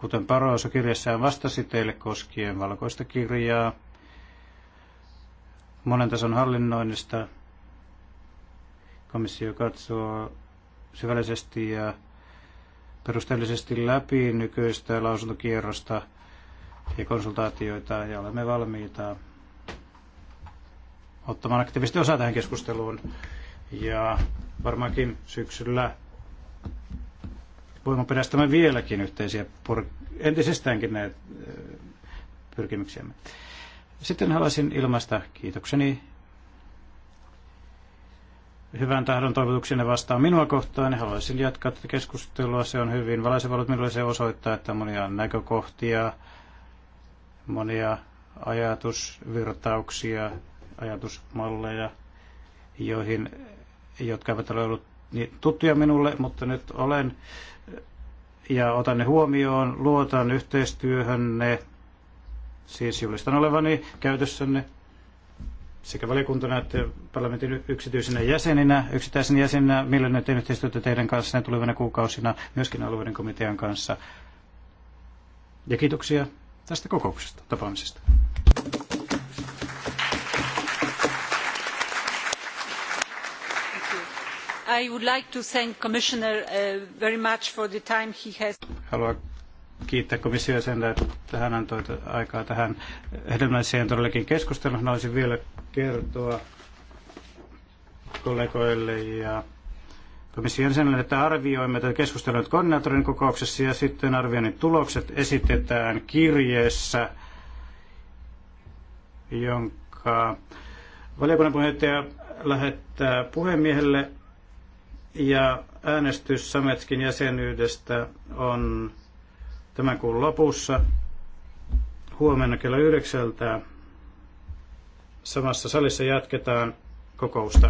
kuten Paroosa kirjassaan vastasi teille koskien valkoista kirjaa, monen tason hallinnoinnista, komissio katsoo syvällisesti ja perusteellisesti läpi nykyistä lausuntokierrosta ja konsultaatioita ja olemme valmiita ottamaan aktiivisesti osaa tähän keskusteluun. Ja varmaankin syksyllä voimaperäistämme vieläkin yhteisiä, entisestäänkin näitä äh, pyrkimyksiämme. Sitten haluaisin ilmaista kiitokseni hyvän tahdon toivotuksenne vastaan minua kohtaan. haluaisin jatkaa tätä keskustelua. Se on hyvin valaisevalot minulle. Se osoittaa, että monia näkökohtia, monia ajatusvirtauksia, ajatusmalleja, joihin, jotka eivät ole olleet niin tuttuja minulle, mutta nyt olen ja otan ne huomioon, luotan yhteistyöhönne, siis julistan olevani käytössänne sekä valiokuntana että parlamentin yksityisenä jäseninä, yksittäisenä jäseninä, ne teen yhteistyötä teidän ne tulevina kuukausina, myöskin alueiden komitean kanssa. Ja kiitoksia tästä kokouksesta, tapaamisesta. I would like to thank Commissioner uh, very much for the time he has. Haluan kiittää komissiota sen, että hän antoi aikaa tähän hedelmälliseen todellakin keskusteluun. Haluaisin vielä kertoa kollegoille ja komission sen, että arvioimme tätä keskustelua koordinaattorin kokouksessa ja sitten arvioinnin tulokset esitetään kirjeessä, jonka valiokunnan puheenjohtaja lähettää puhemiehelle ja äänestys Sametskin jäsenyydestä on tämän kuun lopussa huomenna kello yhdeksältä. Samassa salissa jatketaan kokousta.